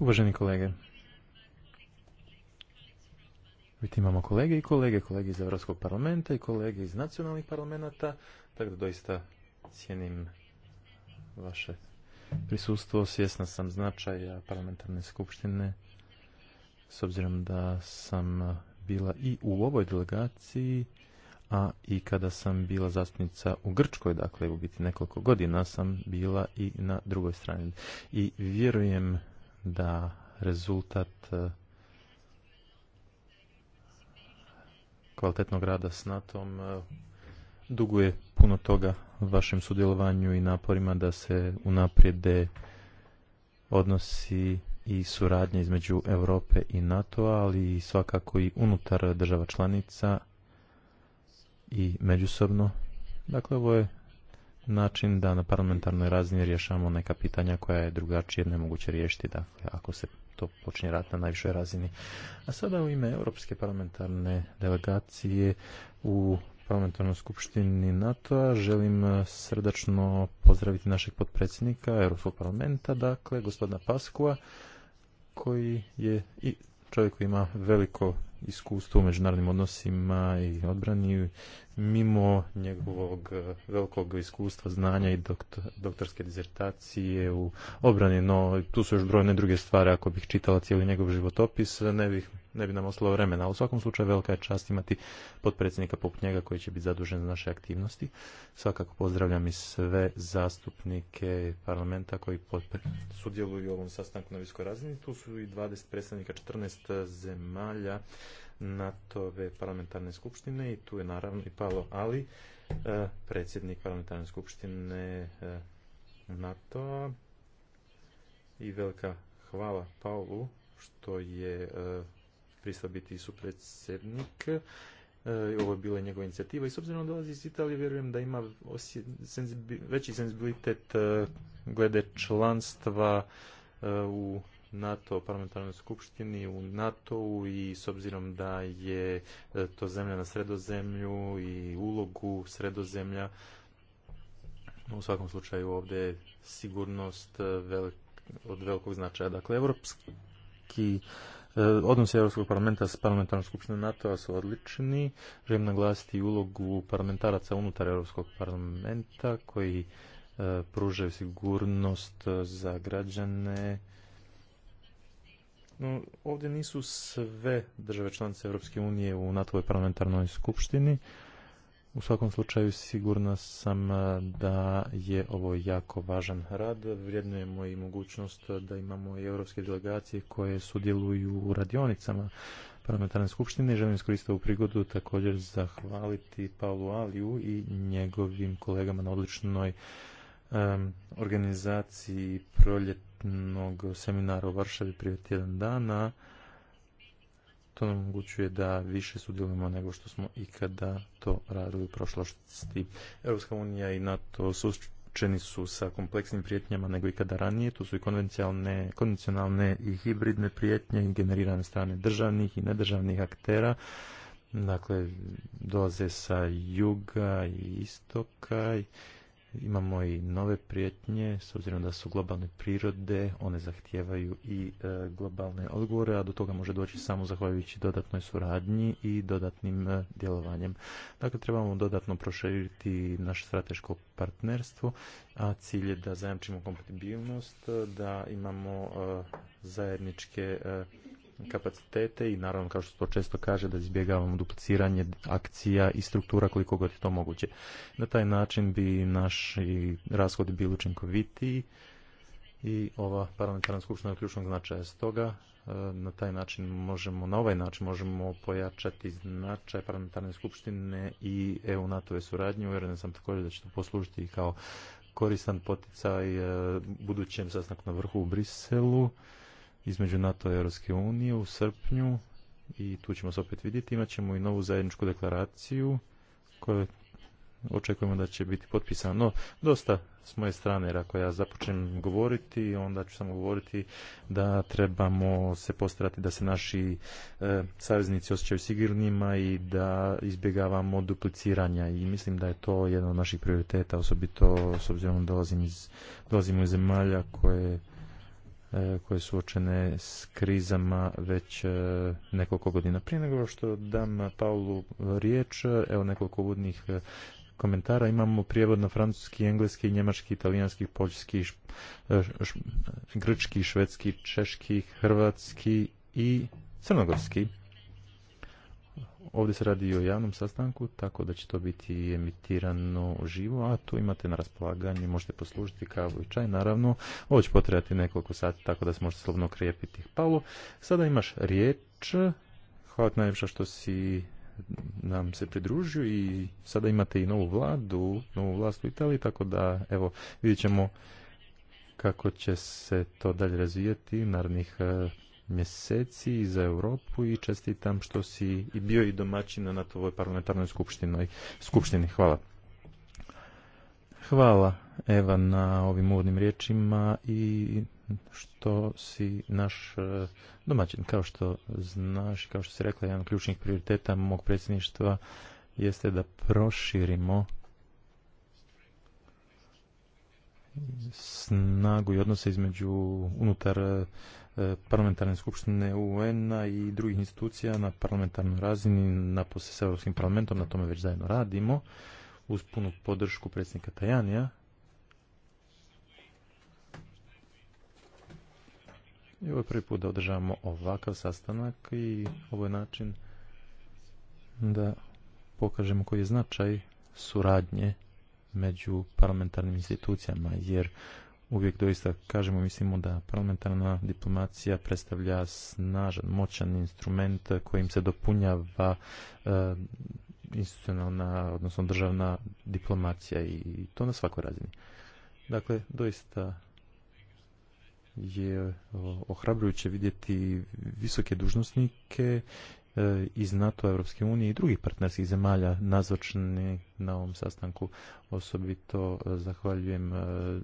Uvaženi kolege. imamo kolege i kolege, kolege iz Europskog parlamenta i kolege iz nacionalnih parlamenta, tako da doista cijenim vaše prisustvo. Svjesna sam značaja parlamentarne skupštine s obzirom da sam bila i u ovoj delegaciji a i kada sam bila zastupnica u Grčkoj, dakle u biti nekoliko godina sam bila i na drugoj strani. I vjerujem da rezultat e, kvalitetnog rada s NATO-om e, duguje puno toga vašem sudjelovanju i naporima da se unaprijede odnosi i suradnje između Europe i NATO-a, ali i svakako i unutar država članica i međusobno. Dakle, ovo je način da na parlamentarnoj razini rješavamo neka pitanja koja je drugačije nemoguće riješiti, dakle, ako se to počinje rat na najvišoj razini. A sada u ime Europske parlamentarne delegacije u parlamentarnoj skupštini NATO-a želim e, srdačno pozdraviti našeg potpredsjednika Europskog parlamenta, dakle, gospodina Paskua, koji je i čovjek koji ima veliko iskustvo u međunarodnim odnosima i odbrani mimo njegovog eh, velikog iskustva, znanja i doktorske dizertacije u obrani, no tu su još brojne druge stvari. Ako bih čitala cijeli njegov životopis, ne bih ne bi nam ostalo vremena. U svakom slučaju velika je čast imati potpredsjednika poput njega koji će biti zadužen za naše aktivnosti. Svakako pozdravljam i sve zastupnike parlamenta koji sudjeluju u ovom sastanku na viskoj razini. Tu su i 20 predstavnika 14 zemalja NATO-ve parlamentarne skupštine i tu je naravno i Paolo Ali, e, predsjednik parlamentarne skupštine e, NATO-a i velika hvala Paulu što je e, pristao biti predsjednik. E, ovo je bila njegova inicijativa i s obzirom da dolazi iz Italije, vjerujem da ima veći senzibilitet e, glede članstva e, u NATO parlamentarnoj skupštini, u NATO-u i s obzirom da je to zemlja na sredozemlju i ulogu sredozemlja, u svakom slučaju ovdje je sigurnost od velikog značaja. Dakle, evropski E, odnosi Europskog parlamenta s parlamentarnom skupštinom NATO-a su odlični. Želim naglasiti ulogu parlamentaraca unutar Europskog parlamenta koji e, pružaju sigurnost e, za građane. No, ovdje nisu sve države članice Europske unije u NATO-voj parlamentarnoj skupštini. U svakom slučaju sigurna sam e, da je ovo jako važan rad. Vrijednujemo i mogućnost da imamo i europske delegacije koje sudjeluju u radionicama parlamentarne skupštine. Želim iskoristiti ovu prigodu također zahvaliti Paulu Aliju i njegovim kolegama na odličnoj organizaciji proljetnog seminara u Varšavi prije tjedan dana to nam omogućuje da više sudjelujemo nego što smo ikada to radili u prošlosti. Europska unija i NATO suočeni su sa kompleksnim prijetnjama nego ikada ranije. Tu su i konvencionalne, konvencionalne i hibridne prijetnje generirane strane državnih i nedržavnih aktera. Dakle, dolaze sa juga i istoka i imamo i nove prijetnje, s obzirom da su globalne prirode, one zahtijevaju i e, globalne odgovore, a do toga može doći samo zahvaljujući dodatnoj suradnji i dodatnim e, djelovanjem. Dakle, trebamo dodatno proširiti naše strateško partnerstvo, a cilj je da zajamčimo kompatibilnost, da imamo e, zajedničke kapacitete i naravno kao što to često kaže da izbjegavamo dupliciranje akcija i struktura koliko god je to moguće. Na taj način bi naši rashodi bili učinkovitiji i ova parlamentarna skupština je ključnog značaja. Stoga e, na taj način možemo, na ovaj način možemo pojačati značaj parlamentarne skupštine i EU NATO-ve suradnje. Uvjeren sam također da će to poslužiti kao koristan poticaj e, budućem sastanku na vrhu u Briselu između NATO i Europske unije u srpnju i tu ćemo se opet vidjeti. Imat ćemo i novu zajedničku deklaraciju koju očekujemo da će biti potpisana. No, dosta s moje strane, jer ako ja započnem govoriti, onda ću samo govoriti da trebamo se postarati da se naši e, saveznici osjećaju sigurnima i da izbjegavamo dupliciranja i mislim da je to jedan od naših prioriteta, osobito s obzirom dolazim iz, dolazimo iz zemalja koje E, koje su očene s krizama već e, nekoliko godina. Prije nego što dam Paulu riječ, e, evo nekoliko uvodnih komentara. Imamo prijevod na francuski, engleski, njemački, italijanski, poljski, š, grčki, švedski, češki, hrvatski i crnogorski. Ovdje se radi i o javnom sastanku, tako da će to biti emitirano živo, a tu imate na raspolaganju, možete poslužiti kavu i čaj, naravno. Ovo će potrebati nekoliko sati, tako da se možete slobno krijepiti. Paolo, sada imaš riječ. Hvala ti najljepša što si nam se pridružio i sada imate i novu vladu, novu vlast u Italiji, tako da evo vidjet ćemo kako će se to dalje razvijeti narednih eh, mjeseci za Europu i čestitam što si i bio i domaćin na tvojoj parlamentarnoj skupštini. Hvala. Hvala Eva na ovim uvodnim riječima i što si naš e, domaćin. Kao što znaš, kao što si rekla, jedan od ključnih prioriteta mog predsjedništva jeste da proširimo snagu i odnose između unutar parlamentarne skupštine UN-a i drugih institucija na parlamentarnoj razini, napose s Europskim parlamentom, na tome već zajedno radimo, uz punu podršku predsjednika Tajanija. I ovo je prvi put da održavamo ovakav sastanak i ovo je način da pokažemo koji je značaj suradnje među parlamentarnim institucijama, jer uvijek doista kažemo, mislimo da parlamentarna diplomacija predstavlja snažan, moćan instrument kojim se dopunjava e, institucionalna, odnosno državna diplomacija i to na svakoj razini. Dakle, doista je ohrabrujuće vidjeti visoke dužnosnike E, iz NATO, Europske unije i drugih partnerskih zemalja nazočni na ovom sastanku. Osobito e, zahvaljujem e,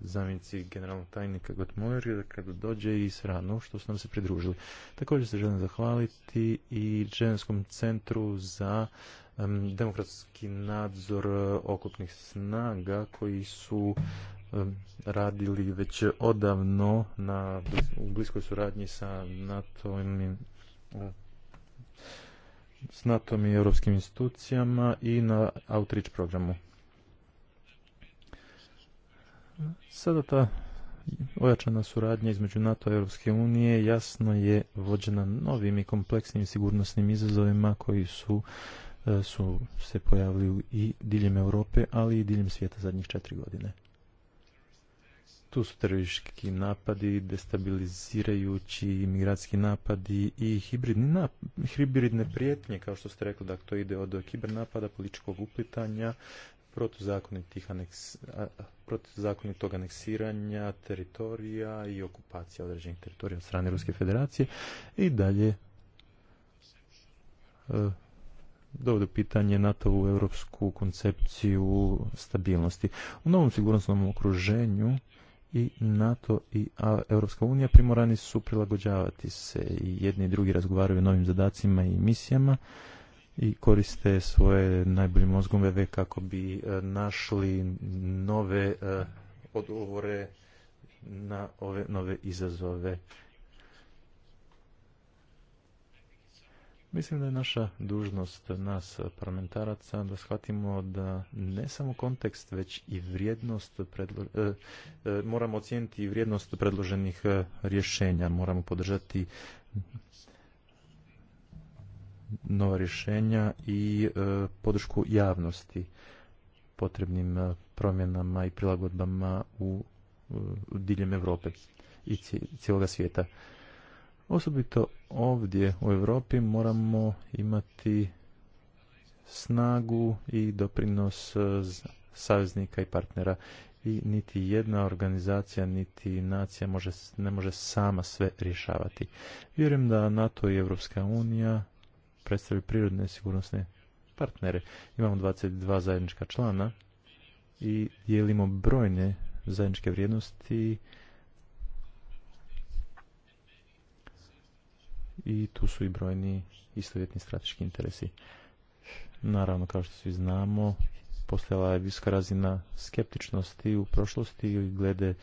zamjenici generalnog tajnika Gotmojeri da kada dođe i sranu što su nam se pridružili. Također se želim zahvaliti i Ženskom centru za demokratski nadzor okupnih snaga koji su radili već odavno na, u bliskoj suradnji sa NATO-im s nato i europskim institucijama i na outreach programu. Sada ta ojačana suradnja između NATO i Europske unije jasno je vođena novim i kompleksnim sigurnosnim izazovima koji su, e, su se pojavili i diljem Europe, ali i diljem svijeta zadnjih četiri godine tu su napadi, destabilizirajući imigracijski napadi i hibridne prijetnje, kao što ste rekli, dakle to ide od kibernapada, političkog uplitanja, protuzakonitih protuzakonitog aneksiranja teritorija i okupacija određenih teritorija od strane Ruske federacije i dalje e, dovode pitanje NATO u europsku koncepciju stabilnosti. U novom sigurnosnom okruženju i NATO i Europska unija primorani su prilagođavati se i jedni i drugi razgovaraju o novim zadacima i misijama i koriste svoje najbolje mozgove kako bi e, našli nove e, odgovore na ove nove izazove Mislim da je naša dužnost nas parlamentaraca da shvatimo da ne samo kontekst, već i vrijednost e, e, moramo ocijeniti i vrijednost predloženih e, rješenja. Moramo podržati nova rješenja i podršku javnosti potrebnim promjenama i prilagodbama u, u diljem Europe i cijeloga svijeta. Osobito ovdje u Europi moramo imati snagu i doprinos e, saveznika i partnera i niti jedna organizacija niti nacija može, ne može sama sve rješavati. Vjerujem da NATO i Europska unija predstavljaju prirodne sigurnosne partnere. Imamo 22 zajednička člana i dijelimo brojne zajedničke vrijednosti i tu su i brojni istovjetni strateški interesi. Naravno, kao što svi znamo, postojala je visoka razina skeptičnosti u prošlosti glede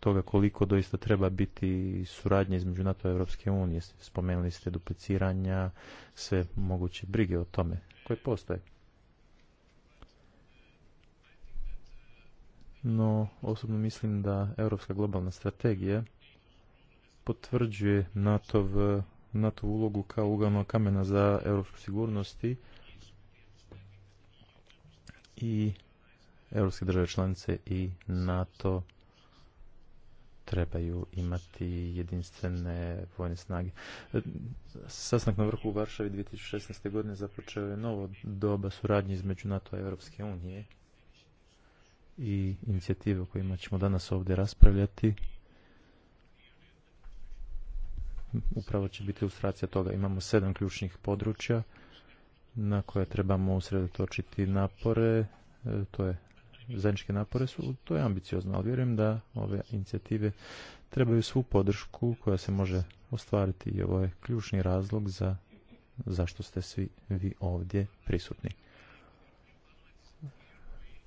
toga koliko doista treba biti suradnje između NATO i Europske unije. Spomenuli ste dupliciranja, sve moguće brige o tome koje postoje. No, osobno mislim da Europska globalna strategija potvrđuje NATOV NATO ulogu kao ugama kamena za europsku sigurnosti i europske države članice i NATO trebaju imati jedinstvene vojne snage. E, Sasnak na vrhu u Varšavi 2016. godine započeo je novo doba suradnje između NATO i Europske unije i inicijative o kojima ćemo danas ovdje raspravljati upravo će biti ilustracija toga. Imamo sedam ključnih područja na koje trebamo usredotočiti napore, e, to je zajedničke napore su, to je ambiciozno, ali vjerujem da ove inicijative trebaju svu podršku koja se može ostvariti i ovo je ključni razlog za zašto ste svi vi ovdje prisutni.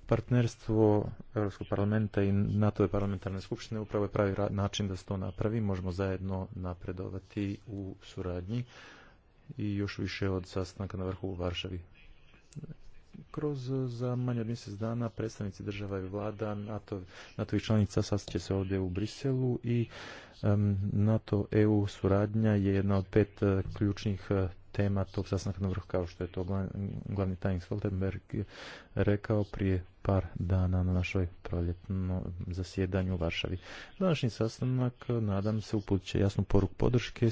Partnerstvo Europskog parlamenta i NATO parlamentarne skupštine upravo je pravi način da se to napravi. Možemo zajedno napredovati u suradnji i još više od sastanka na vrhu u Varšavi. Kroz e, za manje od mjesec dana predstavnici država i vlada NATO, NATO i članica će se ovdje u Briselu i NATO-EU suradnja je jedna od pet e, ključnih e, tema tog sastanka na vrhu, kao što je to glavni tajnik Stoltenberg rekao prije par dana na našoj proljetno zasjedanju u Varšavi. Današnji sastanak, nadam se, će jasnu poruku podrške,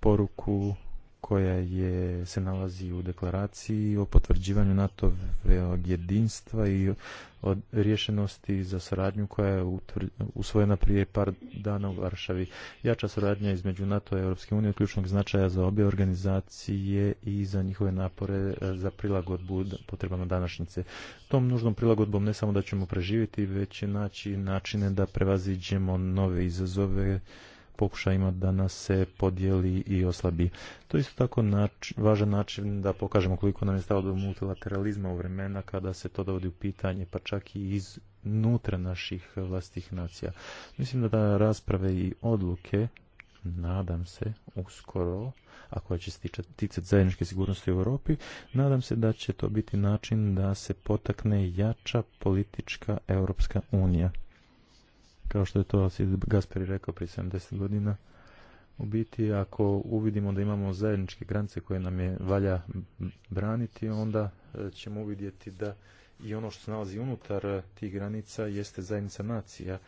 poruku koja je, se nalazi u deklaraciji o potvrđivanju NATO jedinstva i od rješenosti za suradnju koja je usvojena prije par dana u Varšavi. Jača suradnja između NATO i Europske unije ključnog značaja za obje organizacije i za njihove napore e, za prilagodbu potrebama današnjice. Tom nužnom prilagodbom ne samo da ćemo preživjeti, već će naći načine da prevaziđemo nove izazove pokušajima da nas se podijeli i oslabi. To je isto tako važan način da pokažemo koliko nam je stalo do multilateralizma u vremena kada se to dovodi u pitanje, pa čak i iz nutra naših vlastih nacija. Mislim da, da rasprave i odluke, nadam se, uskoro, a koja će se ticati zajedničke sigurnosti u Europi, nadam se da će to biti način da se potakne jača politička Europska unija kao što je to Gasperi rekao prije 70 godina, u biti ako uvidimo da imamo zajedničke granice koje nam je valja braniti, onda e, ćemo uvidjeti da i ono što se nalazi unutar e, tih granica jeste zajednica nacija,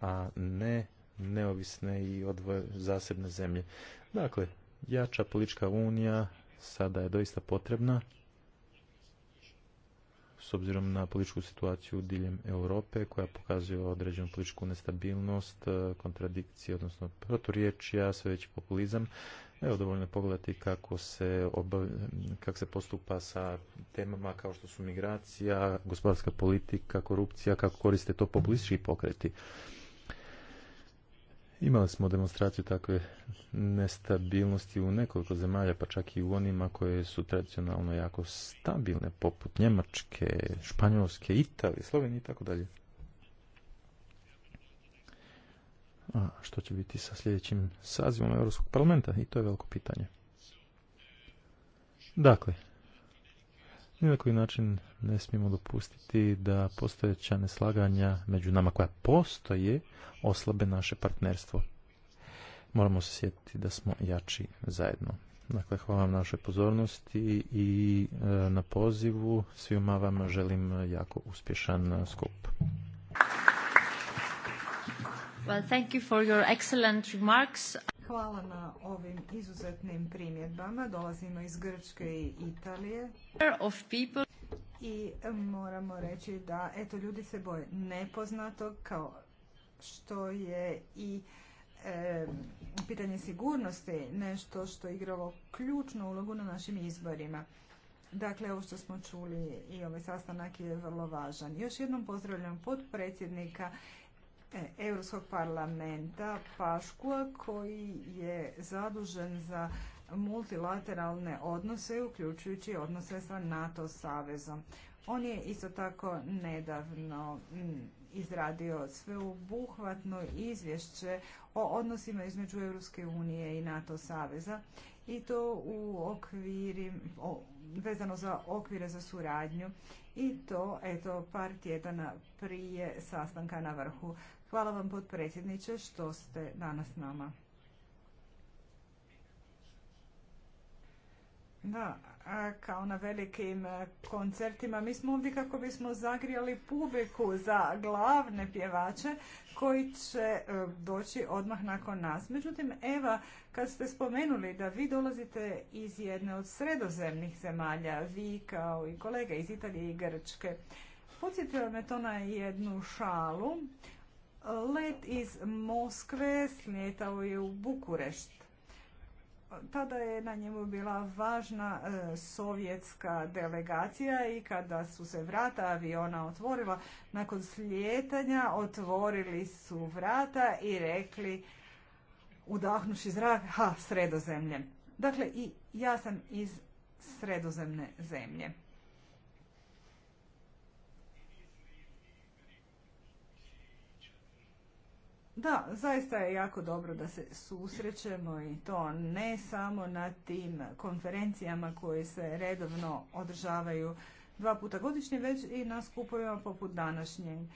a ne neovisne i odvoje zasebne zemlje. Dakle, jača politička unija sada je doista potrebna s obzirom na političku situaciju diljem Europe koja pokazuje određenu političku nestabilnost, e, kontradikcije, odnosno proturječja, sve veći populizam. Evo dovoljno je pogledati kako se, kako se postupa sa temama kao što su migracija, gospodarska politika, korupcija, kako koriste to populistički pokreti. Imali smo demonstraciju takve nestabilnosti u nekoliko zemalja, pa čak i u onima koje su tradicionalno jako stabilne, poput Njemačke, Španjolske, Italije, Slovenije i tako dalje. A što će biti sa sljedećim sazivom Europskog parlamenta? I to je veliko pitanje. Dakle, ni na koji način ne smijemo dopustiti da postojeća neslaganja među nama koja postoje oslabe naše partnerstvo. Moramo se sjetiti da smo jači zajedno. Dakle, hvala vam našoj pozornosti i e, na pozivu. Svima vam želim jako uspješan skup. Well, thank you for your excellent remarks. Hvala na ovim izuzetnim primjedbama. Dolazimo iz Grčke i Italije. I moramo reći da eto ljudi se boje nepoznatog kao što je i e, pitanje sigurnosti nešto što je igralo ključnu ulogu na našim izborima. Dakle, ovo što smo čuli i ovaj sastanak je vrlo važan. Još jednom pozdravljam potpredsjednika E, Europskog parlamenta Paškua koji je zadužen za multilateralne odnose, uključujući odnose sa NATO savezom. On je isto tako nedavno izradio sveobuhvatno izvješće o odnosima između Europske unije i NATO saveza i to u okviri, vezano za okvire za suradnju i to eto par tjedana prije sastanka na vrhu. Hvala vam potpredsjedniče što ste danas s nama. Da, kao na velikim e, koncertima. Mi smo ovdje kako bismo zagrijali publiku za glavne pjevače koji će e, doći odmah nakon nas. Međutim, Eva, kad ste spomenuli da vi dolazite iz jedne od sredozemnih zemalja, vi kao i kolega iz Italije i Grčke, podsjetilo me to na jednu šalu Let iz Moskve slijetao je u Bukurešt. Tada je na njemu bila važna e, sovjetska delegacija i kada su se vrata aviona otvorila, nakon slijetanja otvorili su vrata i rekli udahnuši zrak, ha, sredozemlje. Dakle, i ja sam iz sredozemne zemlje. Da, zaista je jako dobro da se susrećemo i to ne samo na tim konferencijama koje se redovno održavaju dva puta godišnje, već i na skupovima poput današnje.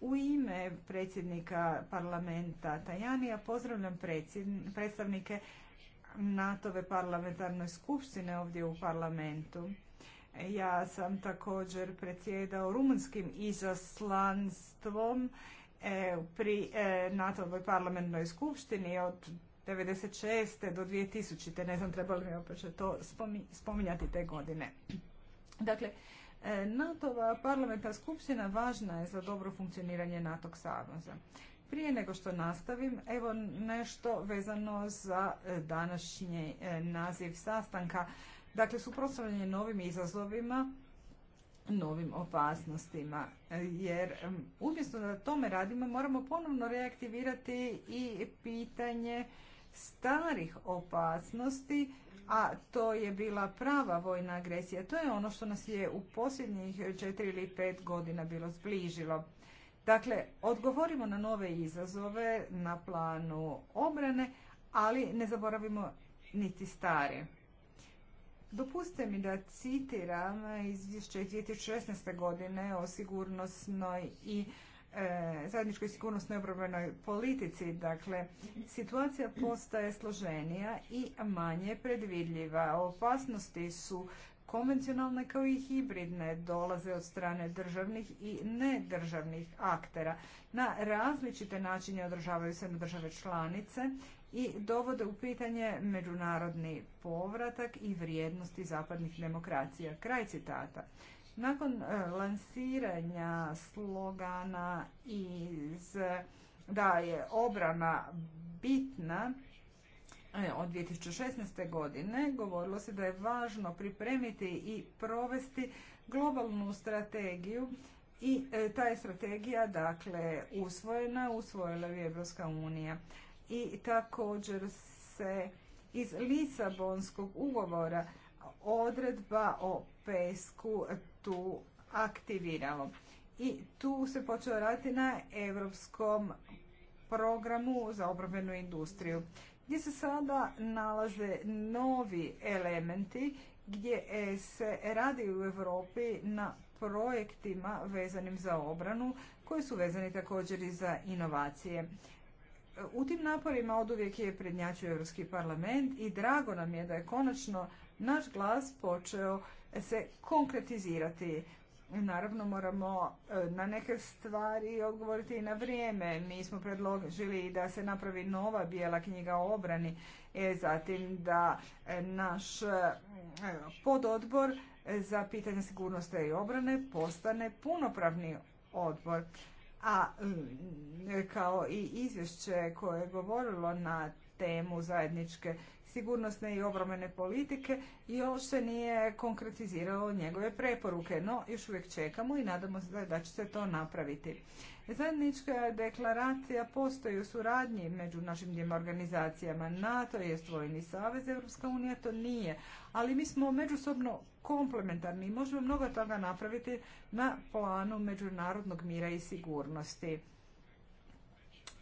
U ime predsjednika parlamenta Tajanija pozdravljam predstavnike NATO-ve parlamentarnoj skupštine ovdje u parlamentu. Ja sam također predsjedao rumunskim izaslanstvom pri e, NATO-voj parlamentnoj skupštini od 96. do 2000. Ne znam trebali mi opet to spominjati te godine. Dakle, e, NATO-va parlamentarna skupština važna je za dobro funkcioniranje NATO saveza. Prije nego što nastavim, evo nešto vezano za e, današnji naziv sastanka. Dakle, suprotstavljanje novim izazovima, novim opasnostima. E, jer umjesto da tome radimo, moramo ponovno reaktivirati i pitanje starih opasnosti, a to je bila prava vojna agresija. To je ono što nas je u posljednjih četiri ili pet godina bilo zbližilo. Dakle, odgovorimo na nove izazove na planu obrane, ali ne zaboravimo niti stare. Dopustite mi da citiram izvješće 2016. godine o sigurnosnoj i e, zajedničkoj sigurnosnoj obrambenoj politici. Dakle, situacija postaje složenija i manje predvidljiva. Opasnosti su konvencionalne kao i hibridne dolaze od strane državnih i nedržavnih aktera. Na različite načine održavaju se na države članice i dovode u pitanje međunarodni povratak i vrijednosti zapadnih demokracija. Kraj citata. Nakon e, lansiranja slogana iz da je obrana bitna, E, od 2016. godine govorilo se da je važno pripremiti i provesti globalnu strategiju i e, ta je strategija dakle usvojena, usvojila je Evropska unija. I također se iz Lisabonskog ugovora odredba o pesku tu aktiviralo. I tu se počeo raditi na europskom programu za obrambenu industriju gdje se sada nalaze novi elementi gdje e, se radi u Europi na projektima vezanim za obranu koji su vezani također i za inovacije. U tim naporima uvijek je prednjačio Europski parlament i drago nam je da je konačno naš glas počeo se konkretizirati. Naravno moramo e, na neke stvari odgovoriti i na vrijeme. Mi smo predložili da se napravi nova bijela knjiga o obrani, e, zatim da e, naš e, pododbor za pitanje sigurnosti i obrane postane punopravni odbor. A kao i izvješće koje je govorilo na temu zajedničke sigurnosne i obrambene politike i još se nije konkretiziralo njegove preporuke, no još uvijek čekamo i nadamo se da će se to napraviti. Zajednička deklaracija postoji u suradnji među našim dvijema organizacijama. NATO je vojni savez, Europska unija to nije. Ali mi smo međusobno komplementarni i možemo mnogo toga napraviti na planu međunarodnog mira i sigurnosti.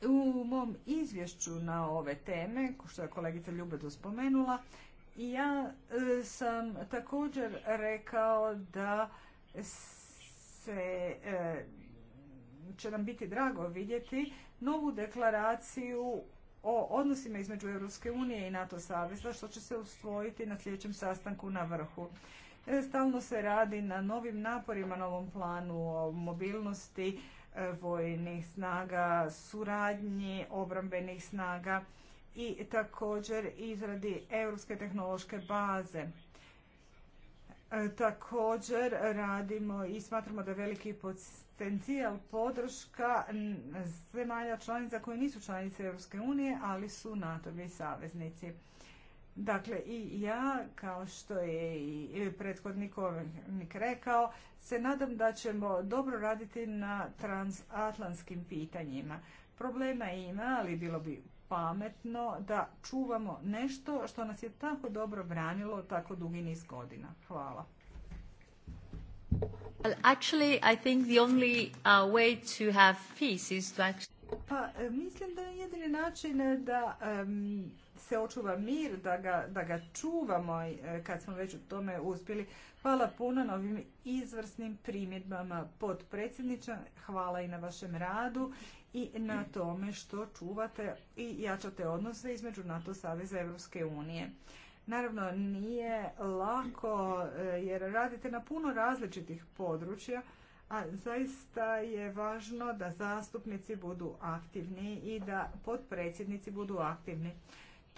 U mom izvješću na ove teme, što je kolegica Ljubedu spomenula, ja e, sam također rekao da se e, će nam biti drago vidjeti novu deklaraciju o odnosima između Europske unije i NATO saveza što će se usvojiti na sljedećem sastanku na vrhu. E, stalno se radi na novim naporima, novom planu o mobilnosti, vojnih snaga, suradnji obrambenih snaga i također izradi europske tehnološke baze. E, također radimo i smatramo da je veliki potencijal podrška zemalja članica koje nisu članice Europske unije, ali su NATO-vi saveznici. Dakle, i ja, kao što je i prethodnik rekao, se nadam da ćemo dobro raditi na transatlantskim pitanjima. Problema ima, ali bilo bi pametno da čuvamo nešto što nas je tako dobro branilo tako dugi niz godina. Hvala. Pa, mislim da je jedini način da se očuva mir, da ga, da ga čuvamo e, kad smo već u tome uspjeli. Hvala puno na ovim izvrsnim primjedbama potpredsjedniče. Hvala i na vašem radu i na tome što čuvate i jačate odnose između NATO Saveza i Europske unije. Naravno, nije lako e, jer radite na puno različitih područja, a zaista je važno da zastupnici budu aktivni i da potpredsjednici budu aktivni.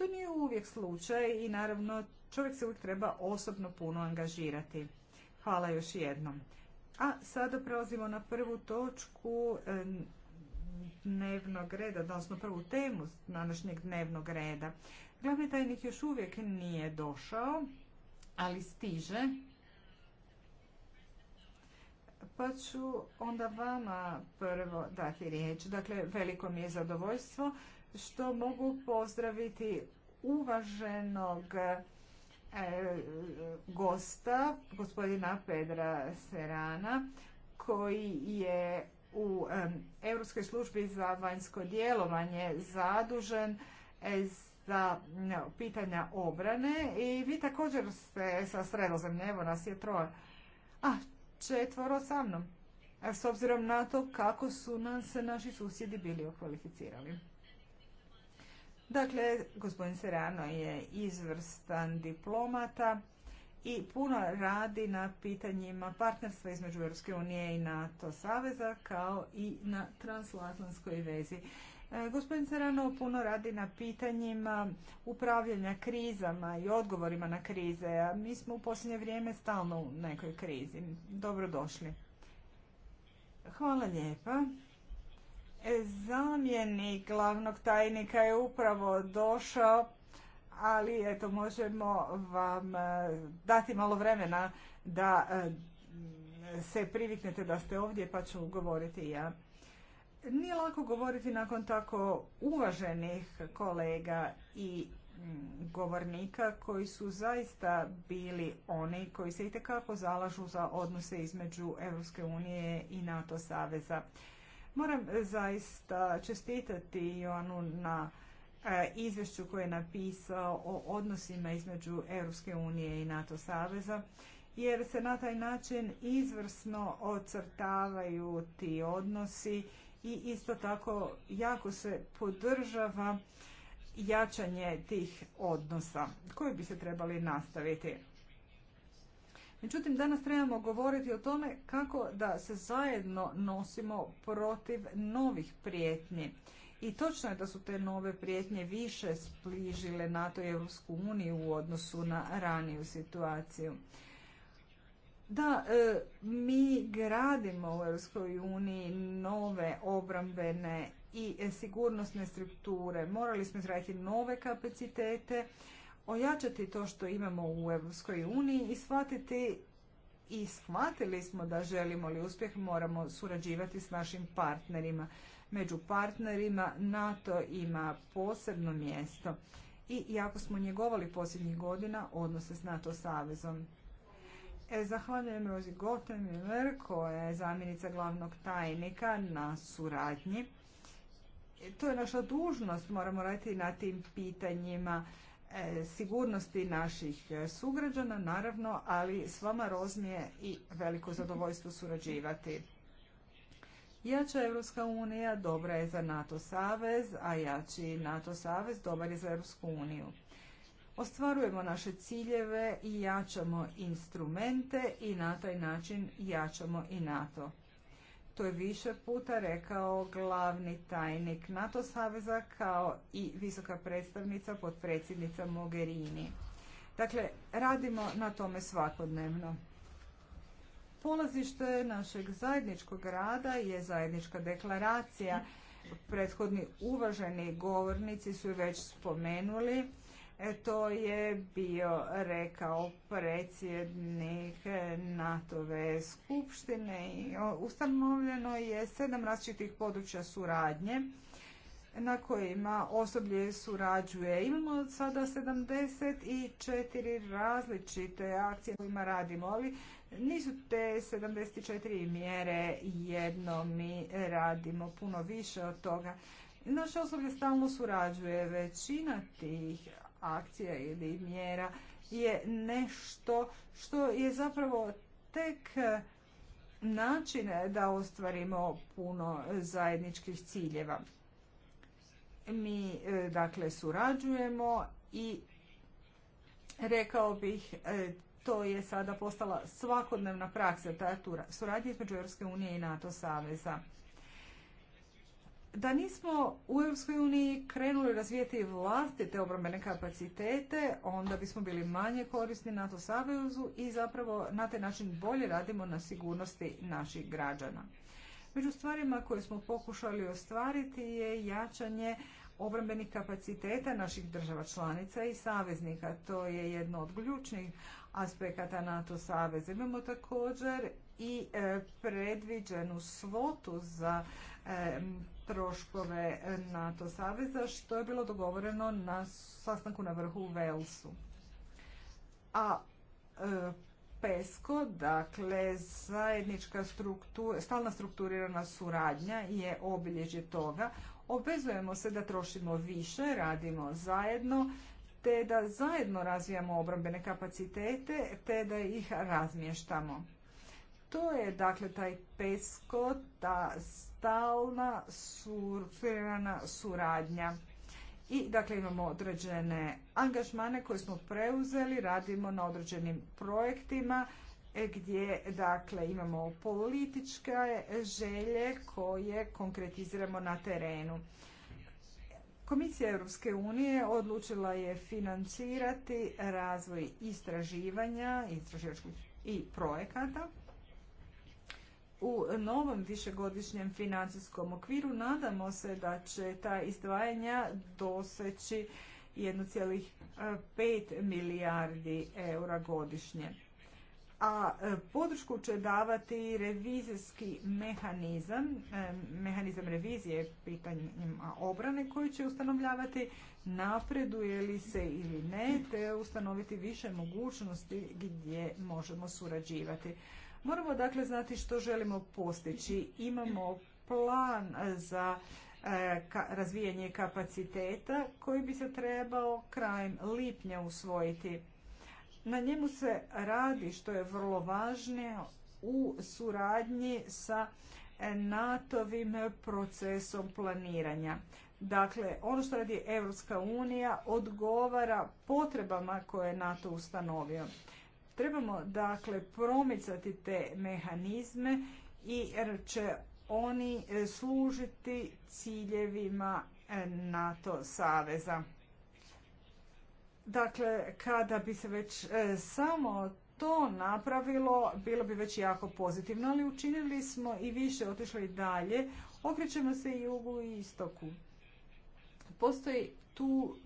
To nije uvijek slučaj i naravno čovjek se uvijek treba osobno puno angažirati. Hvala još jednom. A sada prelazimo na prvu točku e, dnevnog reda, odnosno prvu temu današnjeg dnevnog reda. Glavni tajnik još uvijek nije došao, ali stiže. Pa ću onda vama prvo dati riječ. Dakle, veliko mi je zadovoljstvo što mogu pozdraviti uvaženog e, gosta, gospodina Pedra Serana, koji je u Europskoj službi za vanjsko djelovanje zadužen e, za pitanja obrane i vi također ste sa sredozem, evo nas je troje. A, četvoro sa mnom. E, s obzirom na to kako su nam se naši susjedi bili okvalificirali. Dakle, gospodin Serano je izvrstan diplomata i puno radi na pitanjima partnerstva između Europske unije i NATO saveza kao i na transatlantskoj vezi. E, gospodin Serano puno radi na pitanjima upravljanja krizama i odgovorima na krize, a mi smo u posljednje vrijeme stalno u nekoj krizi. Dobrodošli. Hvala lijepa. Zamjenik glavnog tajnika je upravo došao, ali eto možemo vam e, dati malo vremena da e, se priviknete da ste ovdje pa ću govoriti ja. Nije lako govoriti nakon tako uvaženih kolega i govornika koji su zaista bili oni koji se itekako zalažu za odnose između Europske unije i NATO saveza. Moram e, zaista čestitati Joanu na e, izvješću koje je napisao o odnosima između Europske unije i NATO saveza jer se na taj način izvrsno ocrtavaju ti odnosi i isto tako jako se podržava jačanje tih odnosa koji bi se trebali nastaviti. Međutim, danas trebamo govoriti o tome kako da se zajedno nosimo protiv novih prijetnji. I točno je da su te nove prijetnje više spližile NATO i Europsku u odnosu na raniju situaciju. Da, e, mi gradimo u EU nove obrambene i sigurnosne strukture. Morali smo izraditi nove kapacitete ojačati to što imamo u EU uniji i shvatiti i shvatili smo da želimo li uspjeh moramo surađivati s našim partnerima. Među partnerima NATO ima posebno mjesto i jako smo njegovali posljednjih godina odnose s NATO savezom. E, zahvaljujem Rozi Gotemiller koja je zamjenica glavnog tajnika na suradnji. E, to je naša dužnost, moramo raditi na tim pitanjima E, sigurnosti naših e, sugrađana, naravno, ali s vama rozmije i veliko zadovoljstvo surađivati. Jača Evropska unija dobra je za NATO savez, a jači NATO savez dobar je za Europsku uniju. Ostvarujemo naše ciljeve i jačamo instrumente i na taj način jačamo i NATO je više puta rekao glavni tajnik NATO saveza kao i visoka predstavnica potpredsjednica Mogherini. Dakle, radimo na tome svakodnevno. Polazište našeg zajedničkog rada je zajednička deklaracija. Prethodni uvaženi govornici su već spomenuli E, to je bio rekao predsjednik NATO-ve skupštine i ustanovljeno je sedam različitih područja suradnje na kojima osoblje surađuje. Imamo sada 74 različite akcije kojima radimo, ali nisu te 74 mjere jedno, mi radimo puno više od toga. Naše osoblje stalno surađuje, većina tih akcija ili mjera je nešto što je zapravo tek e, način da ostvarimo puno zajedničkih ciljeva. Mi e, dakle surađujemo i rekao bih e, to je sada postala svakodnevna praksa, ta suradnja između Europske unije i NATO saveza da nismo u EU krenuli razvijeti vlastite obrambene kapacitete, onda bismo bili manje korisni NATO savezu i zapravo na taj način bolje radimo na sigurnosti naših građana. Među stvarima koje smo pokušali ostvariti je jačanje obrambenih kapaciteta naših država članica i saveznika. To je jedno od ključnih aspekata NATO saveza. Imamo također i e, predviđenu svotu za e, troškove NATO saveza što je bilo dogovoreno na sastanku na vrhu u Velsu. A e, PESCO, dakle zajednička struktura, stalna strukturirana suradnja je obilježje toga. Obvezujemo se da trošimo više, radimo zajedno, te da zajedno razvijamo obrambene kapacitete, te da ih razmještamo. To je dakle taj PESCO, ta stalna surferana suradnja. I dakle imamo određene angažmane koje smo preuzeli, radimo na određenim projektima e, gdje dakle imamo političke želje koje konkretiziramo na terenu. Komisija Europske unije odlučila je financirati razvoj istraživanja, i projekata u novom višegodišnjem financijskom okviru nadamo se da će ta izdvajanja doseći 1,5 e, milijardi eura godišnje. A e, podršku će davati revizijski mehanizam, e, mehanizam revizije pitanjima obrane koji će ustanovljavati napreduje li se ili ne, te ustanoviti više mogućnosti gdje možemo surađivati. Moramo dakle znati što želimo postići. Imamo plan za e, razvijanje kapaciteta koji bi se trebao krajem lipnja usvojiti. Na njemu se radi, što je vrlo važno, u suradnji sa NATO-vim procesom planiranja. Dakle, ono što radi Europska unija odgovara potrebama koje je NATO ustanovio. Trebamo dakle promicati te mehanizme jer će oni e, služiti ciljevima e, NATO saveza. Dakle, kada bi se već e, samo to napravilo, bilo bi već jako pozitivno, ali učinili smo i više, otišli dalje. Okrećemo se i jugu i istoku. Postoji tu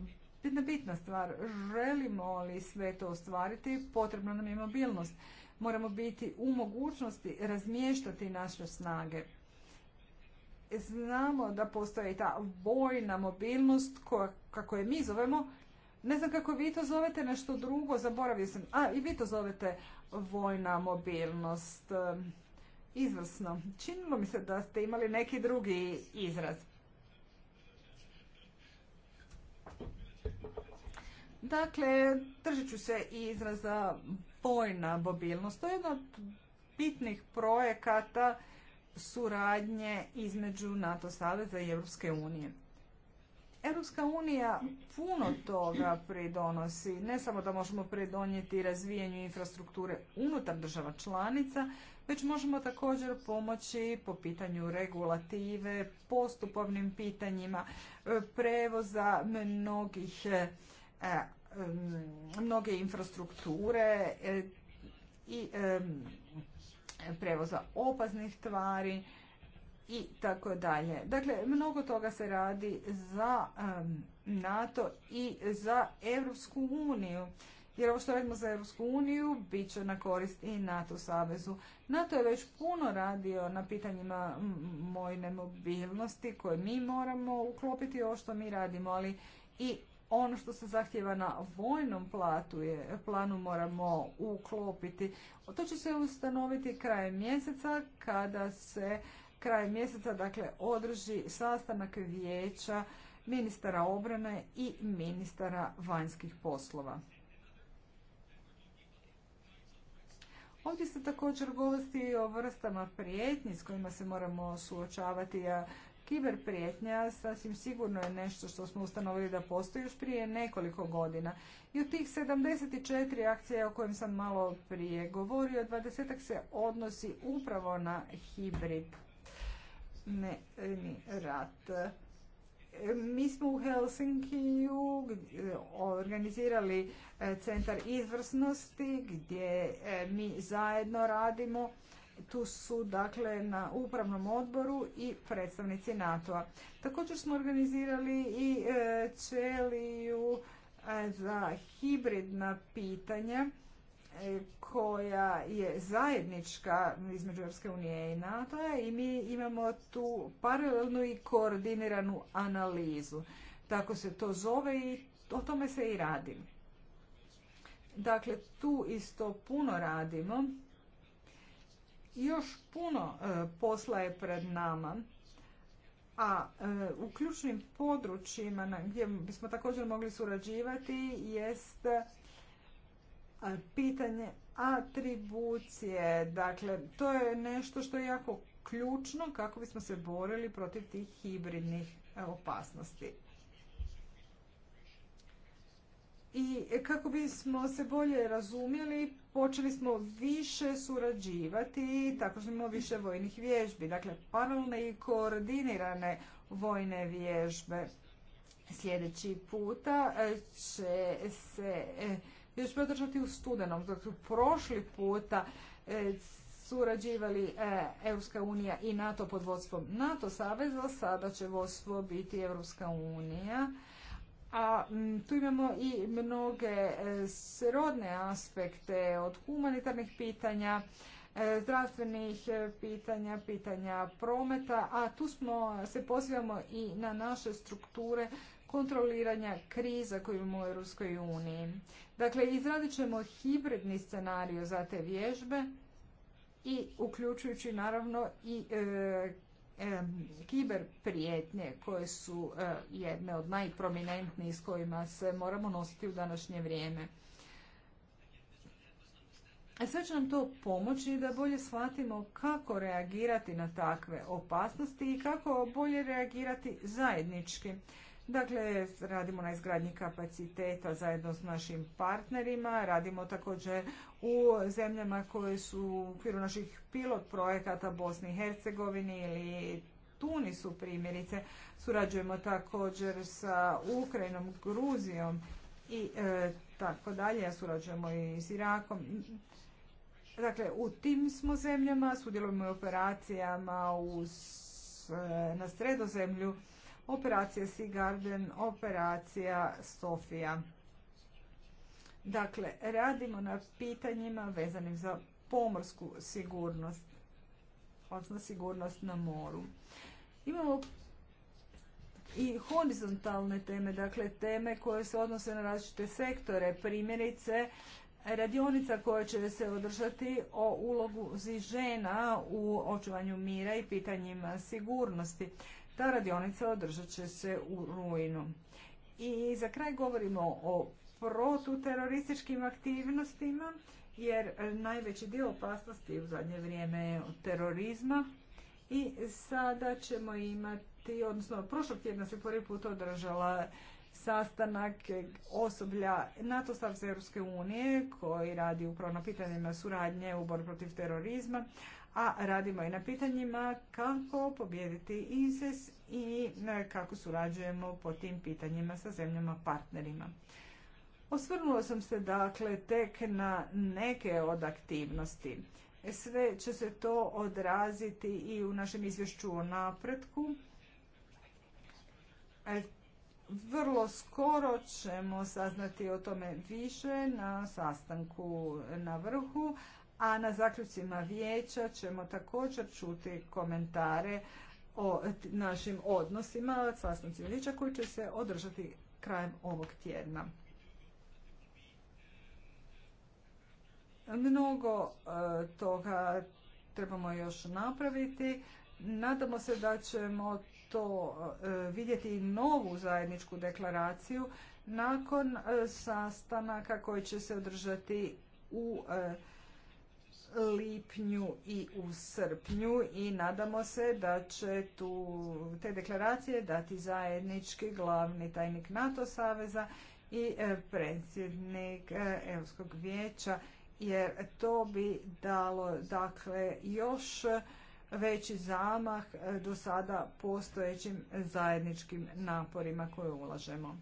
jedna bitna stvar. Želimo li sve to ostvariti, potrebna nam je mobilnost. Moramo biti u mogućnosti razmještati naše snage. Znamo da postoji ta vojna mobilnost, kako je mi zovemo, ne znam kako vi to zovete, nešto drugo, zaboravio sam. A, i vi to zovete vojna mobilnost. Izvrsno. Činilo mi se da ste imali neki drugi izraz. Dakle, držat ću se i izraza bojna mobilnost. To je jedna od bitnih projekata suradnje između NATO saveza i Europske unije. Europska unija puno toga pridonosi, ne samo da možemo pridonijeti razvijanju infrastrukture unutar država članica, već možemo također pomoći po pitanju regulative, postupovnim pitanjima, prevoza mnogih E, mnoge infrastrukture e, i prevoza opasnih tvari i tako dalje. Dakle, mnogo toga se radi za NATO i za Europsku uniju. Jer ovo što radimo za Europsku uniju bit će na korist i NATO savezu. NATO je već puno radio na pitanjima mojne mobilnosti koje mi moramo uklopiti ovo što mi radimo, ali i ono što se zahtjeva na vojnom platu je, planu moramo uklopiti. To će se ustanoviti krajem mjeseca kada se krajem mjeseca dakle održi sastanak vijeća ministara obrane i ministara vanjskih poslova. Ovdje se također govori o vrstama prijetnji s kojima se moramo suočavati. Ja Kiber prijetnja sasvim sigurno je nešto što smo ustanovili da postoji još prije nekoliko godina. I u tih 74 akcije o kojim sam malo prije govorio, 20 se odnosi upravo na hibrid ne, ni rat. Mi smo u Helsinkiju organizirali e, centar izvrsnosti gdje e, mi zajedno radimo tu su dakle na upravnom odboru i predstavnici NATO-a. Također smo organizirali i čeliju e, e, za hibridna pitanja e, koja je zajednička između Europske unije i NATO i mi imamo tu paralelnu i koordiniranu analizu. Tako se to zove i o tome se i radi. Dakle, tu isto puno radimo još puno e, posla je pred nama, a e, u ključnim područjima gdje bismo također mogli surađivati jest e, pitanje atribucije. Dakle, to je nešto što je jako ključno kako bismo se borili protiv tih hibridnih opasnosti. I kako bismo se bolje razumjeli, počeli smo više surađivati, tako što imamo više vojnih vježbi, dakle paralelne i koordinirane vojne vježbe. Sljedeći puta e, će se e, još održati u studenom, dok su prošli puta e, surađivali Europska unija i NATO pod vodstvom NATO saveza, sada će vodstvo biti Europska unija a tu imamo i mnoge e, srodne aspekte od humanitarnih pitanja, e, zdravstvenih e, pitanja, pitanja prometa, a tu smo, se pozivamo i na naše strukture kontroliranja kriza koju imamo u Europskoj uniji. Dakle, izradit ćemo hibridni scenario za te vježbe i uključujući naravno i kiber prijetnje koje su e, jedne od najprominentnijih s kojima se moramo nositi u današnje vrijeme. E, sve će nam to pomoći da bolje shvatimo kako reagirati na takve opasnosti i kako bolje reagirati zajednički. Dakle, radimo na izgradnji kapaciteta zajedno s našim partnerima, radimo također u zemljama koje su u okviru naših pilot projekata Bosni i Hercegovini ili Tunisu primjerice. Surađujemo također sa Ukrajinom, Gruzijom i e, tako dalje. Surađujemo i s Irakom. Dakle, u tim smo zemljama, sudjelujemo i operacijama e, na sredozemlju operacija Sea Garden, operacija Sofia. Dakle, radimo na pitanjima vezanim za pomorsku sigurnost, odnosno sigurnost na moru. Imamo i horizontalne teme, dakle teme koje se odnose na različite sektore, primjerice radionica koja će se održati o ulogu žena u očuvanju mira i pitanjima sigurnosti. Ta radionica održat će se u rujnu. I za kraj govorimo o protuterorističkim aktivnostima, jer najveći dio opasnosti u zadnje vrijeme je od terorizma. I sada ćemo imati, odnosno prošlog tjedna se prvi put održala sastanak osoblja NATO saveza Europske unije koji radi upravo na pitanjima suradnje u borbi protiv terorizma, a radimo i na pitanjima kako pobijediti ISIS i e, kako surađujemo po tim pitanjima sa zemljama partnerima. Osvrnula sam se dakle tek na neke od aktivnosti. E, sve će se to odraziti i u našem izvješću o napretku. E, vrlo skoro ćemo saznati o tome više na sastanku na vrhu, a na zaključcima vijeća ćemo također čuti komentare o našim odnosima sastancima vijeća koji će se održati krajem ovog tjedna. Mnogo e, toga trebamo još napraviti. Nadamo se da ćemo to e, vidjeti i novu zajedničku deklaraciju nakon e, sastanaka koji će se održati u lipnju i u srpnju i nadamo se da će tu te deklaracije dati zajednički glavni tajnik NATO saveza i e, predsjednik e, Europskog vijeća jer to bi dalo dakle još veći zamah e, do sada postojećim zajedničkim naporima koje ulažemo.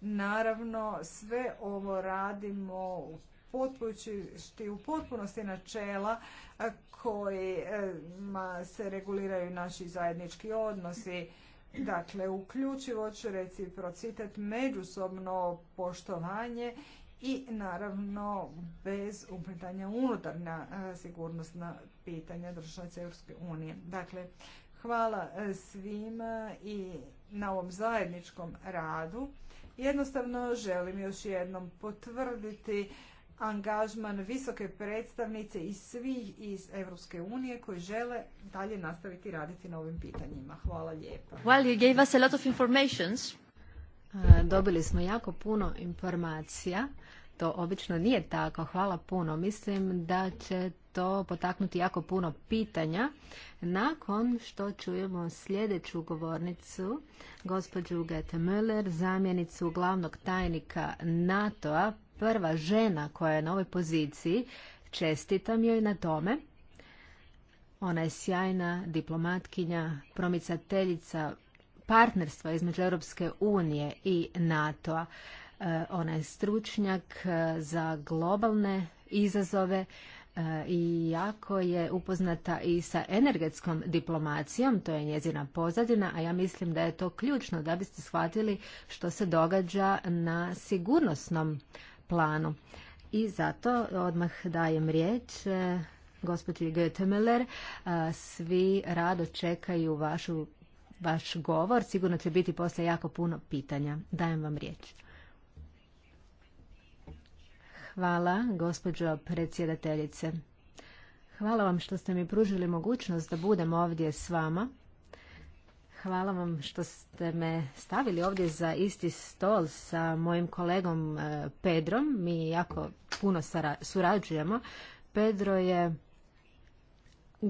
Naravno, sve ovo radimo u potpućišti u potpunosti načela e, kojima se reguliraju naši zajednički odnosi. Dakle, ću reciprocitet, međusobno poštovanje i naravno bez uplitanja unutarnja e, sigurnosna pitanja država Europske unije. Dakle, hvala e, svima i na ovom zajedničkom radu. Jednostavno želim još jednom potvrditi angažman visoke predstavnice i svih iz Europske unije koji žele dalje nastaviti raditi na ovim pitanjima. Hvala lijepa. Well, gave us a lot of informations. Dobili smo jako puno informacija. To obično nije tako. Hvala puno. Mislim da će to potaknuti jako puno pitanja. Nakon što čujemo sljedeću govornicu, gospođu Gete Möller, zamjenicu glavnog tajnika NATO-a prva žena koja je na ovoj poziciji. Čestitam joj na tome. Ona je sjajna diplomatkinja, promicateljica partnerstva između Europske unije i NATO-a. E, ona je stručnjak e, za globalne izazove e, i jako je upoznata i sa energetskom diplomacijom, to je njezina pozadina, a ja mislim da je to ključno da biste shvatili što se događa na sigurnosnom planu. I zato odmah dajem riječ e, gospođi Götemeler. E, svi rado čekaju vašu, vaš govor. Sigurno će biti poslije jako puno pitanja. Dajem vam riječ. Hvala, gospođo predsjedateljice. Hvala vam što ste mi pružili mogućnost da budem ovdje s vama Hvala vam što ste me stavili ovdje za isti stol sa mojim kolegom e, Pedrom. Mi jako puno surađujemo. Pedro je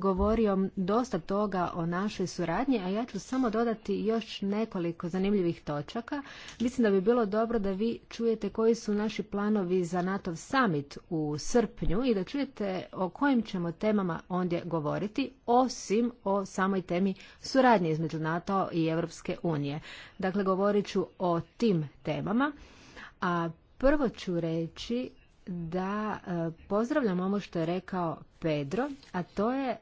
govorio dosta toga o našoj suradnji, a ja ću samo dodati još nekoliko zanimljivih točaka. Mislim da bi bilo dobro da vi čujete koji su naši planovi za NATO summit u srpnju i da čujete o kojim ćemo temama ondje govoriti, osim o samoj temi suradnje između NATO i Europske unije. Dakle, govorit ću o tim temama. A prvo ću reći da e, pozdravljam ovo što je rekao Pedro, a to je e,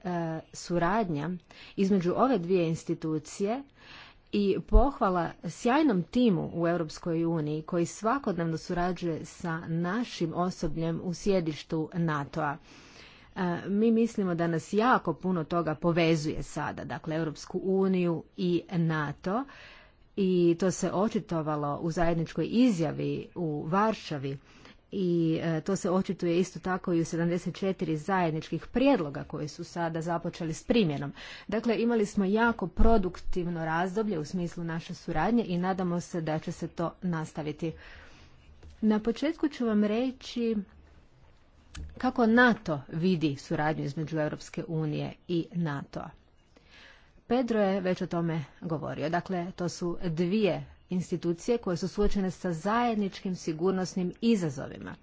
suradnja između ove dvije institucije i pohvala sjajnom timu u Europskoj uniji koji svakodnevno surađuje sa našim osobljem u sjedištu NATO-a. E, mi mislimo da nas jako puno toga povezuje sada, dakle Europsku uniju i NATO i to se očitovalo u zajedničkoj izjavi u Varšavi i e, to se očituje isto tako i u 74 zajedničkih prijedloga koji su sada započeli s primjenom. Dakle, imali smo jako produktivno razdoblje u smislu naše suradnje i nadamo se da će se to nastaviti. Na početku ću vam reći kako NATO vidi suradnju između Europske unije i NATO-a. Pedro je već o tome govorio. Dakle, to su dvije institucije koje su suočene sa zajedničkim sigurnosnim izazovima.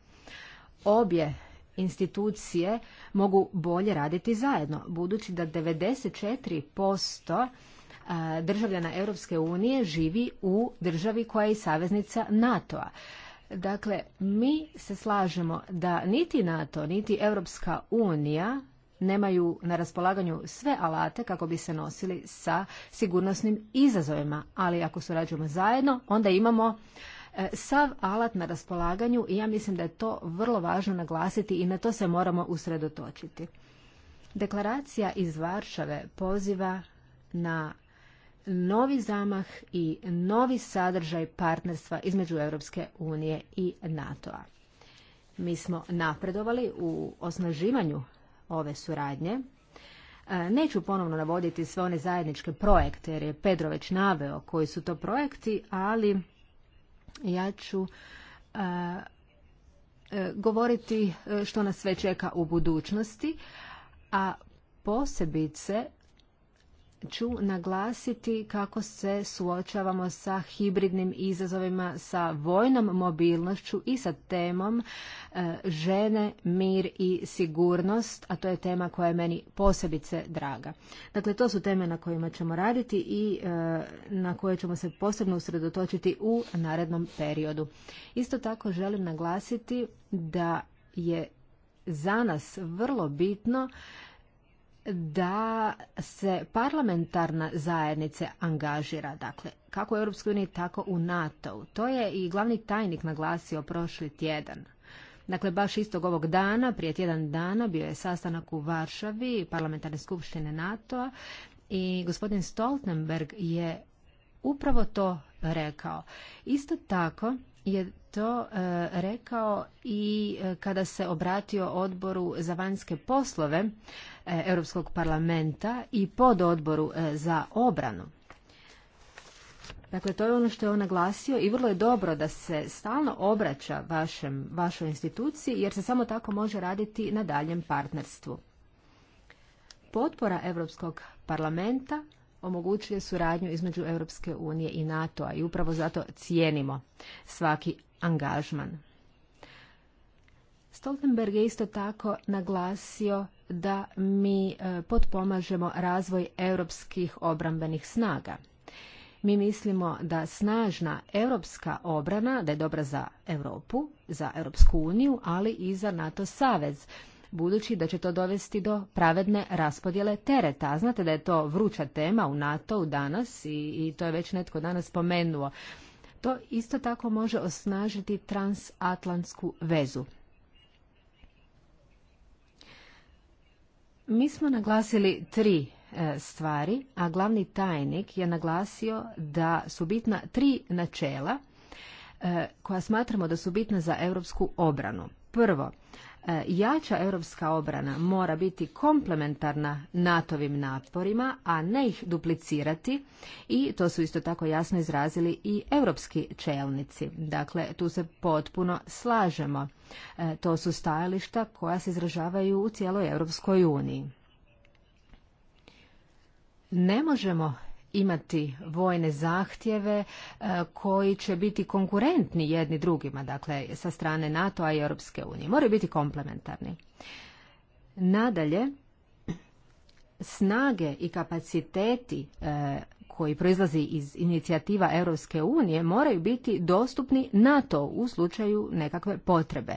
Obje institucije mogu bolje raditi zajedno, budući da 94% državljana Europske unije živi u državi koja je i saveznica NATO-a. Dakle, mi se slažemo da niti NATO, niti Europska unija nemaju na raspolaganju sve alate kako bi se nosili sa sigurnosnim izazovima, ali ako surađujemo zajedno, onda imamo e, sav alat na raspolaganju i ja mislim da je to vrlo važno naglasiti i na to se moramo usredotočiti. Deklaracija iz Varšave poziva na novi zamah i novi sadržaj partnerstva između Europske unije i NATO-a. Mi smo napredovali u osnaživanju ove suradnje. E, neću ponovno navoditi sve one zajedničke projekte, jer je Pedro već naveo koji su to projekti, ali ja ću e, e, govoriti što nas sve čeka u budućnosti, a posebice ću naglasiti kako se suočavamo sa hibridnim izazovima, sa vojnom mobilnošću i sa temom e, žene, mir i sigurnost, a to je tema koja je meni posebice draga. Dakle, to su teme na kojima ćemo raditi i e, na koje ćemo se posebno usredotočiti u narednom periodu. Isto tako želim naglasiti da je za nas vrlo bitno da se parlamentarna zajednica angažira, dakle, kako u EU, tako u NATO. To je i glavni tajnik naglasio prošli tjedan. Dakle, baš istog ovog dana, prije tjedan dana, bio je sastanak u Varšavi, parlamentarne skupštine NATO-a i gospodin Stoltenberg je upravo to rekao. Isto tako, je to e, rekao i e, kada se obratio odboru za vanjske poslove e, Europskog parlamenta i pod odboru za obranu. Dakle, to je ono što je on naglasio i vrlo je dobro da se stalno obraća vašem, vašoj instituciji jer se samo tako može raditi na daljem partnerstvu. Potpora Europskog parlamenta omogućuje suradnju između Europske unije i NATO-a i upravo zato cijenimo svaki angažman. Stoltenberg je isto tako naglasio da mi e, potpomažemo razvoj europskih obrambenih snaga. Mi mislimo da snažna europska obrana, da je dobra za Europu, za Europsku uniju, ali i za NATO savez budući da će to dovesti do pravedne raspodjele tereta. Znate da je to vruća tema u NATO-u danas i, i to je već netko danas spomenuo. To isto tako može osnažiti transatlantsku vezu. Mi smo naglasili tri e, stvari, a glavni tajnik je naglasio da su bitna tri načela e, koja smatramo da su bitna za europsku obranu. Prvo, E, jača europska obrana mora biti komplementarna NATO-vim naporima, a ne ih duplicirati i to su isto tako jasno izrazili i europski čelnici. Dakle, tu se potpuno slažemo. E, to su stajališta koja se izražavaju u cijeloj Europskoj uniji. Ne možemo imati vojne zahtjeve e, koji će biti konkurentni jedni drugima, dakle sa strane NATO-a i Europske unije. Moraju biti komplementarni. Nadalje, snage i kapaciteti e, koji proizlazi iz inicijativa Europske unije moraju biti dostupni NATO u slučaju nekakve potrebe.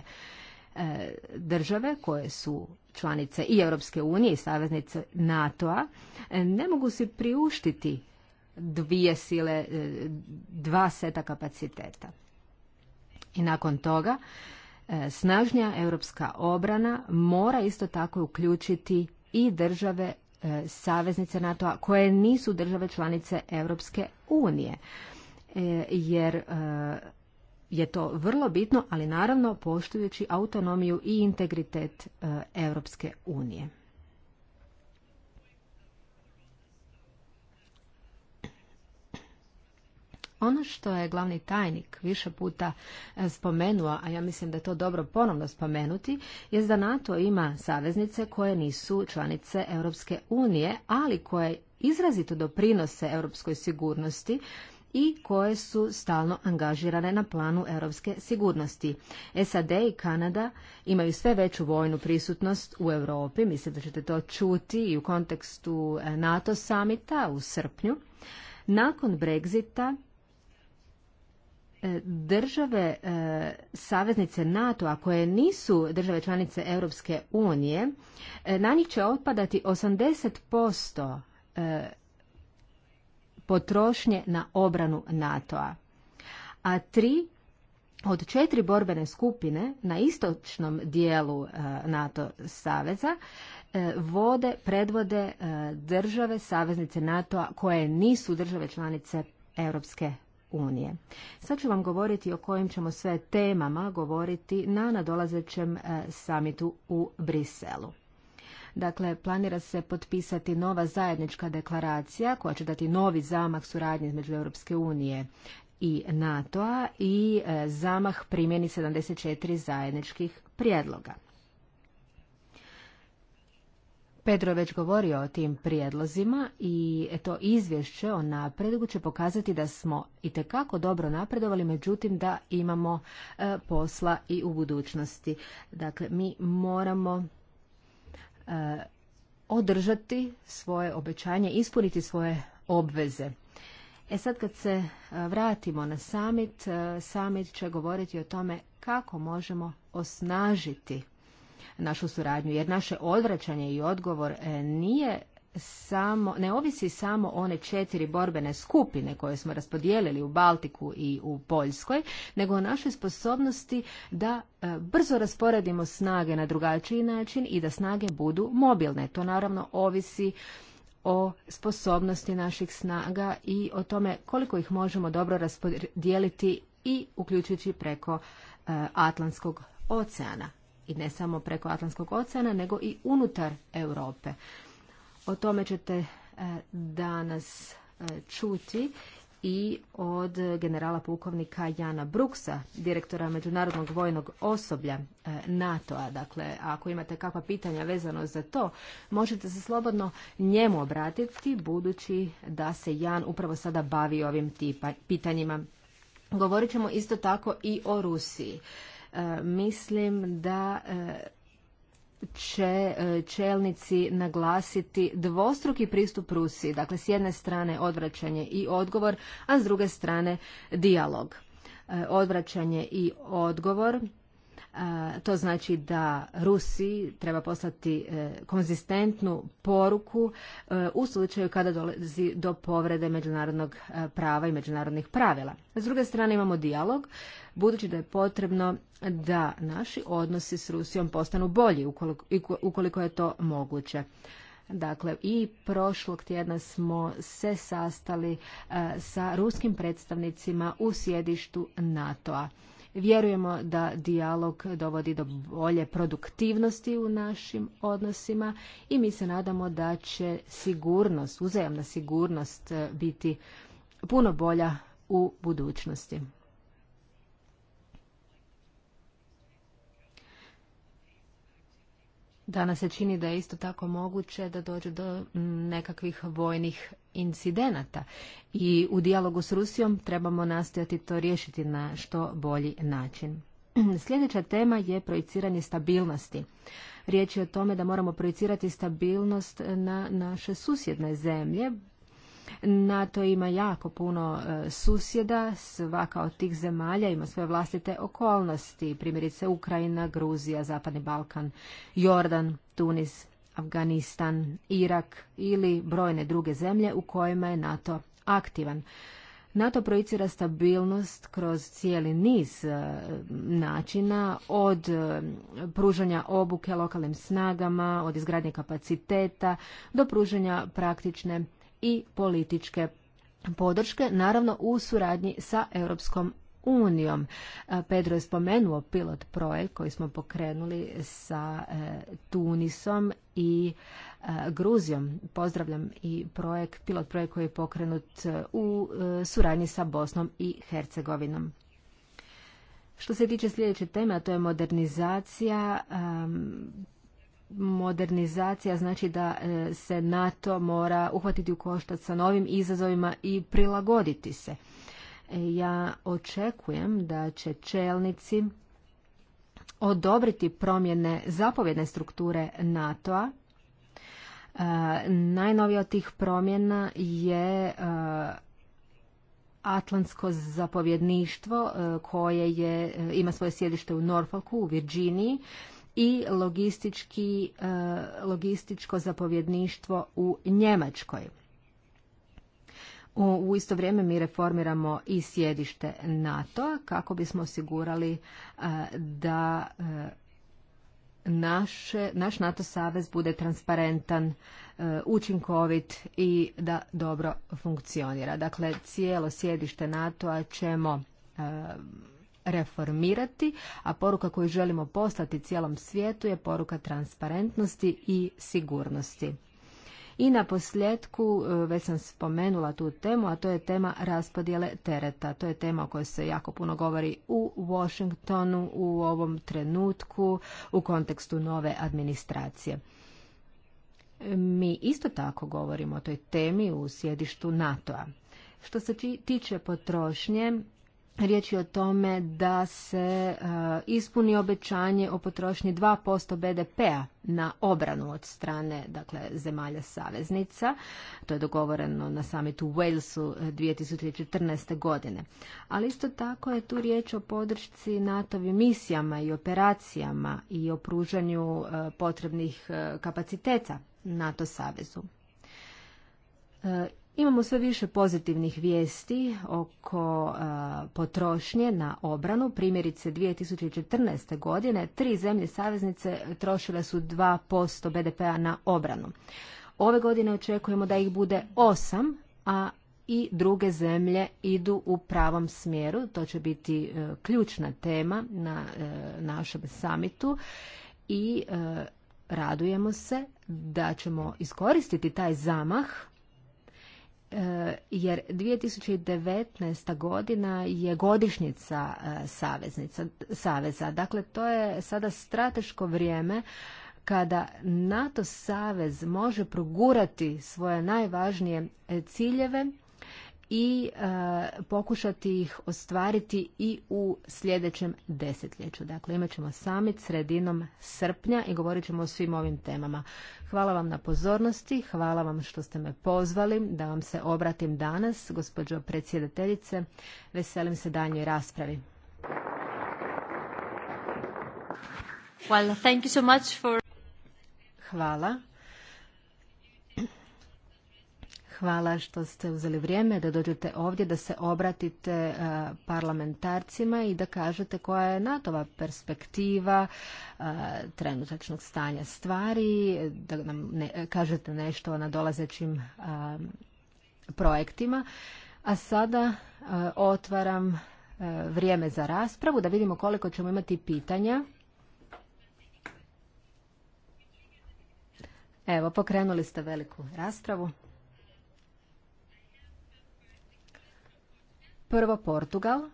E, države koje su članice i Europske unije i saveznice NATO-a e, ne mogu se priuštiti dvije sile, e, dva seta kapaciteta. I nakon toga e, snažnja europska obrana mora isto tako uključiti i države saveznice NATO-a koje nisu države članice Europske unije. Jer je to vrlo bitno, ali naravno poštujući autonomiju i integritet e, Europske unije. Ono što je glavni tajnik više puta e, spomenuo, a ja mislim da je to dobro ponovno spomenuti, je da NATO ima saveznice koje nisu članice Europske unije, ali koje izrazito doprinose europskoj sigurnosti i koje su stalno angažirane na planu europske sigurnosti. SAD i Kanada imaju sve veću vojnu prisutnost u Europi, mislim da ćete to čuti i u kontekstu e, NATO samita u srpnju. Nakon Brexita e, države e, saveznice NATO, a koje nisu države članice Europske unije, na njih će otpadati 80% potrošnje na obranu NATO-a. A tri od četiri borbene skupine na istočnom dijelu e, NATO saveza e, vode, predvode e, države, saveznice NATO-a koje nisu države članice Europske unije. Sad ću vam govoriti o kojim ćemo sve temama govoriti na nadolazećem samitu u Briselu. Dakle, planira se potpisati nova zajednička deklaracija koja će dati novi zamah suradnje između Europske unije i NATO-a i e, zamah primjeni 74 zajedničkih prijedloga. Pedro već govorio o tim prijedlozima i e, to izvješće o napredu će pokazati da smo i tekako dobro napredovali, međutim da imamo e, posla i u budućnosti. Dakle, mi moramo Eh, održati svoje obećanje, ispuniti svoje obveze. E sad kad se eh, vratimo na summit, eh, summit će govoriti o tome kako možemo osnažiti našu suradnju, jer naše odvraćanje i odgovor nije samo, ne ovisi samo one četiri borbene skupine koje smo raspodijelili u Baltiku i u Poljskoj, nego o našoj sposobnosti da e, brzo rasporedimo snage na drugačiji način i da snage budu mobilne. To naravno ovisi o sposobnosti naših snaga i o tome koliko ih možemo dobro raspodijeliti i uključujući preko e, Atlantskog oceana. I ne samo preko Atlantskog oceana, nego i unutar Europe. O tome ćete e, danas e, čuti i od generala pukovnika Jana Bruksa, direktora Međunarodnog vojnog osoblja e, NATO-a. Dakle, ako imate kakva pitanja vezano za to, možete se slobodno njemu obratiti, budući da se Jan upravo sada bavi ovim tipa, pitanjima. Govorit ćemo isto tako i o Rusiji. mislim da će e, čelnici naglasiti dvostruki pristup Rusiji, dakle s jedne strane odvraćanje i odgovor, a s druge strane dijalog. E, odvraćanje i odgovor to znači da Rusiji treba poslati e, konzistentnu poruku e, u slučaju kada dolazi do povrede međunarodnog e, prava i međunarodnih pravila. S druge strane imamo dijalog, budući da je potrebno da naši odnosi s Rusijom postanu bolji ukoliko je to moguće. Dakle, i prošlog tjedna smo se sastali sa ruskim predstavnicima u sjedištu NATO-a. Vjerujemo da dijalog dovodi do bolje produktivnosti u našim odnosima i mi se nadamo da će sigurnost, uzajamna sigurnost eh, biti puno bolja u budućnosti. Danas se čini da je isto tako moguće da dođe do mm, nekakvih vojnih incidenata i u dijalogu s Rusijom trebamo nastojati to riješiti na što bolji način. Sljedeća tema je projiciranje stabilnosti. Riječ je o tome da moramo projicirati stabilnost na naše susjedne zemlje, NATO ima jako puno e, susjeda, svaka od tih zemalja ima svoje vlastite okolnosti, primjerice Ukrajina, Gruzija, Zapadni Balkan, Jordan, Tunis, Afganistan, Irak ili brojne druge zemlje u kojima je NATO aktivan. NATO projicira stabilnost kroz cijeli niz e, načina od e, pružanja obuke lokalnim snagama, od izgradnje kapaciteta do pružanja praktične i političke podrške, naravno u suradnji sa Europskom unijom. Pedro je spomenuo pilot projekt koji smo pokrenuli sa e, Tunisom i e, Gruzijom. Pozdravljam i projekt, pilot projekt koji je pokrenut e, u suradnji sa Bosnom i Hercegovinom. Što se tiče sljedeće teme, a to je modernizacija, modernizacija znači da e, se NATO mora uhvatiti u koštac sa novim izazovima i prilagoditi se. E, ja očekujem da će čelnici odobriti promjene zapovjedne strukture NATO-a. E, najnovija od tih promjena je Atlantsko zapovjedništvo koje je, ima svoje sjedište u Norfolku u Virginiji i logistički, e, logističko zapovjedništvo u Njemačkoj. U isto vrijeme mi reformiramo i sjedište NATO kako bismo osigurali e, da e, naš, naš NATO savez bude transparentan, učinkovit i da dobro funkcionira. Dakle, cijelo sjedište NATO-a ćemo reformirati, a poruka koju želimo poslati cijelom svijetu je poruka transparentnosti i sigurnosti. I na posljedku, e, već sam spomenula tu temu, a to je tema raspodjele tereta. To je tema o kojoj se jako puno govori u Washingtonu u ovom trenutku u kontekstu nove administracije. Mi isto tako govorimo o toj temi u sjedištu NATO-a. Što se tiče potrošnje, Riječ je o tome da se e, ispuni obećanje o potrošnji 2% BDP-a na obranu od strane dakle, zemalja saveznica. To je dogovoreno na samitu Walesu 2014. E, godine. Ali isto tako je tu riječ o podršci nato misijama i operacijama i o pružanju e, potrebnih kapaciteta NATO savezu Imamo sve više pozitivnih vijesti oko e, potrošnje na obranu. Primjerice 2014. godine tri zemlje saveznice trošile su 2% BDP-a na obranu. Ove godine očekujemo da ih bude osam, a i druge zemlje idu u pravom smjeru. To će biti e, ključna tema na e, našem samitu i radujemo se da ćemo iskoristiti taj zamah E, jer 2019. godina je godišnjica e, saveznica, saveza. Dakle, to je sada strateško vrijeme kada NATO savez može progurati svoje najvažnije ciljeve i e, pokušati ih ostvariti i u sljedećem desetljeću. Dakle, imat ćemo summit sredinom srpnja i govorit ćemo o svim ovim temama. Hvala vam na pozornosti, hvala vam što ste me pozvali da vam se obratim danas, gospođo predsjedateljice. Veselim se daljnjoj raspravi. Well, thank you so much for... Hvala Hvala što ste uzeli vrijeme da dođete ovdje, da se obratite e, parlamentarcima i da kažete koja je NATO-va perspektiva e, trenutačnog stanja stvari, da nam ne, kažete nešto o nadolazećim e, projektima. A sada otvaram vrijeme za raspravu, da vidimo koliko ćemo imati pitanja. Evo, pokrenuli ste veliku raspravu. Prvo Portugal.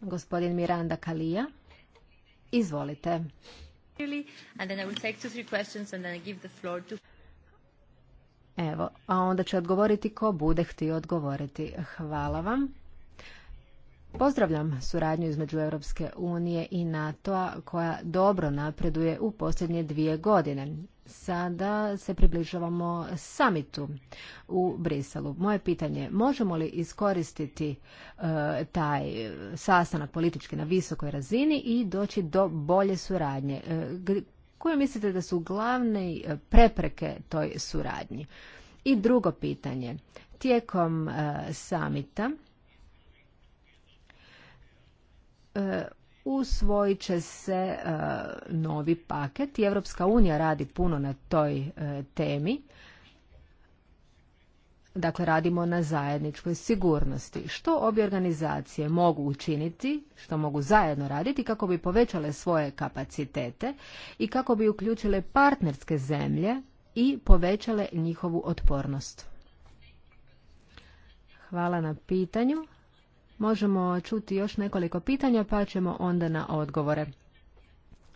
Gospodin Miranda Kalija. Izvolite. Evo, a onda će odgovoriti ko bude htio odgovoriti. Hvala vam. Pozdravljam suradnju između Europske unije i NATO-a koja dobro napreduje u posljednje dvije godine sada se približavamo samitu u Briselu. Moje pitanje, možemo li iskoristiti e, taj sastanak politički na visokoj razini i doći do bolje suradnje? E, koje mislite da su glavne e, prepreke toj suradnji? I drugo pitanje, tijekom e, samita e, usvojit će se e, novi paket i Europska unija radi puno na toj e, temi. Dakle, radimo na zajedničkoj sigurnosti. Što obje organizacije mogu učiniti, što mogu zajedno raditi kako bi povećale svoje kapacitete i kako bi uključile partnerske zemlje i povećale njihovu otpornost. Hvala na pitanju. Možemo čuti još nekoliko pitanja, pa ćemo onda na odgovore.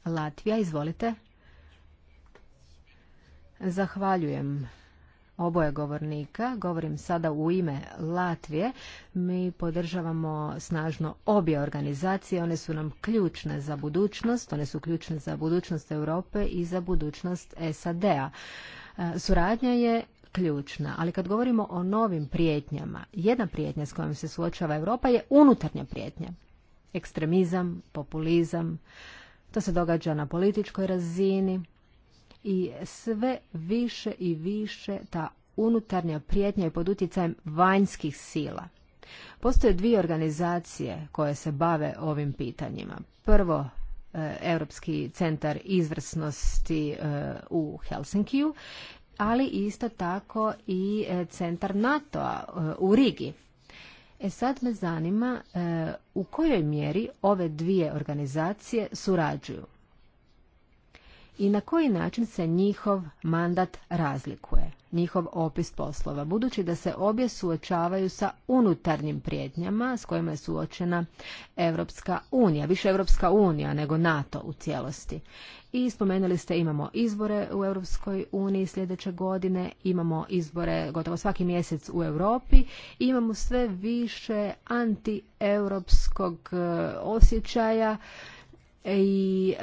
Latvija, izvolite. Zahvaljujem oboje govornika. Govorim sada u ime Latvije. Mi podržavamo snažno obje organizacije. One su nam ključne za budućnost. One su ključne za budućnost Europe i za budućnost SAD-a. Suradnja je ključna, ali kad govorimo o novim prijetnjama, jedna prijetnja s kojom se suočava Europa je unutarnja prijetnja. Ekstremizam, populizam, to se događa na političkoj razini i sve više i više ta unutarnja prijetnja je pod utjecajem vanjskih sila. Postoje dvije organizacije koje se bave ovim pitanjima. Prvo, e, Europski centar izvrsnosti e, u Helsinkiju ali isto tako i e, centar NATO-a e, u Rigi. E sad me zanima e, u kojoj mjeri ove dvije organizacije surađuju i na koji način se njihov mandat razlikuje njihov opis poslova. Budući da se obje suočavaju sa unutarnjim prijetnjama s kojima je suočena Evropska unija, više Evropska unija nego NATO u cijelosti. I spomenuli ste imamo izbore u Europskoj uniji sljedeće godine, imamo izbore gotovo svaki mjesec u Europi imamo sve više antieuropskog e, osjećaja i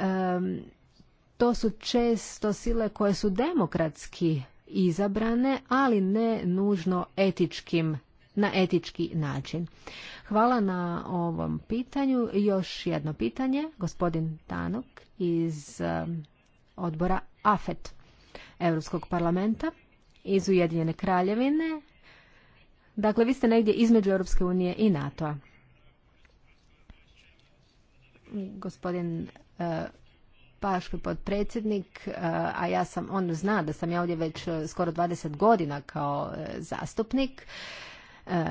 to su često sile koje su demokratski izabrane, ali ne nužno etičkim na etički način. Hvala na ovom pitanju. Još jedno pitanje, gospodin Tanok iz um, odbora AFET Europskog parlamenta iz Ujedinjene kraljevine. Dakle, vi ste negdje između Europske unije i NATO-a. Gospodin uh, paški potpredsjednik, e, a ja sam, on zna da sam ja ovdje već e, skoro 20 godina kao e, zastupnik.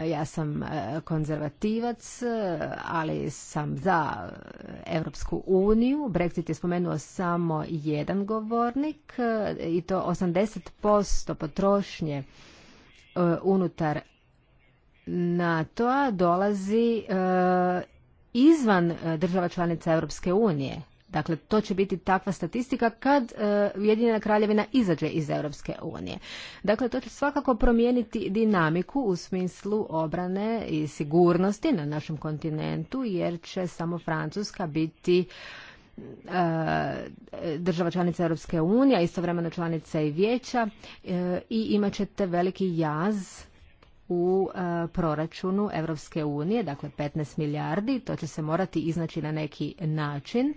Ja sam konzervativac, ali sam za Europsku uniju. Brexit je spomenuo samo jedan govornik i to 80% potrošnje unutar NATO-a dolazi izvan država članica Europske unije. Dakle, to će biti takva statistika kad e, Ujedinjena kraljevina izađe iz Europske unije. Dakle, to će svakako promijeniti dinamiku u smislu obrane i sigurnosti na našem kontinentu, jer će samo Francuska biti e, država članica Europske unije, a istovremeno članica i vijeća e, i imat ćete veliki jaz u proračunu Europske unije, dakle 15 milijardi, to će se morati iznaći na neki način.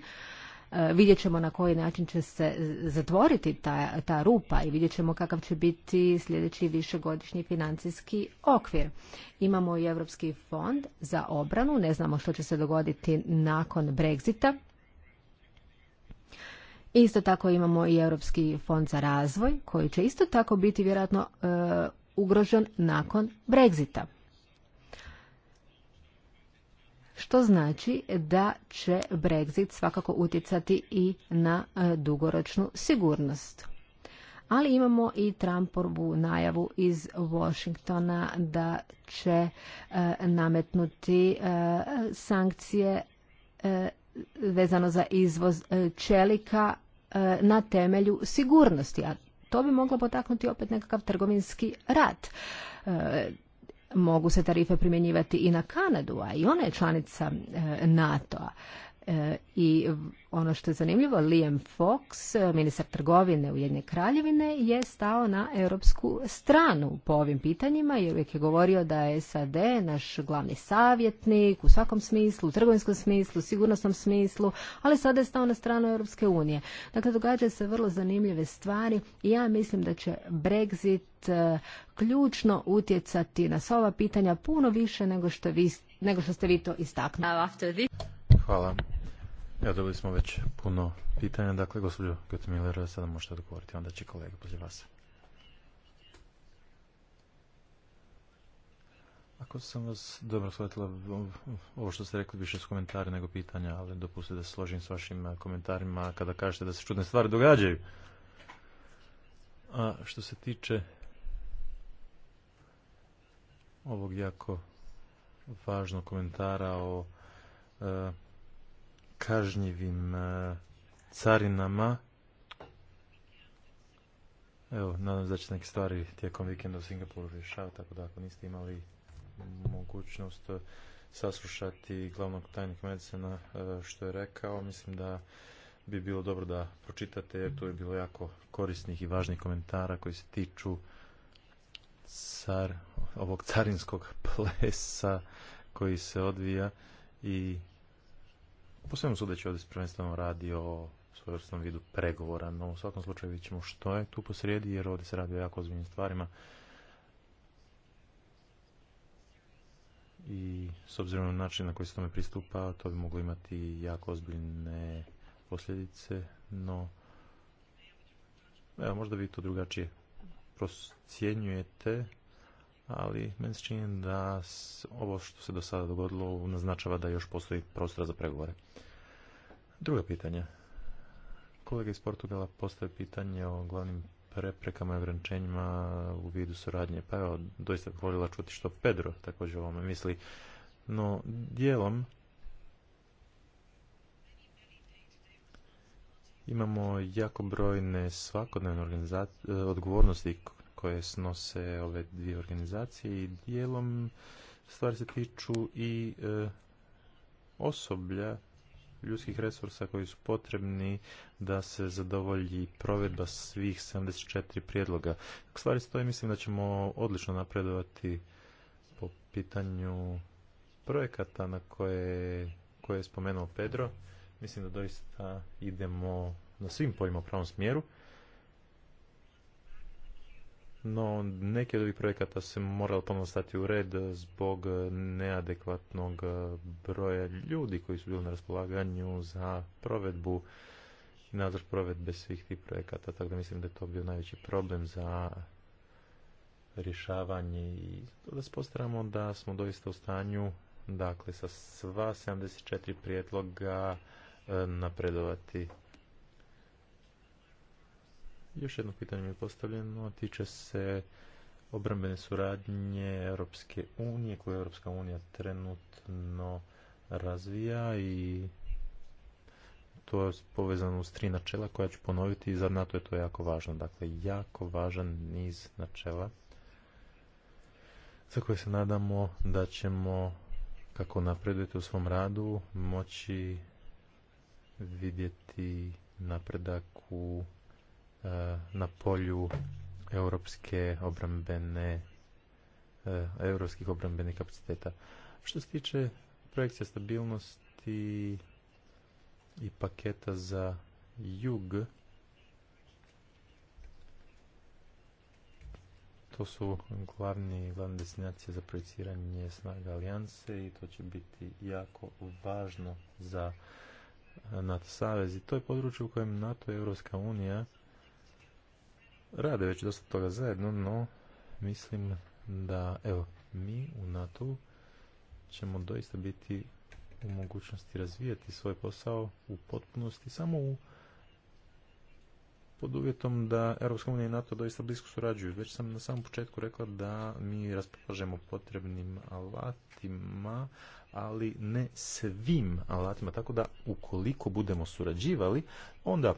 E, vidjet ćemo na koji način će se zatvoriti ta, ta rupa i vidjet ćemo kakav će biti sljedeći višegodišnji financijski okvir. Imamo i Europski fond za obranu, ne znamo što će se dogoditi nakon Brexita. Isto tako imamo i Europski fond za razvoj koji će isto tako biti vjerojatno e, ugrožen nakon Brexita što znači da će Brexit svakako utjecati i na e, dugoročnu sigurnost. Ali imamo i Trumpovu najavu iz Washingtona da će e, nametnuti e, sankcije vezano za izvoz čelika na temelju sigurnosti, a to bi moglo potaknuti opet nekakav trgovinski rat mogu se tarife primjenjivati i na Kanadu, a i ona je članica e, NATO-a. E, I ono što je zanimljivo, Liam Fox, e, ministar trgovine Ujedinjene kraljevine, je stao na europsku stranu po ovim pitanjima i uvijek je govorio da je SAD naš glavni savjetnik u svakom smislu, u trgovinskom smislu, u sigurnosnom smislu, ali sada je stao na stranu Europske unije. Dakle, događaju se vrlo zanimljive stvari i ja mislim da će Brexit e, ključno utjecati na sva ova pitanja puno više nego što, nego što ste vi to istaknuli. Hvala. Evo, dobili smo već puno pitanja. Dakle, gospođo Götmiller, sada možete odgovoriti, onda će kolega poslije vas. Ako sam vas dobro shvatila, ovo što ste rekli više su komentari nego pitanja, ali dopustite da se složim s vašim eh, komentarima kada kažete da se čudne stvari događaju. A što se tiče ovog jako važnog komentara o eh, kažnjivim e, carinama. Evo, nadam se da će neke stvari tijekom vikenda u Singapuru rješavati, tako da ako niste imali mogućnost e, saslušati glavnog tajnika medicina e, što je rekao, mislim da bi bilo dobro da pročitate jer tu je bilo jako korisnih i važnih komentara koji se tiču car, ovog carinskog plesa koji se odvija i po svemu sudeći ovdje se prvenstveno radi o vidu pregovora, no u svakom slučaju vidjet ćemo što je tu posrijedi, jer ovdje se radi o jako ozbiljnim stvarima. I s obzirom na način na koji se tome pristupa, to bi moglo imati jako ozbiljne posljedice, no možda vi to drugačije procjenjujete ali meni se čini da ovo što se do sada dogodilo naznačava da još postoji prostora za pregovore. Druga pitanja. Kolega iz Portugala postoje pitanje o glavnim preprekama i ograničenjima u vidu suradnje. Pa evo, doista bih voljela čuti što Pedro također o ovome misli. No, dijelom imamo jako brojne svakodnevne odgovornosti koje snose ove dvije organizacije i dijelom stvari se tiču i e, osoblja ljudskih resursa koji su potrebni da se zadovolji provedba svih 74 prijedloga. Kako stvari stoje, mislim da ćemo odlično napredovati po pitanju projekata na koje, koje je spomenuo Pedro. Mislim da doista idemo na svim poljima u pravom smjeru no neki od ovih projekata se morali ponovno stati u red zbog neadekvatnog broja ljudi koji su bili na raspolaganju za provedbu i nadzor provedbe svih tih projekata, tako da mislim da je to bio najveći problem za rješavanje i da se postaramo da smo doista u stanju dakle sa sva 74 prijedloga e, napredovati još jedno pitanje mi je postavljeno, tiče se obrambene suradnje Europske unije, koju Europska unija trenutno razvija i to je povezano uz tri načela koja ću ponoviti i za NATO je to jako važno. Dakle, jako važan niz načela za koje se nadamo da ćemo kako napredujete u svom radu moći vidjeti napredak u E, na polju europske obrambene e, europskih obrambenih kapaciteta. Što se tiče projekcija stabilnosti i paketa za jug, to su glavni, glavne destinacije za projeciranje snaga alijanse i to će biti jako važno za NATO savez. I to je područje u kojem NATO i Europska unija rade već dosta toga zajedno, no mislim da, evo, mi u NATO ćemo doista biti u mogućnosti razvijati svoj posao u potpunosti samo u pod uvjetom da EU i NATO doista blisko surađuju. Već sam na samom početku rekla da mi raspolažemo potrebnim alatima, ali ne svim alatima. Tako da ukoliko budemo surađivali, onda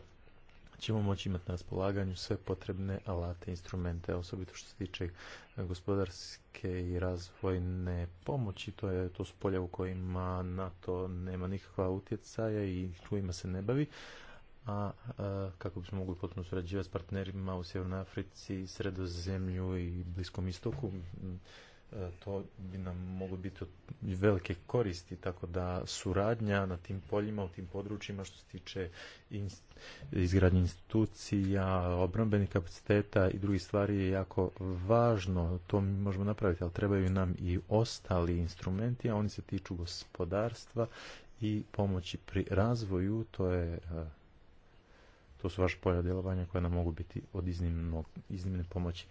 ćemo moći imati na raspolaganju sve potrebne alate, instrumente, osobito što se tiče gospodarske i razvojne pomoći. To, je, to su polja u kojima NATO nema nikakva utjecaja i čujima se ne bavi. A, a kako bismo mogli potpuno surađivati s partnerima u Sjevernoj Africi, Sredozemlju i Bliskom istoku, E, to bi nam moglo biti od velike koristi, tako da suradnja na tim poljima, u tim područjima što se tiče izgradnje institucija, obrambenih kapaciteta i drugih stvari je jako važno. To mi možemo napraviti, ali trebaju nam i ostali instrumenti, a oni se tiču gospodarstva i pomoći pri razvoju. To je e, to su vaše polja djelovanja koja nam mogu biti od iznimne pomoći.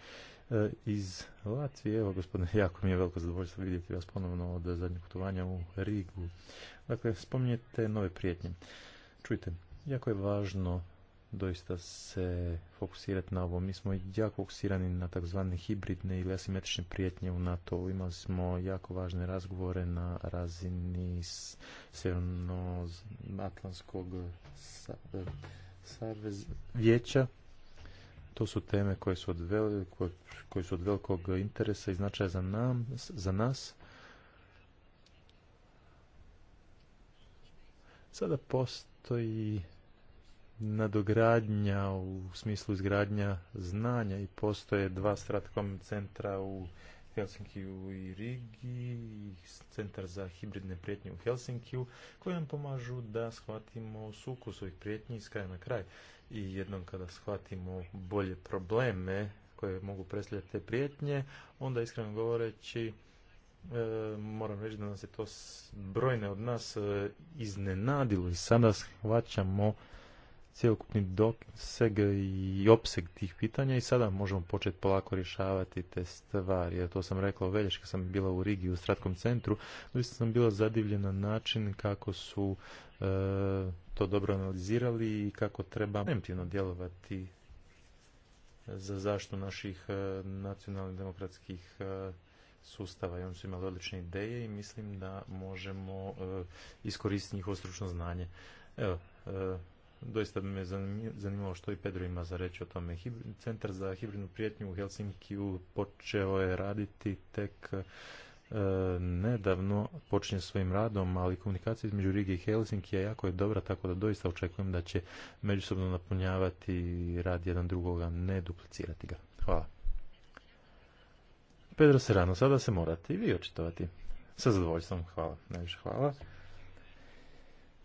E, iz Latvije. Evo, gospodine, jako mi je veliko zadovoljstvo vidjeti vas ponovno od zadnjeg putovanja u Rigu. Dakle, spominjete nove prijetnje. Čujte, jako je važno doista se fokusirati na ovo. Mi smo jako fokusirani na takozvani hibridne ili asimetrične prijetnje u NATO. Imali smo jako važne razgovore na razini Sjevernoatlantskog e, savez vijeća to su teme koje su od, su od velikog interesa i značaja za, nam, za nas. Sada postoji nadogradnja u smislu izgradnja znanja i postoje dva stratkom centra u Helsinkiju i Rigi Centar za hibridne prijetnje u Helsinkiju koji nam pomažu da shvatimo sukus ovih prijetnji iz kraja na kraj i jednom kada shvatimo bolje probleme koje mogu predstavljati te prijetnje, onda iskreno govoreći e, moram reći da nas je to brojne od nas e, iznenadilo i sada shvaćamo cijelokupni doseg i opseg tih pitanja i sada možemo početi polako rješavati te stvari. Ja to sam rekla u Velješ kad sam bila u Rigi u Stratkom centru, doista sam bila zadivljena način kako su e, to dobro analizirali i kako treba preventivno djelovati za zaštitu naših e, nacionalnih demokratskih e, sustava i oni su imali odlične ideje i mislim da možemo iskoristiti njihovo stručno znanje. Evo, doista bi me zanimalo što i Pedro ima za reći o tome. Centar za hibridnu prijetnju u Helsinkiju počeo je raditi tek e, nedavno počinje svojim radom, ali komunikacija između Rige i je jako je dobra, tako da doista očekujem da će međusobno napunjavati rad jedan drugoga, ne duplicirati ga. Hvala. Pedro Serano, sada se morate i vi očitovati. Sa zadovoljstvom, hvala. Najviše hvala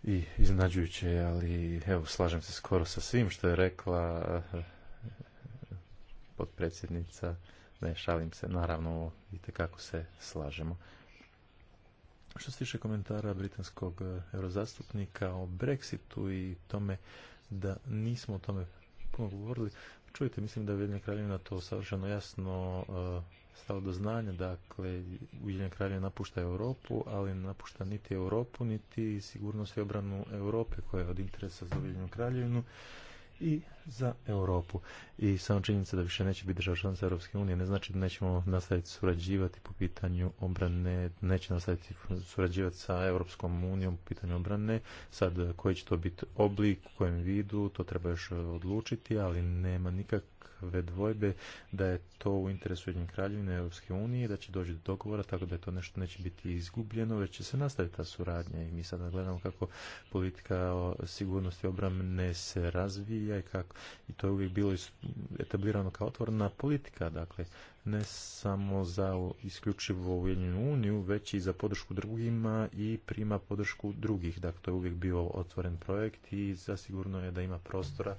i iznađujuće, ali evo, slažem se skoro sa svim što je rekla eh, potpredsjednica. Ne, šalim se, naravno, vidite kako se slažemo. Što se tiče komentara britanskog eh, eurozastupnika o Brexitu i tome da nismo o tome puno govorili, čujte, mislim da je Vjedna Kraljevina to savršeno jasno eh, stalo do znanja, dakle, Ujedinjena kraljevina napušta Europu, ali napušta niti Europu, niti sigurnost i obranu Europe koja je od interesa za Ujedinjenu kraljevinu i za Europu. I samo činjenica da više neće biti država članica Europske unije ne znači da nećemo nastaviti surađivati po pitanju obrane, neće nastaviti surađivati sa Europskom unijom po pitanju obrane. Sad koji će to biti oblik, u kojem vidu, to treba još odlučiti, ali nema nikakve dvojbe da je to u interesu jednog kraljevine Europske unije, da će doći do dogovora, tako da je to nešto neće biti izgubljeno, već će se nastaviti ta suradnja i mi sada gledamo kako politika sigurnosti obrane se razvija i kako i to je uvijek bilo etablirano kao otvorena politika, dakle ne samo za isključivo Ujedinjenu uniju, već i za podršku drugima i prima podršku drugih. Dakle, to je uvijek bio otvoren projekt i zasigurno je da ima prostora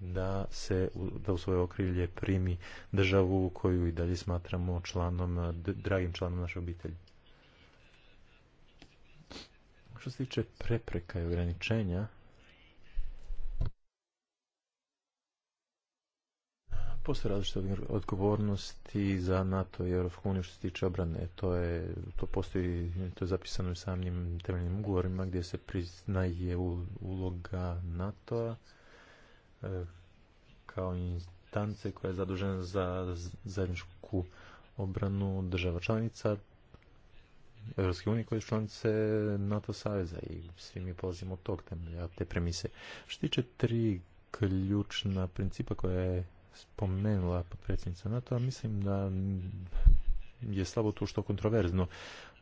da se da u svoje okrilje primi državu koju i dalje smatramo članom, dragim članom naše obitelji. Što se tiče prepreka i ograničenja, Postoje različite odgovornosti za NATO i Europsku uniju što se tiče obrane. To je, to postoji, to je zapisano u samim temeljnim ugovorima gdje se priznaje uloga NATO-a e, kao instance koja je zadužena za zajedničku obranu država članica Europske unije koje su članice NATO saveza i svi mi polazimo od tog temelja, te premise. Što tiče tri ključna principa koja je spomenula potpredsjednica NATO, a mislim da je slabo tu što kontroverzno.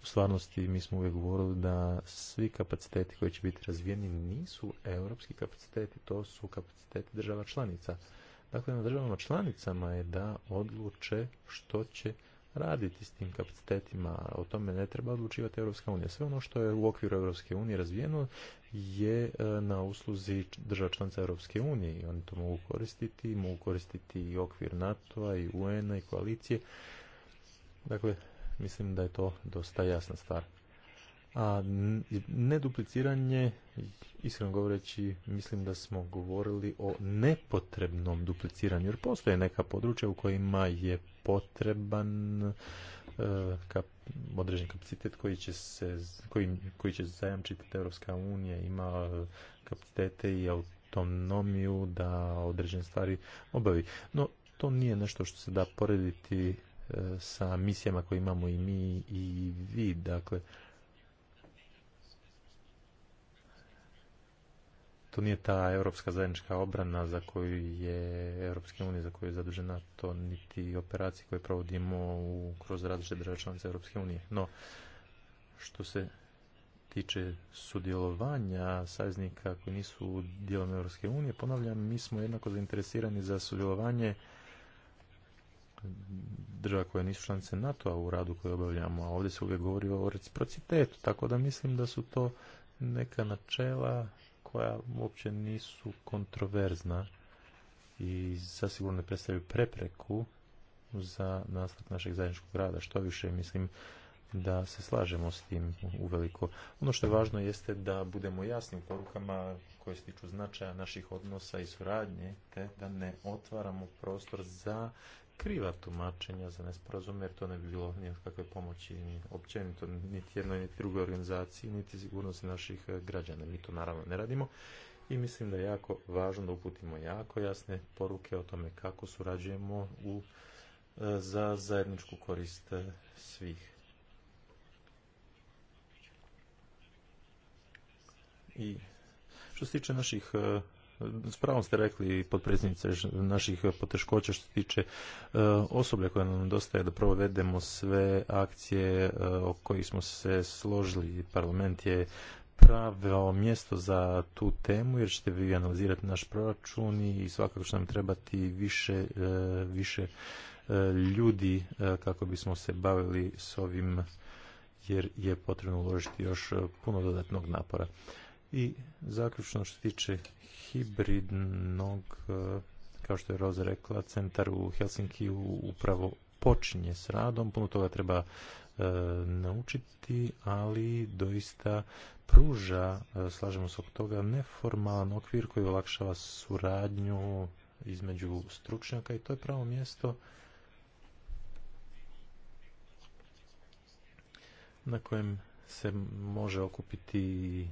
U stvarnosti mi smo uvijek govorili da svi kapaciteti koji će biti razvijeni nisu europski kapaciteti, to su kapaciteti država članica. Dakle, na državama članicama je da odluče što će raditi s tim kapacitetima. O tome ne treba odlučivati Europska unija. Sve ono što je u okviru Europske unije razvijeno je e, na usluzi država članica Europske unije i oni to mogu koristiti, mogu koristiti i okvir NATO-a i UN-a i koalicije. Dakle, mislim da je to dosta jasna stvar. A nedupliciranje, iskreno govoreći, mislim da smo govorili o nepotrebnom dupliciranju, jer postoje neka područja u kojima je potreban e, određen kapacitet koji će, se, koji, koji će zajamčiti da Europska unija ima eh, kapacitete i autonomiju da određene stvari obavi. No, to nije nešto što se da porediti eh, sa misijama koje imamo i mi i vi. Dakle, to nije ta europska zajednička obrana za koju je Europske unija, za koju je zadužena to niti operacije koje provodimo u, kroz različite države članice Europske unije. No, što se tiče sudjelovanja saveznika koji nisu dijelom Europske unije, ponavljam, mi smo jednako zainteresirani za sudjelovanje država koje nisu članice NATO-a u radu koje obavljamo, a ovdje se uvijek govori o reciprocitetu, tako da mislim da su to neka načela koja uopće nisu kontroverzna i zasigurno ne predstavljaju prepreku za nastup našeg zajedničkog rada. Što više, mislim da se slažemo s tim uveliko. Ono što je važno jeste da budemo jasni u porukama koje se tiču značaja naših odnosa i suradnje, te da ne otvaramo prostor za kriva tumačenja za nesporazume jer to ne bi bilo nikakve pomoći ni općenito niti jednoj niti drugoj organizaciji niti sigurnosti naših eh, građana. Mi to naravno ne radimo i mislim da je jako važno da uputimo jako jasne poruke o tome kako surađujemo u, eh, za zajedničku korist eh, svih. I što se tiče naših s pravom ste rekli potpredsjednice naših poteškoća što se tiče e, osoblja koja nam nedostaje da provedemo sve akcije e, o kojih smo se složili. Parlament je pravo mjesto za tu temu jer ćete vi analizirati naš proračun i svakako će nam trebati više, e, više ljudi kako bismo se bavili s ovim jer je potrebno uložiti još puno dodatnog napora. I zaključno što se tiče hibridnog, e, kao što je Roza rekla, centar u Helsinki upravo počinje s radom, puno toga treba e, naučiti, ali doista pruža, e, slažemo se oko toga, neformalan okvir koji olakšava suradnju između stručnjaka i to je pravo mjesto na kojem se može okupiti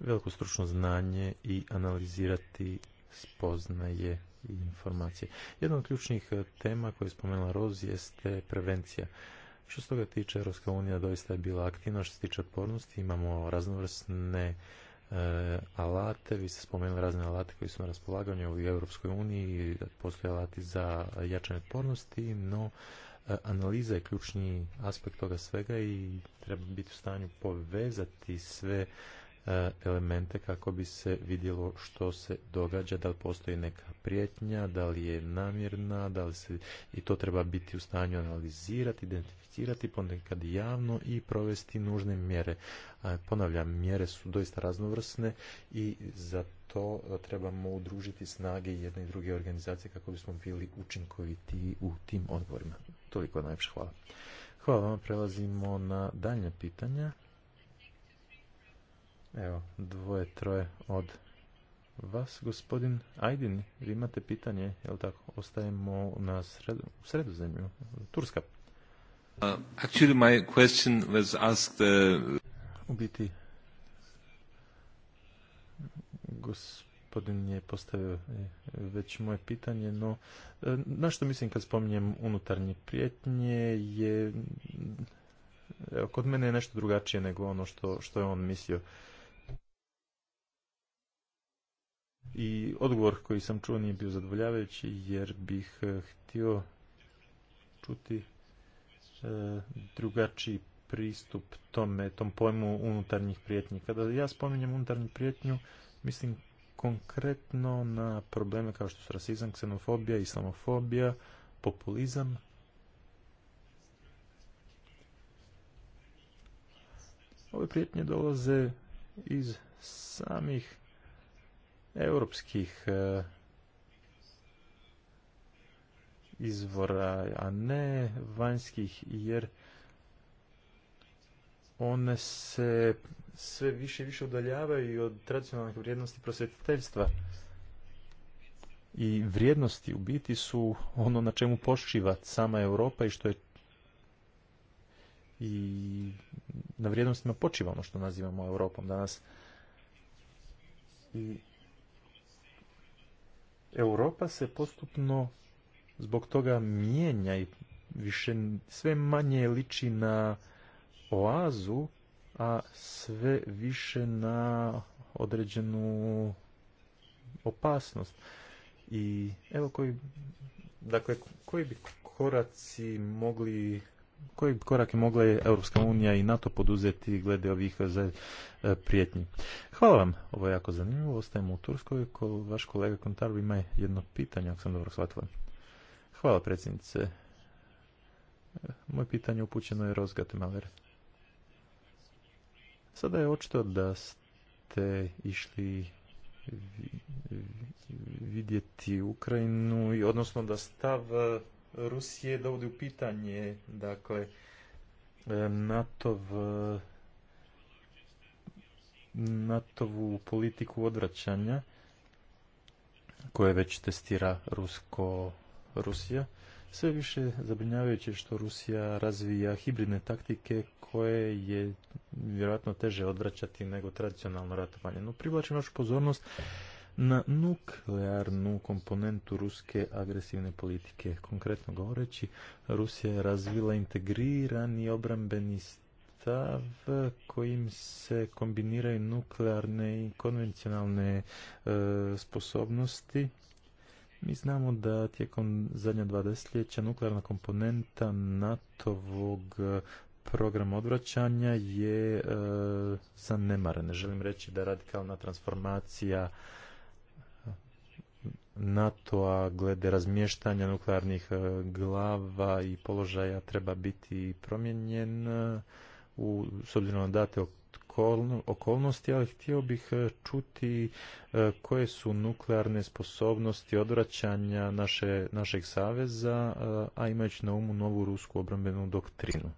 veliko stručno znanje i analizirati spoznaje i informacije. Jedna od ključnih e, tema koje je spomenula Roz jeste prevencija. Što se toga tiče, Europska unija doista je bila aktivna što se tiče otpornosti. Imamo raznovrsne e, alate, vi ste spomenuli razne alate koji su na raspolaganju u Europskoj uniji, postoje alati za jačanje otpornosti, no e, analiza je ključni aspekt toga svega i treba biti u stanju povezati sve E, elemente kako bi se vidjelo što se događa, da li postoji neka prijetnja, da li je namjerna, da li se i to treba biti u stanju analizirati, identificirati, ponekad javno i provesti nužne mjere. Ponavljam, mjere su doista raznovrsne i za to e, trebamo udružiti snage jedne i druge organizacije kako bismo bili učinkoviti u tim odgovorima. Toliko najviše hvala. Hvala vam, prelazimo na daljnje pitanja. Evo, dvoje, troje od vas, gospodin Ajdin, vi imate pitanje, je li tako? Ostajemo na u sredozemlju, Turska. Uh, actually my question was asked... Uh, u biti, gospodin je postavio e, već moje pitanje, no e, na što mislim kad spominjem unutarnje prijetnje je... Evo, kod mene je nešto drugačije nego ono što, što je on mislio. i odgovor koji sam čuo nije bio zadovoljavajući jer bih e, htio čuti e, drugačiji pristup tome, tom pojmu unutarnjih prijetnji. Kada ja spominjem unutarnju prijetnju, mislim konkretno na probleme kao što su rasizam, ksenofobija, islamofobija, populizam. Ove prijetnje dolaze iz samih europskih eh, izvora, a ne vanjskih, jer one se sve više i više udaljavaju od tradicionalnih vrijednosti prosvjetiteljstva. I vrijednosti u biti su ono na čemu počiva sama Europa i što je i na vrijednostima počiva ono što nazivamo Europom danas. I Europa se postupno zbog toga mijenja i više sve manje liči na oazu, a sve više na određenu opasnost. I evo koji, dakle, koji bi koraci mogli koje korake mogla je Europska unija i NATO poduzeti glede ovih e, prijetnji. Hvala vam, ovo je jako zanimljivo, ostajemo u Turskoj, ko, vaš kolega Kontar ima jedno pitanje, ako sam dobro shvatila. Hvala predsjednice. E, moje pitanje upućeno je Rozgate Maler. Sada je očito da ste išli vidjeti Ukrajinu i odnosno da stav Rusije dovodi u pitanje, dakle, NATO NATOvu politiku odvraćanja koje već testira Rusko Rusija. Sve više zabrinjavajuće što Rusija razvija hibridne taktike koje je vjerojatno teže odvraćati nego tradicionalno ratovanje. No, privlačim vašu pozornost na nuklearnu komponentu ruske agresivne politike. Konkretno govoreći, Rusija je razvila integrirani obrambeni stav kojim se kombiniraju nuklearne i konvencionalne e, sposobnosti. Mi znamo da tijekom zadnja dva desetljeća nuklearna komponenta NATO-vog e, programa odvraćanja je e, želim reći da radikalna transformacija NATO-a glede razmještanja nuklearnih e, glava i položaja treba biti promijenjen e, u, s obzirom na date okolnosti, ali htio bih e, čuti koje su nuklearne sposobnosti odvraćanja naše, našeg saveza, a imajući na umu novu rusku obrambenu doktrinu.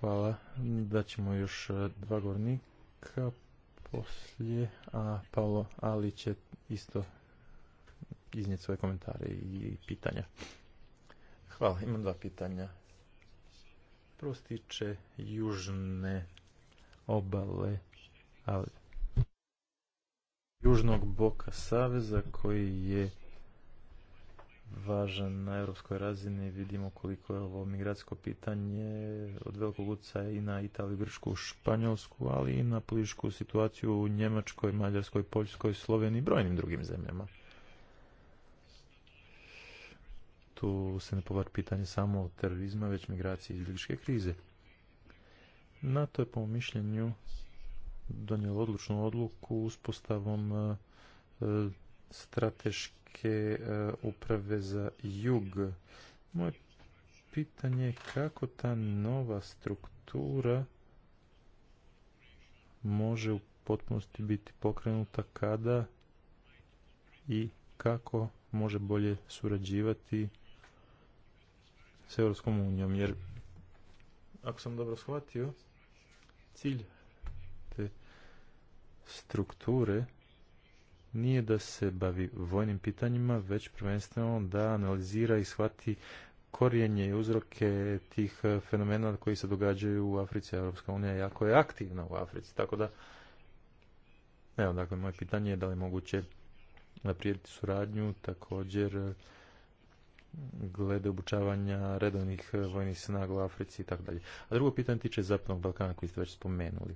Hvala. Daćemo još dva govornika poslije, a Paolo Ali će isto iznijeti svoje komentare i pitanja. Hvala, imam dva pitanja. Prvo se južne obale ali, južnog boka Saveza koji je važan na europskoj razini. Vidimo koliko je ovo migracijsko pitanje od velikog utjecaja i na Italiju, Grčku, Španjolsku, ali i na političku situaciju u Njemačkoj, Mađarskoj, Poljskoj, Sloveniji i brojnim drugim zemljama. Tu se ne povlači pitanje samo terorizma, već migracije i izbjegličke krize. NATO je po mom mišljenju donijelo odlučnu odluku uspostavom eh, strateške eh, uprave za jug. Moje pitanje je kako ta nova struktura može u potpunosti biti pokrenuta kada i kako može bolje surađivati s Europskom unijom, jer ako sam dobro shvatio, cilj te strukture nije da se bavi vojnim pitanjima, već prvenstveno da analizira i shvati korijenje i uzroke tih eh, fenomena koji se događaju u Africi. Europska unija jako je aktivna u Africi, tako da evo, dakle, moje pitanje je da li je moguće naprijediti suradnju također glede obučavanja redovnih eh, vojnih snaga u Africi i tako dalje. A drugo pitanje tiče Zapadnog Balkana koji ste već spomenuli.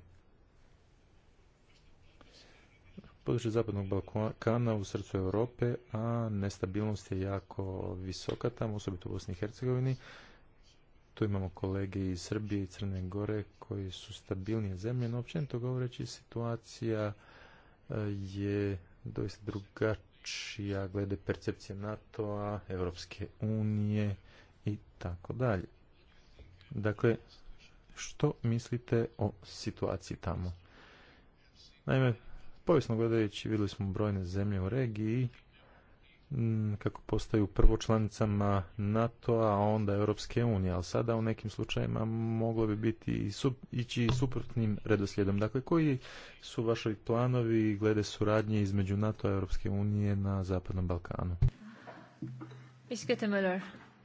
područje Zapadnog Balkana u srcu Europe, a nestabilnost je jako visoka tamo, osobito u Bosni i Hercegovini. Tu imamo kolege iz Srbije i Crne Gore koji su stabilnije zemlje, no općenito govoreći situacija e, je doista drugačija glede percepcije NATO-a, Europske unije i tako dalje. Dakle, što mislite o situaciji tamo? Naime, Povijesno gledajući vidjeli smo brojne zemlje u regiji mm, kako postaju prvo članicama NATO-a, a onda Europske unije, ali sada u nekim slučajevima moglo bi biti i ići suprotnim redoslijedom. Dakle, koji su vaši planovi glede suradnje između NATO-a i Europske unije na Zapadnom Balkanu? Miskete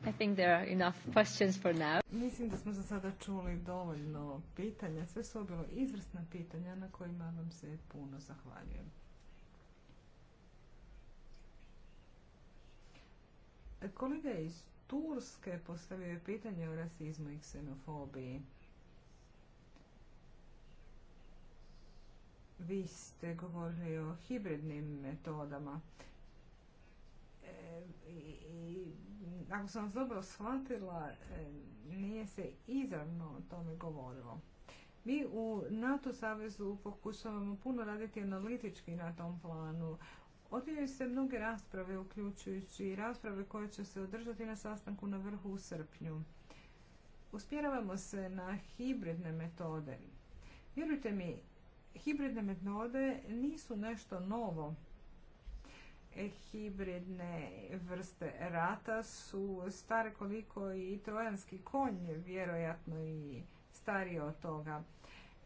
i think there are enough questions for now. Mislim da smo za sada čuli dovoljno pitanja. Sve su bilo izvrsna pitanja na kojima vam se puno zahvaljujem. Kolega iz Turske postavio je pitanje o rasizmu i ksenofobiji. Vi ste govorili o hibridnim metodama. E, i, ako sam vas dobro shvatila, e, nije se izravno o tome govorilo. Mi u NATO savezu pokušavamo puno raditi analitički na tom planu. Odvijaju se mnoge rasprave, uključujući i rasprave koje će se održati na sastanku na vrhu u srpnju. Uspjeravamo se na hibridne metode. Vjerujte mi, hibridne metode nisu nešto novo. E, hibridne vrste rata su stare koliko i trojanski konj, vjerojatno i starije od toga.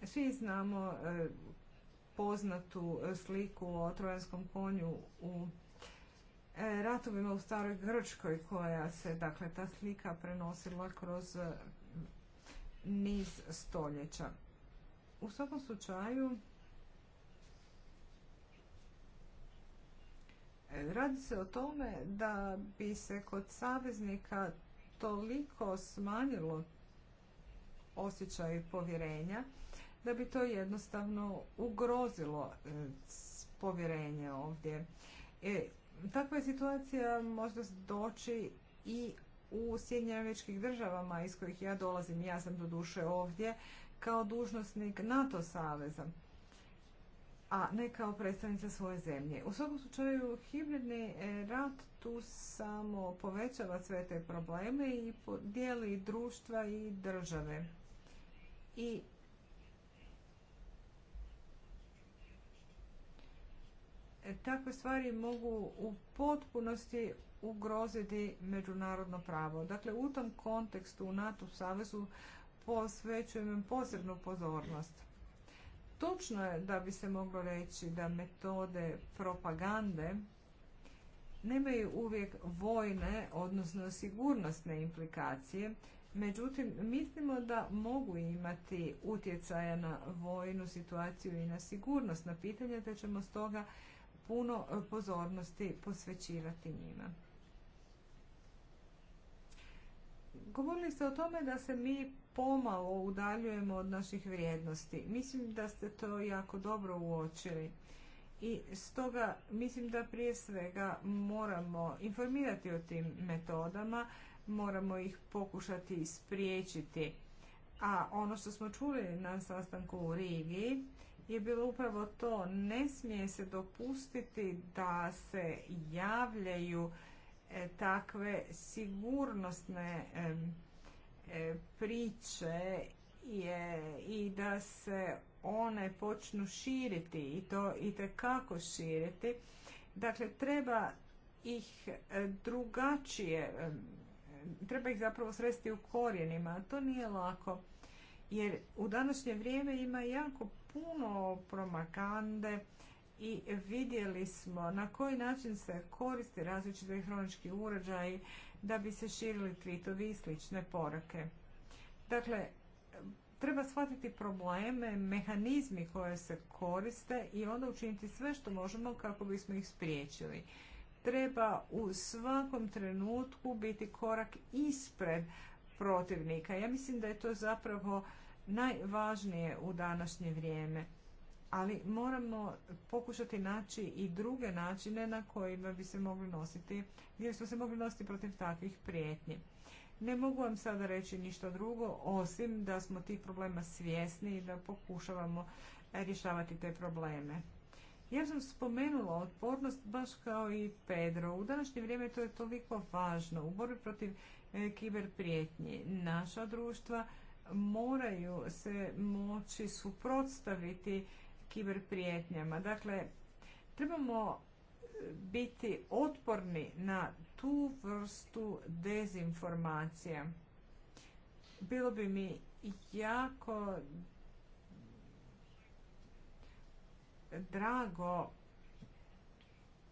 Svi znamo e, poznatu sliku o trojanskom konju u e, ratovima u staroj Grčkoj koja se, dakle, ta slika prenosila kroz niz stoljeća. U svakom slučaju, Radi se o tome da bi se kod saveznika toliko smanjilo osjećaj povjerenja da bi to jednostavno ugrozilo e, povjerenje ovdje. E, takva je situacija možda doći i u Sjedinjeničkih državama iz kojih ja dolazim. Ja sam duše ovdje kao dužnosnik NATO saveza a ne kao predstavnica svoje zemlje. U svakom slučaju, hibridni e, rat tu samo povećava sve te probleme i dijeli društva i države. I takve stvari mogu u potpunosti ugroziti međunarodno pravo. Dakle, u tom kontekstu u NATO savezu posvećujem posebnu pozornost. Točno je da bi se moglo reći da metode propagande nemaju uvijek vojne, odnosno sigurnosne implikacije, međutim mislimo da mogu imati utjecaja na vojnu situaciju i na sigurnosna pitanja, te ćemo stoga puno pozornosti posvećivati njima. Govorili ste o tome da se mi pomalo udaljujemo od naših vrijednosti. Mislim da ste to jako dobro uočili. I stoga mislim da prije svega moramo informirati o tim metodama, moramo ih pokušati spriječiti. A ono što smo čuli na sastanku u Rigi je bilo upravo to. Ne smije se dopustiti da se javljaju e, takve sigurnosne E, priče je i da se one počnu širiti i to i kako širiti. Dakle, treba ih e, drugačije, e, treba ih zapravo sresti u korijenima. To nije lako jer u današnje vrijeme ima jako puno promakande i vidjeli smo na koji način se koristi različiti hronički uređaji da bi se širili tweetovi i slične porake. Dakle, treba shvatiti probleme, mehanizmi koje se koriste i onda učiniti sve što možemo kako bismo ih spriječili. Treba u svakom trenutku biti korak ispred protivnika. Ja mislim da je to zapravo najvažnije u današnje vrijeme ali moramo pokušati naći i druge načine na kojima bi se mogli nositi, gdje smo se mogli nositi protiv takvih prijetnji. Ne mogu vam sada reći ništa drugo, osim da smo tih problema svjesni i da pokušavamo rješavati te probleme. Ja sam spomenula otpornost baš kao i Pedro. U današnje vrijeme to je toliko važno. U borbi protiv e, kiber prijetnji naša društva moraju se moći suprotstaviti kiber prijetnjama. Dakle, trebamo e, biti otporni na tu vrstu dezinformacije. Bilo bi mi jako drago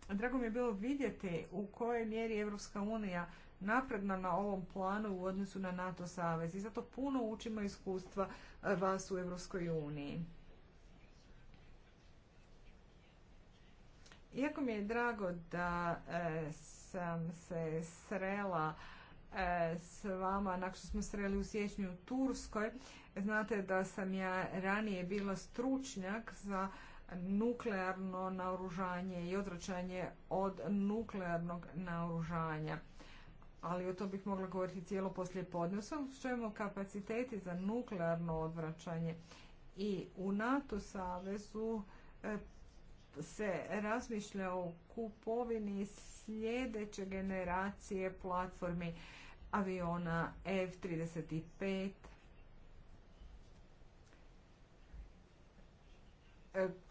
Drago mi je bilo vidjeti u kojoj mjeri Evropska unija napredna na ovom planu u odnosu na NATO savez i zato puno učimo iskustva vas u Evropskoj uniji. Iako mi je drago da e, sam se srela e, s vama, nakon što smo sreli u siječnju u Turskoj, znate da sam ja ranije bila stručnjak za nuklearno naoružanje i odvraćanje od nuklearnog naoružanja. Ali o to bih mogla govoriti cijelo poslije podne. U svom kapaciteti za nuklearno odvraćanje i u NATO savezu e, se razmišlja o kupovini sljedeće generacije platformi aviona F-35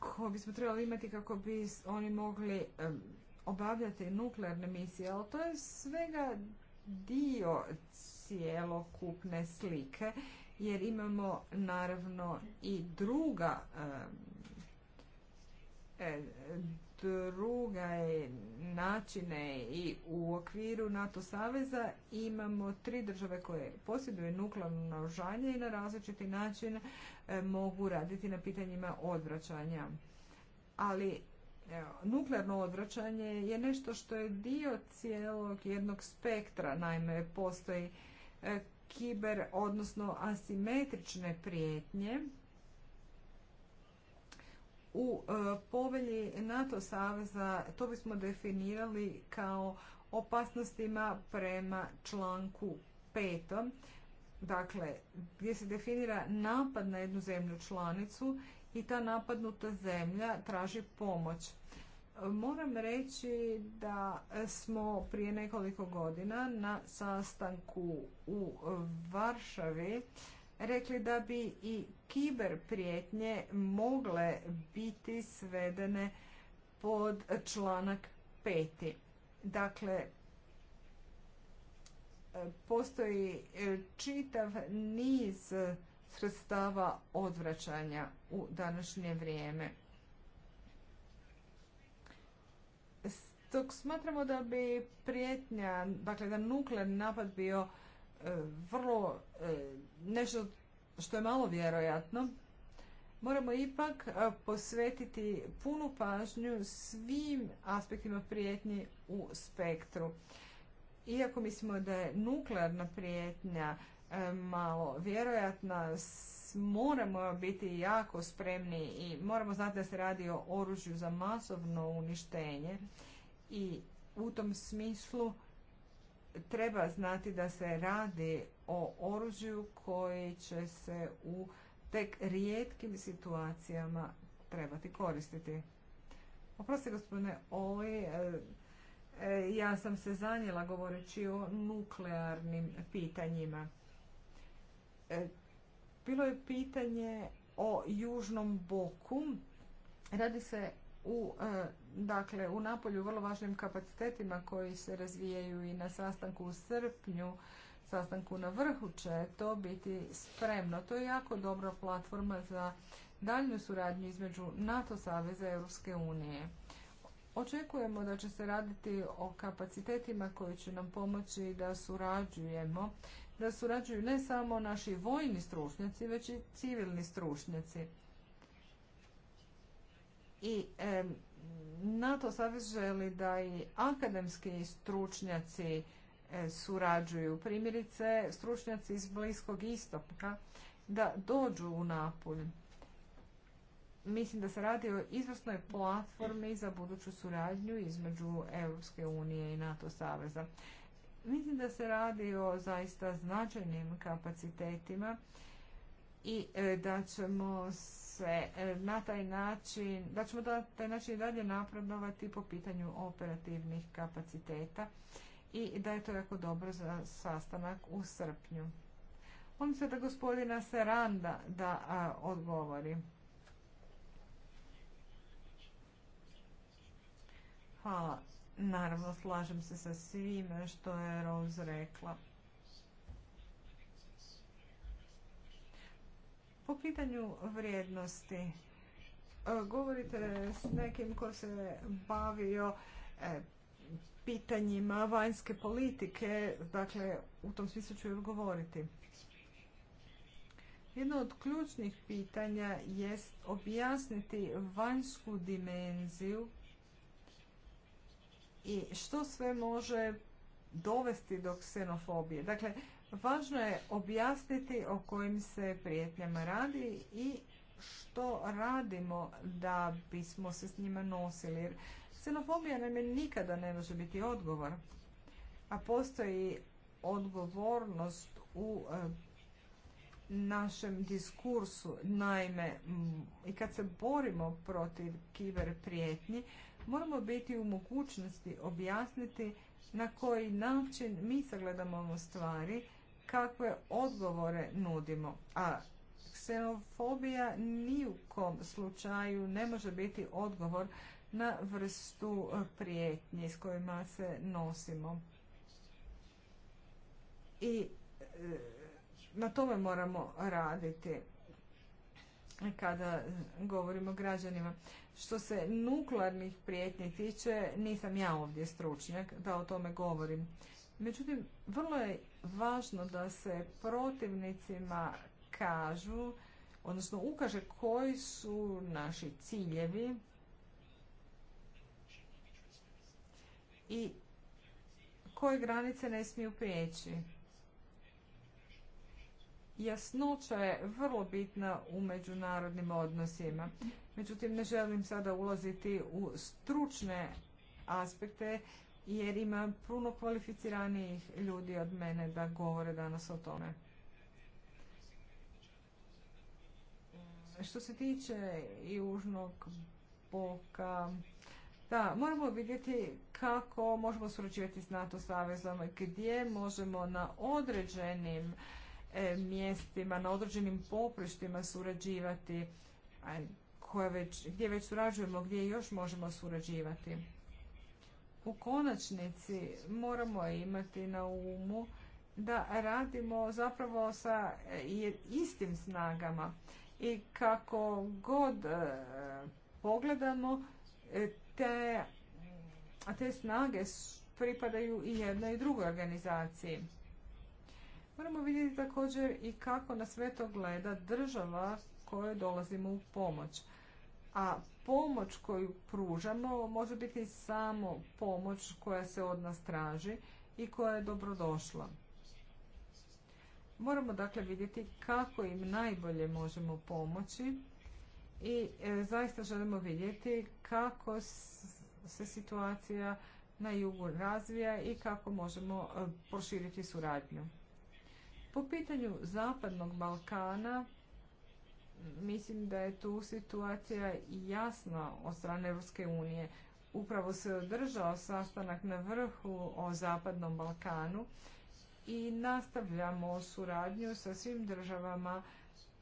ko bismo trebali imati kako bi oni mogli obavljati nuklearne misije, ali to je svega dio cijelokupne slike, jer imamo naravno i druga E, je načine i u okviru NATO saveza imamo tri države koje posjeduju nuklearno naoružanje i na različiti način e, mogu raditi na pitanjima odvraćanja. Ali e, nuklearno odvraćanje je nešto što je dio cijelog jednog spektra, naime postoji kiber, odnosno asimetrične prijetnje u e, povelji NATO saveza to bismo definirali kao opasnostima prema članku 5. Dakle, gdje se definira napad na jednu zemlju članicu i ta napadnuta zemlja traži pomoć. Moram reći da smo prije nekoliko godina na sastanku u Varšavi rekli da bi i kiber prijetnje mogle biti svedene pod članak 5. Dakle, postoji čitav niz sredstava odvraćanja u današnje vrijeme. Dok smatramo da bi prijetnja, dakle da nuklearni napad bio e, vrlo e, nešto što je malo vjerojatno, moramo ipak e, posvetiti punu pažnju svim aspektima prijetnji u spektru. Iako mislimo da je nuklearna prijetnja e, malo vjerojatna, moramo biti jako spremni i moramo znati da se radi o oružju za masovno uništenje i u tom smislu treba znati da se radi o oružju koji će se u tek rijetkim situacijama trebati koristiti. Oprosti gospodine Oli, e, e, ja sam se zanjela govoreći o nuklearnim pitanjima. E, bilo je pitanje o južnom boku. Radi se u, dakle, u Napolju vrlo važnim kapacitetima koji se razvijaju i na sastanku u srpnju sastanku na vrhu će to biti spremno. To je jako dobra platforma za daljnju suradnju između NATO Saveza i Europske unije. Očekujemo da će se raditi o kapacitetima koji će nam pomoći da surađujemo, da surađuju ne samo naši vojni stručnjaci, već i civilni stručnjaci. I NATO savez želi da i akademski stručnjaci E, surađuju. Primjerice, stručnjaci iz Bliskog istoka da dođu u Napulj. Mislim da se radi o izvrsnoj platformi za buduću suradnju između Europske unije i NATO saveza. Mislim da se radi o zaista značajnim kapacitetima i e, da ćemo se e, na taj način, da ćemo da taj način dalje napredovati po pitanju operativnih kapaciteta i da je to jako dobro za sastanak u srpnju. Molim se da gospodina Seranda da odgovori. Hvala. Naravno, slažem se sa svime što je Rose rekla. Po pitanju vrijednosti, e, govorite s nekim ko se bavio e, pitanjima vanjske politike, dakle u tom smislu ću joj govoriti. Jedno od ključnih pitanja jest objasniti vanjsku dimenziju i što sve može dovesti do ksenofobije. Dakle, važno je objasniti o kojim se prijetnjama radi i što radimo da bismo se s njima nosili. Jer ksenofobija nam nikada ne može biti odgovor. A postoji odgovornost u e, našem diskursu. Naime, i kad se borimo protiv kiber prijetnji, moramo biti u mogućnosti objasniti na koji način mi sagledamo stvari, kakve odgovore nudimo. A Ksenofobija ni u kom slučaju ne može biti odgovor na vrstu prijetnji s kojima se nosimo. I e, na tome moramo raditi kada govorimo o građanima. Što se nuklearnih prijetnji tiče, nisam ja ovdje stručnjak da o tome govorim. Međutim, vrlo je važno da se protivnicima kažu, odnosno ukaže koji su naši ciljevi i koje granice ne smiju prijeći. Jasnoća je vrlo bitna u međunarodnim odnosima. Međutim, ne želim sada ulaziti u stručne aspekte jer ima puno kvalificiranijih ljudi od mene da govore danas o tome. Što se tiče južnog boka, da, moramo vidjeti kako možemo surađivati s NATO savezom, gdje možemo na određenim e, mjestima, na određenim poprištima surađivati, gdje već surađujemo, gdje još možemo surađivati. U konačnici moramo imati na umu da radimo zapravo sa e, istim snagama i kako god e, pogledamo e, te, te snage pripadaju i jednoj i drugoj organizaciji. Moramo vidjeti također i kako na sve to gleda država kojoj dolazimo u pomoć. A pomoć koju pružamo može biti samo pomoć koja se od nas traži i koja je dobrodošla. Moramo dakle vidjeti kako im najbolje možemo pomoći i e, zaista želimo vidjeti kako se situacija na jugu razvija i kako možemo e, proširiti suradnju. Po pitanju Zapadnog Balkana mislim da je tu situacija jasna od strane Europske unije. Upravo se održao sastanak na vrhu o Zapadnom Balkanu i nastavljamo suradnju sa svim državama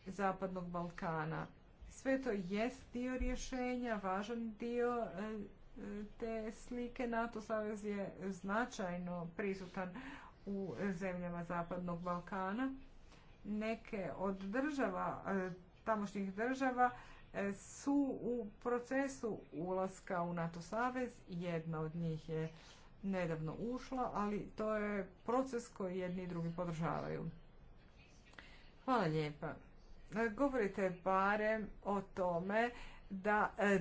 Zapadnog Balkana. Sve to jest dio rješenja, važan dio e, e, te slike. NATO savez je značajno prisutan u zemljama Zapadnog Balkana. Neke od država, e, tamošnjih država, su u procesu ulaska u NATO savez. Jedna od njih je nedavno ušla, ali to je proces koji jedni i drugi podržavaju. Hvala lijepa. E, govorite barem o tome da e,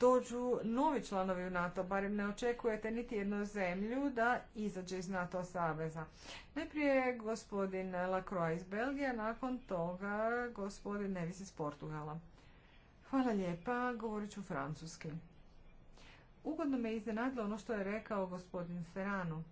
dođu novi članovi u NATO, barem ne očekujete niti jednu zemlju da izađe iz NATO saveza. Najprije gospodin Lacroix iz Belgije, nakon toga gospodin Nevis iz Portugala. Hvala lijepa, govorit ću francuski. Ugodno me iznenadilo ono što je rekao gospodin Serano.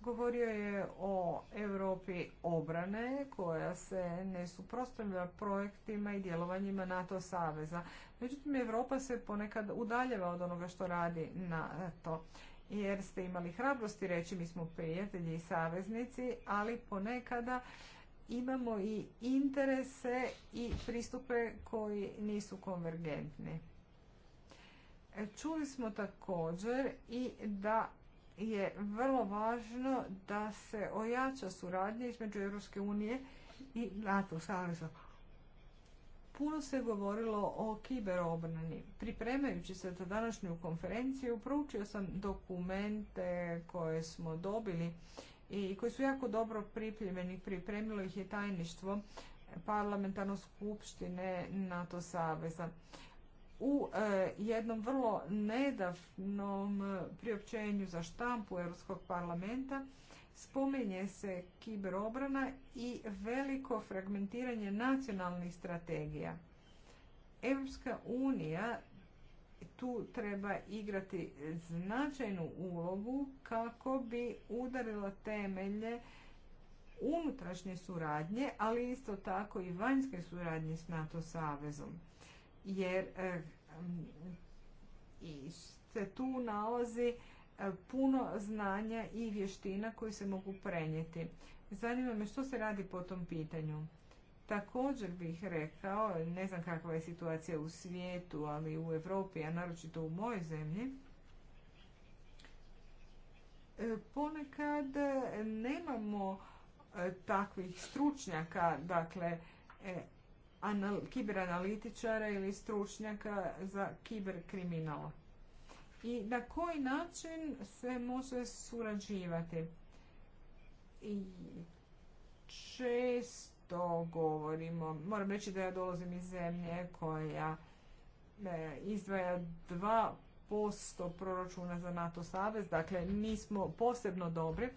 Govorio je o Europi obrane koja se ne suprostavlja projektima i djelovanjima NATO saveza. Međutim, Europa se ponekad udaljeva od onoga što radi NATO. Jer ste imali hrabrosti reći mi smo prijatelji i saveznici, ali ponekada imamo i interese i pristupe koji nisu konvergentni. E, čuli smo također i da je vrlo važno da se ojača suradnja između Europske unije i NATO saveza. Puno se govorilo o kiberobrani. Pripremajući se za današnju konferenciju, proučio sam dokumente koje smo dobili i koji su jako dobro pripremljeni. Pripremilo ih je tajništvo parlamentarno skupštine NATO saveza u e, jednom vrlo nedavnom e, priopćenju za štampu Europskog parlamenta spominje se kiberobrana i veliko fragmentiranje nacionalnih strategija. Europska unija tu treba igrati značajnu ulogu kako bi udarila temelje unutrašnje suradnje, ali isto tako i vanjske suradnje s NATO savezom jer e, se tu nalazi e, puno znanja i vještina koji se mogu prenijeti. Zanima me što se radi po tom pitanju. Također bih rekao, ne znam kakva je situacija u svijetu, ali u Europi, a naročito u mojoj zemlji, e, ponekad nemamo takvih stručnjaka, dakle, kiberanalitičara ili stručnjaka za kiberkriminal. I na koji način se može surađivati? često govorimo, moram reći da ja dolazim iz zemlje koja e, izdvaja 2% proračuna za NATO savez, dakle nismo posebno dobri,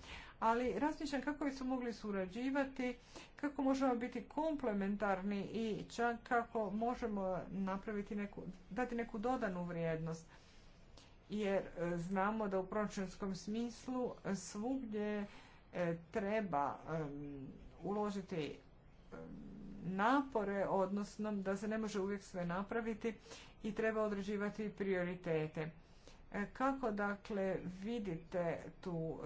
ali razmišljam kako bi su mogli surađivati, kako možemo biti komplementarni i čak kako možemo napraviti neku, dati neku dodanu vrijednost. Jer e, znamo da u proračunskom smislu svugdje e, treba uložiti napore, odnosno da se ne može uvijek sve napraviti i treba određivati prioritete. E, kako dakle vidite tu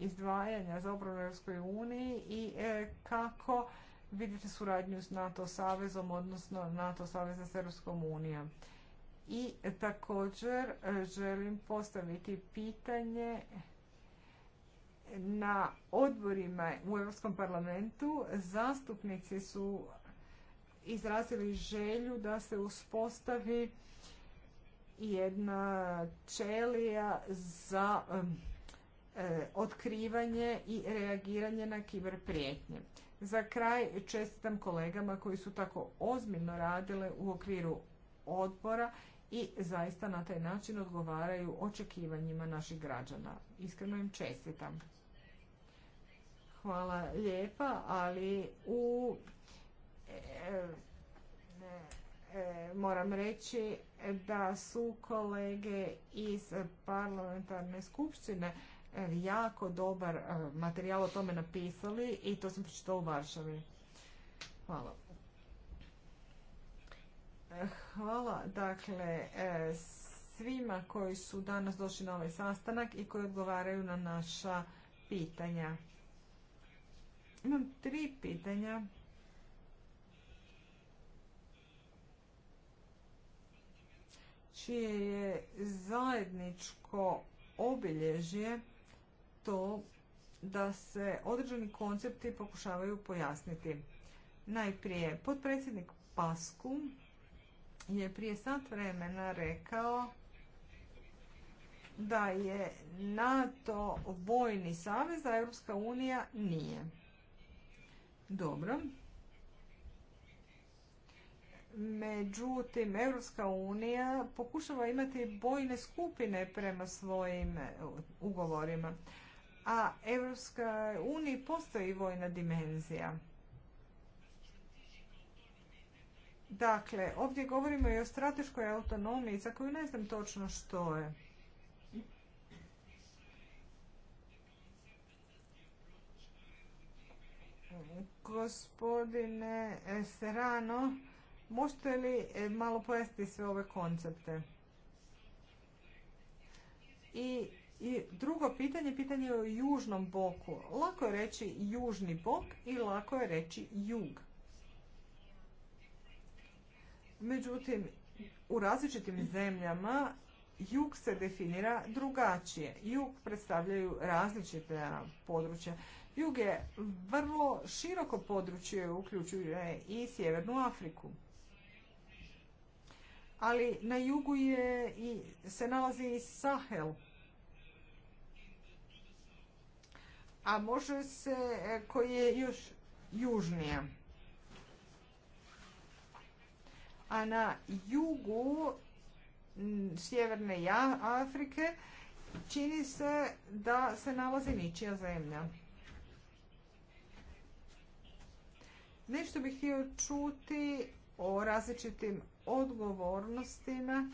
izdvajanja za obranu Europskoj uniji i e, kako vidite suradnju s NATO savezom, odnosno NATO saveza s Europskom unijom. I također e, želim postaviti pitanje na odborima u Europskom parlamentu zastupnici su izrazili želju da se uspostavi jedna čelija za E, otkrivanje i reagiranje na kiber prijetnje. Za kraj čestitam kolegama koji su tako ozbiljno radile u okviru odbora i zaista na taj način odgovaraju očekivanjima naših građana. Iskreno im čestitam. Hvala lijepa, ali u e, e, moram reći da su kolege iz parlamentarne skupštine E, jako dobar e, materijal o tome napisali i to sam pročitala u Varšavi. Hvala. E, hvala, dakle, svima koji su danas došli na ovaj sastanak i koji odgovaraju na naša pitanja. Imam tri pitanja. Čije je zajedničko obilježje to da se određeni koncepti pokušavaju pojasniti. Najprije, potpredsjednik Pasku je prije sat vremena rekao da je NATO vojni savez, a Europska unija nije. Dobro. Međutim, Europska unija pokušava imati bojne skupine prema svojim ugovorima a Evropska unija postoji vojna dimenzija. Dakle, ovdje govorimo i o strateškoj autonomiji za koju ne znam točno što je. Gospodine Serano, možete li e, malo pojasniti sve ove koncepte? I i drugo pitanje, pitanje o južnom boku. Lako je reći južni bok i lako je reći jug. Međutim, u različitim zemljama jug se definira drugačije. Jug predstavljaju različite područja. Jug je vrlo široko područje, uključuje i Sjevernu Afriku. Ali na jugu je i, se nalazi i Sahel, a može se e, koji je još južnije. A na jugu sjeverne Afrike čini se da se nalazi ničija zemlja. Nešto bih htio čuti o različitim odgovornostima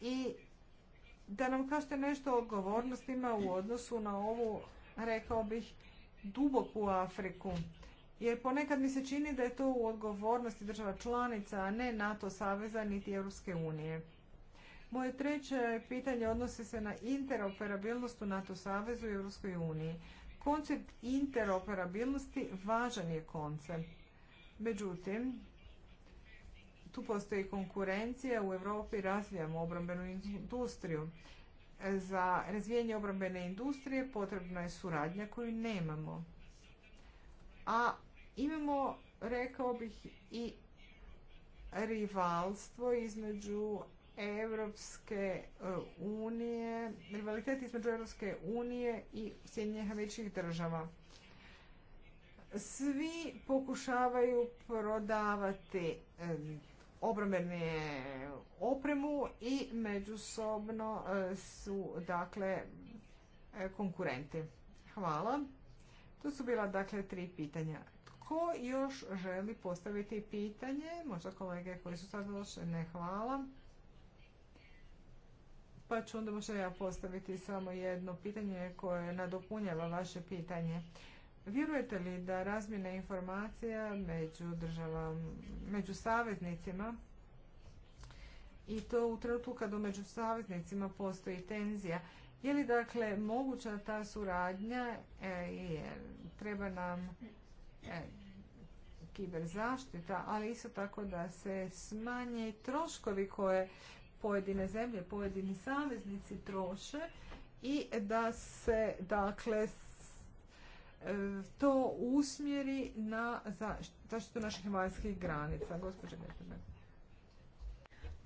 i da nam kažete nešto o odgovornostima u odnosu na ovu rekao bih, duboku Afriku. Jer ponekad mi se čini da je to u odgovornosti država članica, a ne NATO saveza niti Europske unije. Moje treće pitanje odnosi se na interoperabilnost u NATO savezu i Europskoj uniji. Koncept interoperabilnosti važan je koncept. Međutim, tu postoji konkurencija, u Europi razvijamo obrambenu industriju za razvijanje obrambene industrije potrebna je suradnja koju nemamo. A imamo, rekao bih, i rivalstvo između Evropske e, unije, rivalitet između Evropske unije i Sjedinjenih američkih država. Svi pokušavaju prodavati e, obrambene opremu i međusobno e, su dakle e, konkurenti. Hvala. To su bila dakle tri pitanja. Tko još želi postaviti pitanje? Možda kolege koji su sad došli, ne hvala. Pa ću onda možda ja postaviti samo jedno pitanje koje nadopunjava vaše pitanje. Vjerujete li da razmjena informacija među državama, među saveznicima i to u trenutku kada među saveznicima postoji tenzija, je li dakle moguća ta suradnja e, e, treba nam e, kiber zaštita, ali isto tako da se smanje troškovi koje pojedine zemlje, pojedini saveznici troše i da se dakle E, to usmjeri na zaštitu naših vanjskih granica. Gospođe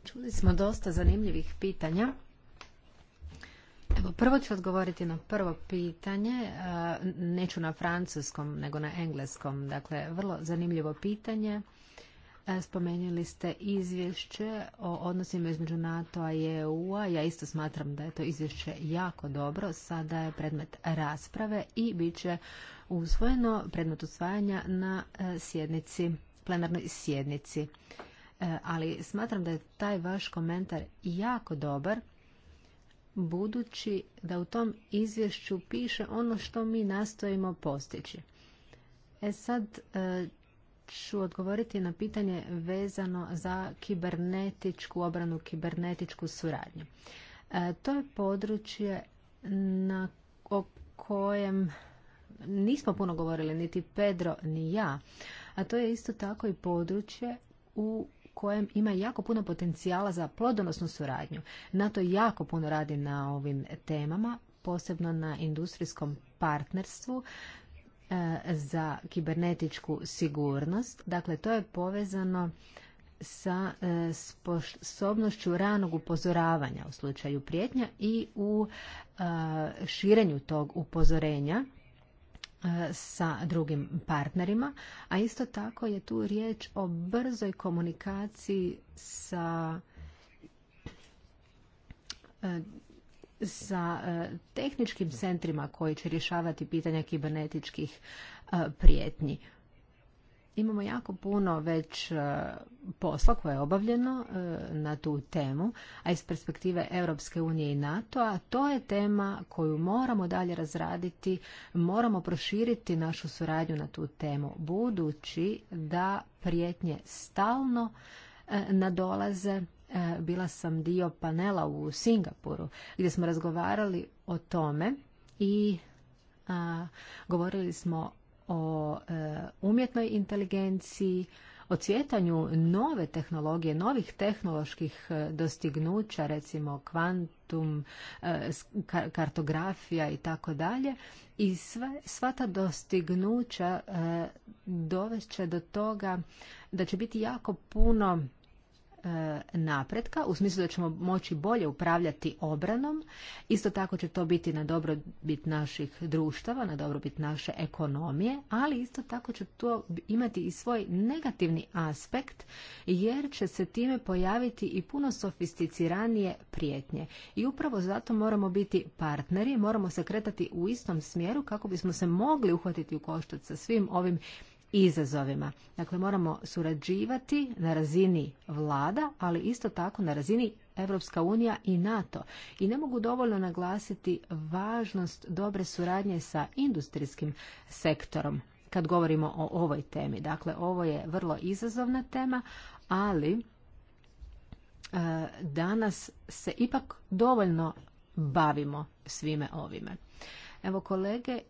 Čuli smo dosta zanimljivih pitanja. Evo, prvo ću odgovoriti na prvo pitanje, e, neću na francuskom nego na engleskom. Dakle, vrlo zanimljivo pitanje E, spomenuli ste izvješće o odnosima između NATO-a i EU-a. Ja isto smatram da je to izvješće jako dobro. Sada je predmet rasprave i bit će usvojeno predmet usvajanja na e, sjednici, plenarnoj sjednici. E, ali smatram da je taj vaš komentar jako dobar budući da u tom izvješću piše ono što mi nastojimo postići. E sad, ću odgovoriti na pitanje vezano za kibernetičku obranu, kibernetičku suradnju. E, to je područje na, o kojem nismo puno govorili, niti Pedro, ni ja. A to je isto tako i područje u kojem ima jako puno potencijala za plodonosnu suradnju. NATO jako puno radi na ovim temama, posebno na industrijskom partnerstvu E, za kibernetičku sigurnost. Dakle, to je povezano sa e, sposobnošću ranog upozoravanja u slučaju prijetnja i u e, širenju tog upozorenja sa drugim partnerima, a isto tako je tu riječ o brzoj komunikaciji sa sa e, tehničkim centrima koji će rješavati pitanja kibernetičkih e, prijetnji. Imamo jako puno već e, posla koje je obavljeno na tu temu, a iz perspektive Europske unije i NATO-a to je tema koju moramo dalje razraditi, moramo proširiti našu suradnju na tu temu, budući da prijetnje stalno nadolaze E, bila sam dio panela u Singapuru gdje smo razgovarali o tome i a, govorili smo o e, umjetnoj inteligenciji, o cvjetanju nove tehnologije, novih tehnoloških e, dostignuća, recimo kvantum, kartografija i tako dalje. I sve, sva ta dostignuća e, dovest će do toga da će biti jako puno E, napretka u smislu da ćemo moći bolje upravljati obranom. Isto tako će to biti na dobrobit naših društava, na dobrobit naše ekonomije, ali isto tako će to imati i svoj negativni aspekt jer će se time pojaviti i puno sofisticiranije prijetnje. I upravo zato moramo biti partneri, moramo se kretati u istom smjeru kako bismo se mogli uhvatiti u koštac sa svim ovim izazovima. Dakle, moramo surađivati na razini vlada, ali isto tako na razini Evropska unija i NATO. I ne mogu dovoljno naglasiti važnost dobre suradnje sa industrijskim sektorom kad govorimo o ovoj temi. Dakle, ovo je vrlo izazovna tema, ali e, danas se ipak dovoljno bavimo svime ovime. Evo kolege e,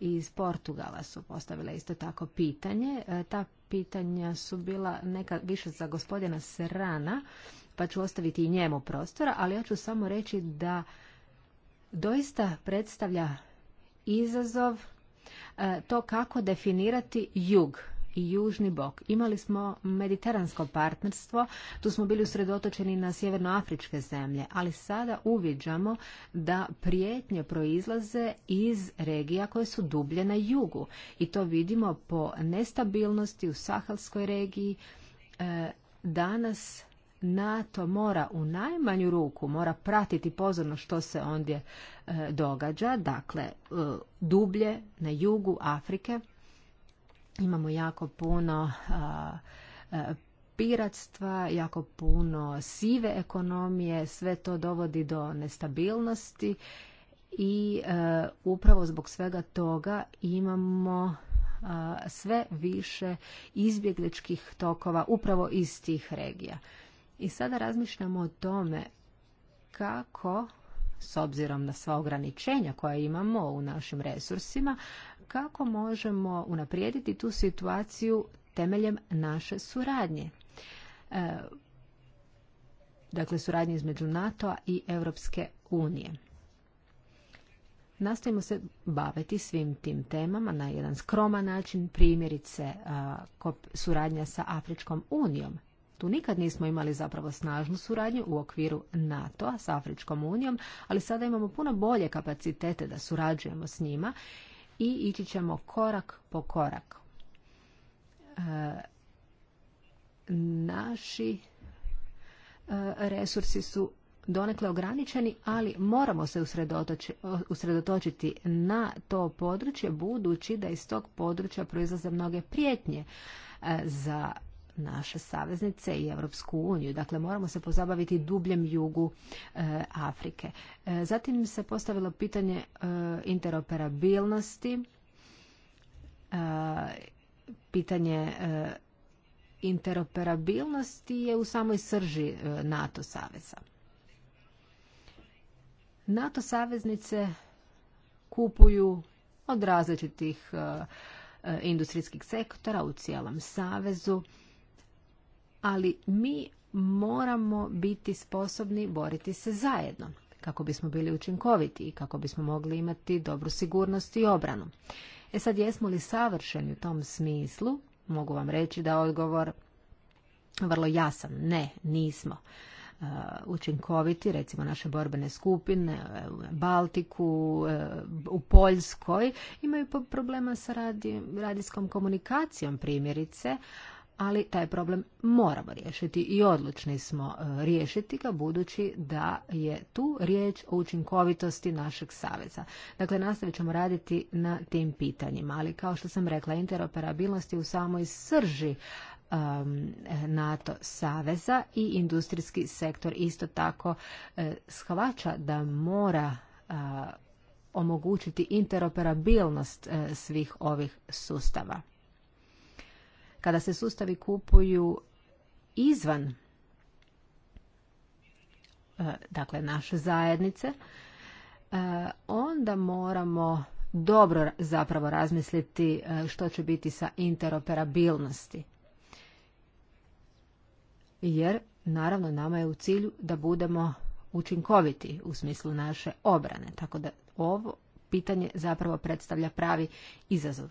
iz Portugala su postavile isto tako pitanje. E, ta pitanja su bila neka više za gospodina Serana, pa ću ostaviti i njemu prostora, ali ja ću samo reći da doista predstavlja izazov e, to kako definirati jug i Južni bok. Imali smo mediteransko partnerstvo, tu smo bili usredotočeni na sjevernoafričke zemlje, ali sada uviđamo da prijetnje proizlaze iz regija koje su dublje na jugu. I to vidimo po nestabilnosti u Sahalskoj regiji. E, danas NATO mora u najmanju ruku, mora pratiti pozorno što se ondje e, događa, dakle e, dublje na jugu Afrike Imamo jako puno piratstva, jako puno sive ekonomije, sve to dovodi do nestabilnosti i e, upravo zbog svega toga imamo sve više izbjegličkih tokova upravo iz tih regija. I sada razmišljamo o tome kako s obzirom na sva ograničenja koja imamo u našim resursima, kako možemo unaprijediti tu situaciju temeljem naše suradnje. E, dakle, suradnje između NATO-a i Europske unije. Nastavimo se baviti svim tim temama na jedan skroman način, primjerice e, suradnja sa Afričkom unijom. Tu nikad nismo imali zapravo snažnu suradnju u okviru NATO-a sa Afričkom unijom, ali sada imamo puno bolje kapacitete da surađujemo s njima i ići ćemo korak po korak. E, naši e, resursi su donekle ograničeni, ali moramo se usredotočiti na to područje budući da iz tog područja proizlaze mnoge prijetnje e, za naše saveznice i Europsku uniju. Dakle, moramo se pozabaviti dubljem jugu e, Afrike. E, zatim se postavilo pitanje e, interoperabilnosti, pitanje interoperabilnosti je u samoj srži NATO saveza. NATO saveznice kupuju od različitih industrijskih sektora u cijelom savezu ali mi moramo biti sposobni boriti se zajedno kako bismo bili učinkoviti i kako bismo mogli imati dobru sigurnost i obranu. E sad, jesmo li savršeni u tom smislu? Mogu vam reći da odgovor vrlo jasan. Ne, nismo e, učinkoviti, recimo naše borbene skupine e, u Baltiku, e, u Poljskoj, imaju problema sa radijskom komunikacijom primjerice, ali taj problem moramo riješiti i odlučni smo e, riješiti ga budući da je tu riječ o učinkovitosti našeg saveza. Dakle, nastavit ćemo raditi na tim pitanjima, ali kao što sam rekla, interoperabilnost je u samoj srži NATO saveza i industrijski sektor isto tako e, shvaća da mora omogućiti interoperabilnost e, svih ovih sustava kada se sustavi kupuju izvan e, dakle naše zajednice, e, onda moramo dobro zapravo razmisliti e, što će biti sa interoperabilnosti. Jer naravno nama je u cilju da budemo učinkoviti u smislu naše obrane. Tako da ovo pitanje zapravo predstavlja pravi izazov.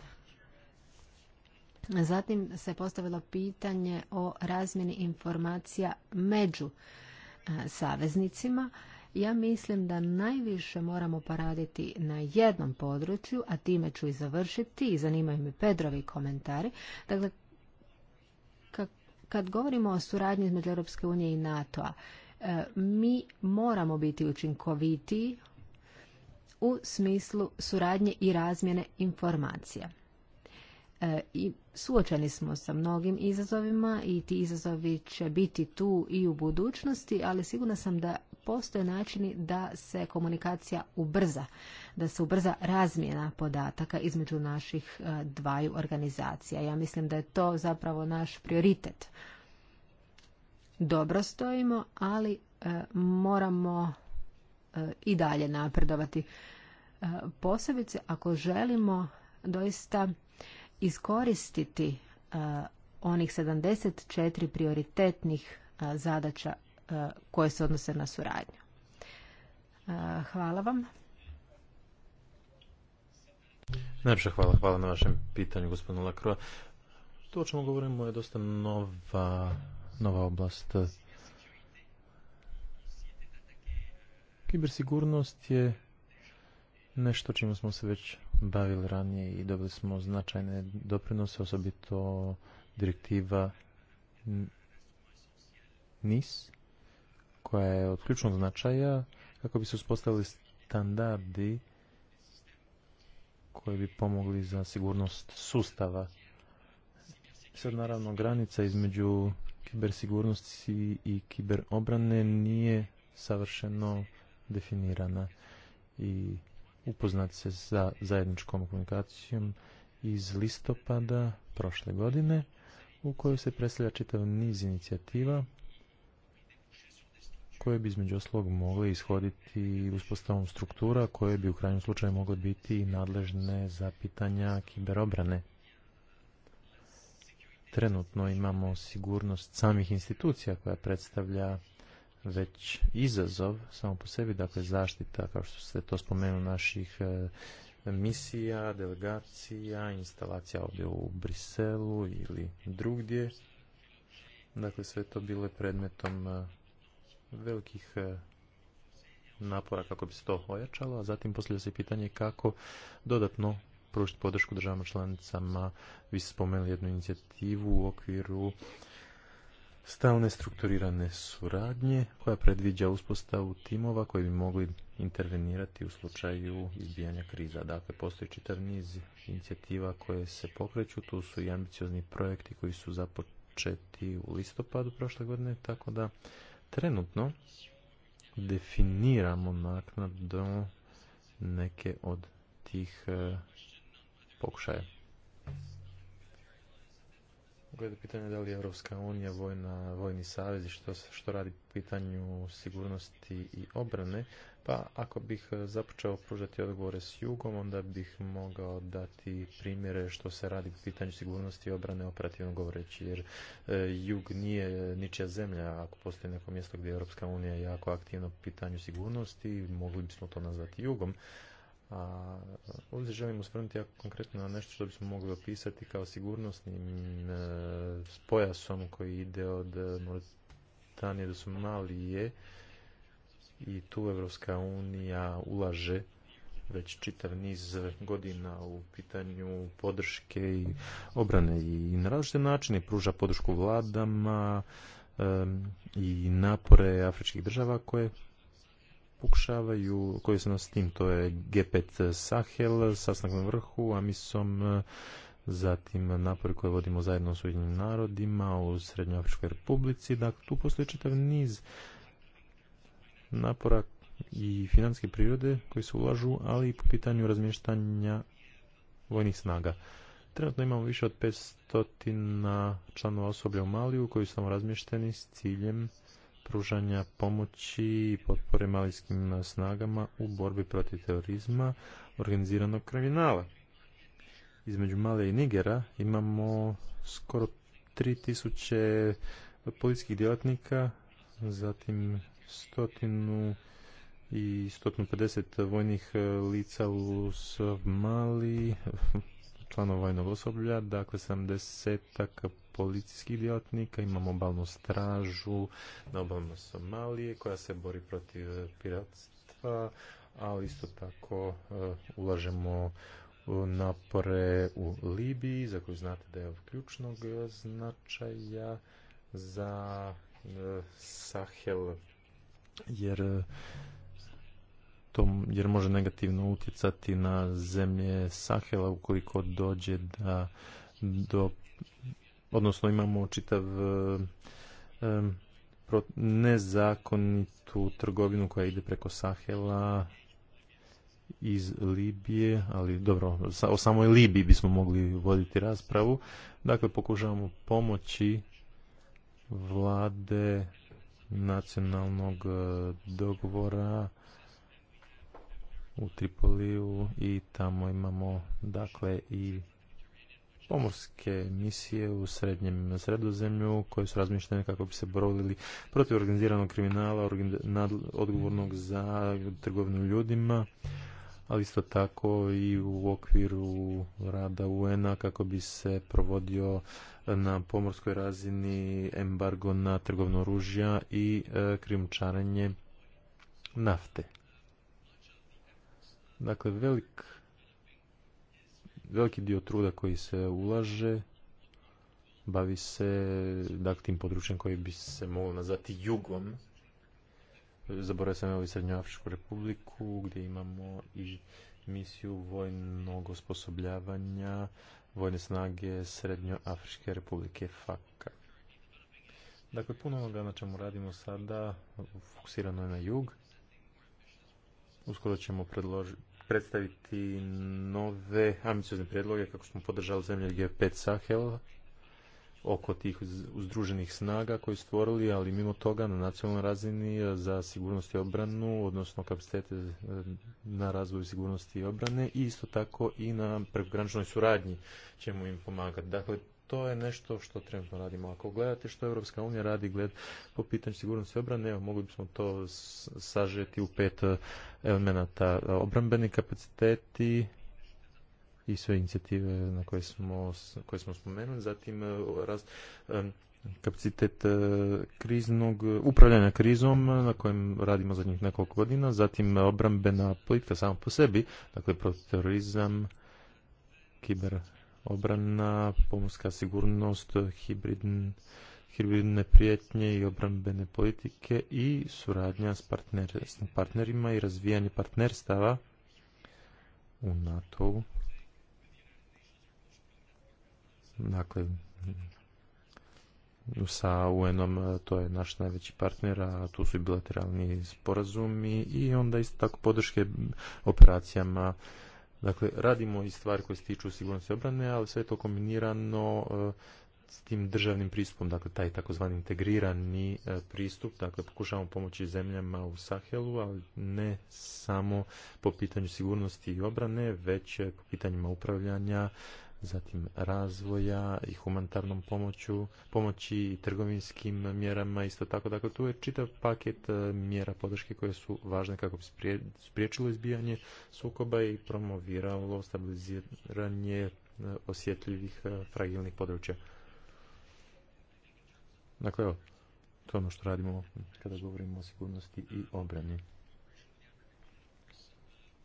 Zatim se postavilo pitanje o razmjeni informacija među e, saveznicima. Ja mislim da najviše moramo poraditi na jednom području, a time ću i završiti i zanimaju me Pedrovi komentari. Dakle, kad govorimo o suradnji između Europske unije i NATO-a, e, mi moramo biti učinkovitiji u smislu suradnje i razmjene informacija. E, i suočeni smo sa mnogim izazovima i ti izazovi će biti tu i u budućnosti, ali sigurna sam da postoje načini da se komunikacija ubrza, da se ubrza razmjena podataka između naših e, dvaju organizacija. Ja mislim da je to zapravo naš prioritet. Dobro stojimo, ali e, moramo i dalje napredovati. Posebice ako želimo doista iskoristiti e, onih 74 prioritetnih e, zadaća e, koje se odnose na suradnju. Hvala vam. Najpša hvala. Hvala na vašem pitanju, gospodinu Lakroa. To o čemu govorimo je dosta nova, nova oblast. Kibersigurnost je nešto čime smo se već bavili ranije i dobili smo značajne doprinose, osobito direktiva NIS, koja je od ključnog značaja kako bi se uspostavili standardi koji bi pomogli za sigurnost sustava. Sad naravno granica između kibersigurnosti i kiberobrane nije savršeno definirana i upoznati se sa zajedničkom komunikacijom iz listopada prošle godine u kojoj se predstavlja čitav niz inicijativa koje bi između ostalog mogle ishoditi uspostavom struktura koje bi u krajnjem slučaju mogle biti nadležne za pitanja kiberobrane. Trenutno imamo sigurnost samih institucija koja predstavlja već izazov samo po sebi, dakle zaštita, kao što ste to spomenuli, naših e, misija, delegacija, instalacija ovdje u Briselu ili drugdje. Dakle, sve to bilo je predmetom e, velikih e, napora kako bi se to ojačalo, a zatim poslije se pitanje kako dodatno pružiti podršku državama članicama. Vi ste spomenuli jednu inicijativu u okviru stalne strukturirane suradnje koja predviđa uspostavu timova koji bi mogli intervenirati u slučaju izbijanja kriza. Dakle, postoji čitav niz inicijativa koje se pokreću, tu su i ambiciozni projekti koji su započeti u listopadu prošle godine, tako da trenutno definiramo naknadno neke od tih eh, pokušaja glede pitanja da li je Europska unija vojna, vojni savez i što, što radi po pitanju sigurnosti i obrane, pa ako bih e, započeo pružati odgovore s jugom, onda bih mogao dati primjere što se radi po pitanju sigurnosti i obrane operativno govoreći, jer e, jug nije ničija zemlja, ako postoji neko mjesto gdje je Europska unija jako aktivna po pitanju sigurnosti, mogli bismo to nazvati jugom, a ovdje želim osvrnuti jako konkretno na nešto što bismo mogli opisati kao sigurnosnim e, pojasom koji ide od e, Mauritanije do Somalije i tu Evropska unija ulaže već čitav niz godina u pitanju podrške i obrane i na različite načine pruža podršku vladama e, i napore afričkih država koje pokušavaju, koji se nas s tim, to je G5 Sahel, sastanak na vrhu, a mi Amisom, e, zatim napori koje vodimo zajedno s Ujedinim narodima, u Srednjoafričkoj republici, dakle tu postoji čitav niz napora i financijske prirode koji se ulažu, ali i po pitanju razmještanja vojnih snaga. Trenutno imamo više od 500 članova osoblja u Maliju koji su nam razmješteni s ciljem pružanja pomoći i potpore malijskim snagama u borbi protiv terorizma organiziranog kriminala. Između Male i Nigera imamo skoro 3000 policijskih djelatnika, zatim stotinu i 150 vojnih lica u Mali, članova vojnog osoblja, dakle 70 policijskih djelatnika, imamo obalnu stražu na obalnu Somalije koja se bori protiv piratstva, ali isto tako e, ulažemo napore u Libiji, za koju znate da je od ključnog značaja za e, Sahel, jer e, to, jer može negativno utjecati na zemlje Sahela ukoliko dođe da do odnosno imamo čitav eh, nezakonitu trgovinu koja ide preko Sahela iz Libije, ali dobro, o samoj Libiji bismo mogli voditi raspravu. Dakle, pokušavamo pomoći vlade nacionalnog eh, dogovora u Tripoliju i tamo imamo dakle i pomorske misije u srednjem sredozemlju koje su razmišljene kako bi se borili protiv organiziranog kriminala odgovornog za trgovinu ljudima ali isto tako i u okviru rada UN-a kako bi se provodio na pomorskoj razini embargo na trgovno oružja i e, krimčaranje nafte. Dakle, velik veliki dio truda koji se ulaže bavi se dakle, tim područjem koji bi se moglo nazvati jugom. Zaboravio sam ovu Srednjoafričku republiku gdje imamo i misiju vojnog osposobljavanja vojne snage Srednjoafričke republike FAKA. Dakle, puno onoga na čemu radimo sada fokusirano je na jug. Uskoro ćemo predložiti predstaviti nove ambiciozne predloge kako smo podržali zemlje G5 Sahel oko tih uzdruženih snaga koji stvorili, ali mimo toga na nacionalnoj razini za sigurnost i obranu, odnosno kapacitete e, na razvoju sigurnosti i obrane i isto tako i na prekograničnoj suradnji ćemo im pomagati. Dakle, to je nešto što trenutno radimo. Ako gledate što Europska unija radi gled po pitanju sigurnosti obrane, evo, mogli bismo to sažeti u pet eh, elemenata. Obrambeni kapaciteti, i sve inicijative na koje smo, koje smo spomenuli, zatim eh, kapacitet eh, kriznog, upravljanja krizom na kojem radimo zadnjih nekoliko godina, zatim obrambena politika sama po sebi, dakle terorizam, kiber obrana, pomorska sigurnost, hibridne prijetnje i obrambene politike i suradnja s, s partnerima i razvijanje partnerstava u NATO-u. Dakle, sa UN-om e, to je naš najveći partner, a tu su i bilateralni sporazumi i onda isto tako podrške operacijama Dakle, radimo i stvari koje se tiču sigurnosti obrane, ali sve je to kombinirano eh, s tim državnim pristupom, dakle taj takozvani integrirani eh, pristup, dakle pokušavamo pomoći zemljama u Sahelu, ali ne samo po pitanju sigurnosti i obrane, već eh, po pitanjima upravljanja, zatim razvoja i humanitarnom pomoću, pomoći i trgovinskim mjerama isto tako. Dakle, tu je čitav paket e, mjera podrške koje su važne kako bi spriječilo izbijanje sukoba i promoviralo stabiliziranje e, osjetljivih e, fragilnih područja. Dakle, evo, to je ono što radimo kada govorimo o sigurnosti i obrani.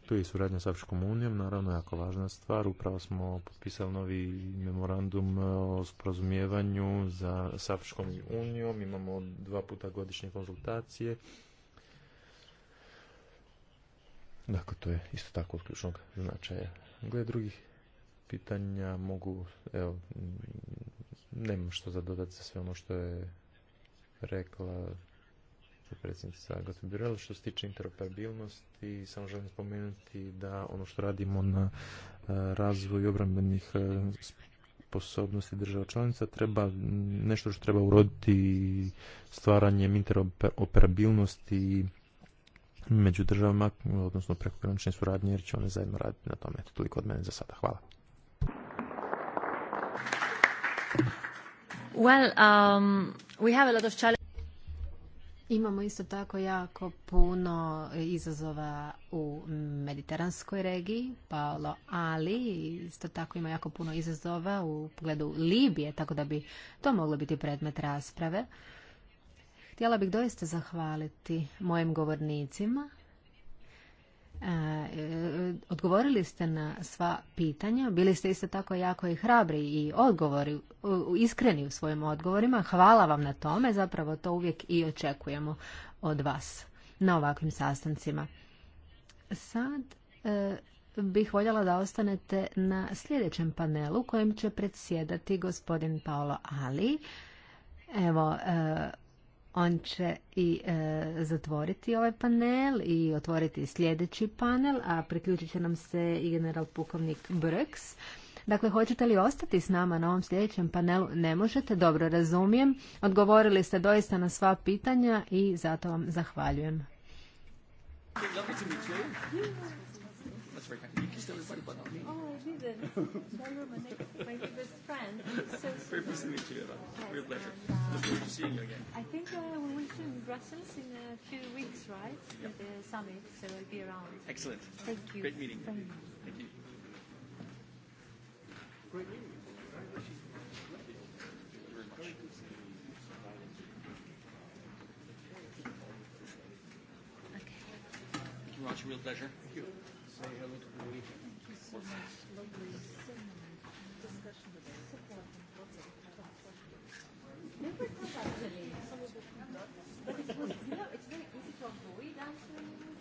Tu je i suradnja sa Afričkom unijom, naravno jako važna stvar. Upravo smo potpisali novi memorandum o sporazumijevanju za, s unijom. Imamo dva puta godišnje konzultacije. Dakle, to je isto tako od ključnog značaja. Glede drugih pitanja mogu, evo, nemam što za dodati za sve ono što je rekla predsjednica Birel. Što se tiče interoperabilnosti, samo želim spomenuti da ono što radimo na e, razvoju obrambenih e, sposobnosti država članica treba nešto što treba uroditi stvaranjem interoperabilnosti među državama, odnosno prekogranične suradnje, jer će one zajedno raditi na tome. Eto, toliko od mene za sada. Hvala. Well, um, we have a lot of Imamo isto tako jako puno izazova u mediteranskoj regiji, Paolo Ali, isto tako ima jako puno izazova u pogledu Libije, tako da bi to moglo biti predmet rasprave. Htjela bih doista zahvaliti mojim govornicima E, e, odgovorili ste na sva pitanja, bili ste isto tako jako i hrabri i odgovori, iskreni u svojim odgovorima. Hvala vam na tome, zapravo to uvijek i očekujemo od vas na ovakvim sastancima. Sad e, bih voljela da ostanete na sljedećem panelu kojim će predsjedati gospodin Paolo Ali. Evo, on će i e, zatvoriti ovaj panel i otvoriti sljedeći panel, a priključit će nam se i general pukovnik Brks. Dakle, hoćete li ostati s nama na ovom sljedećem panelu? Ne možete, dobro razumijem. Odgovorili ste doista na sva pitanja i zato vam zahvaljujem noticed everybody but not me. Oh, I didn't. Sorry, my, next, my neighbor's friend. It's so Very nice to meet you, Eva. Yes, Real pleasure. And, uh, Looking forward to seeing you again. I think uh, we will be in Brussels in a few weeks, right? Yep. At the summit, so I'll be around. Excellent. Thank you. Great meeting. Thank you. Thank you. Great meeting. A real pleasure. Thank you. But you it's very easy to avoid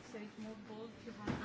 so it's more bold to have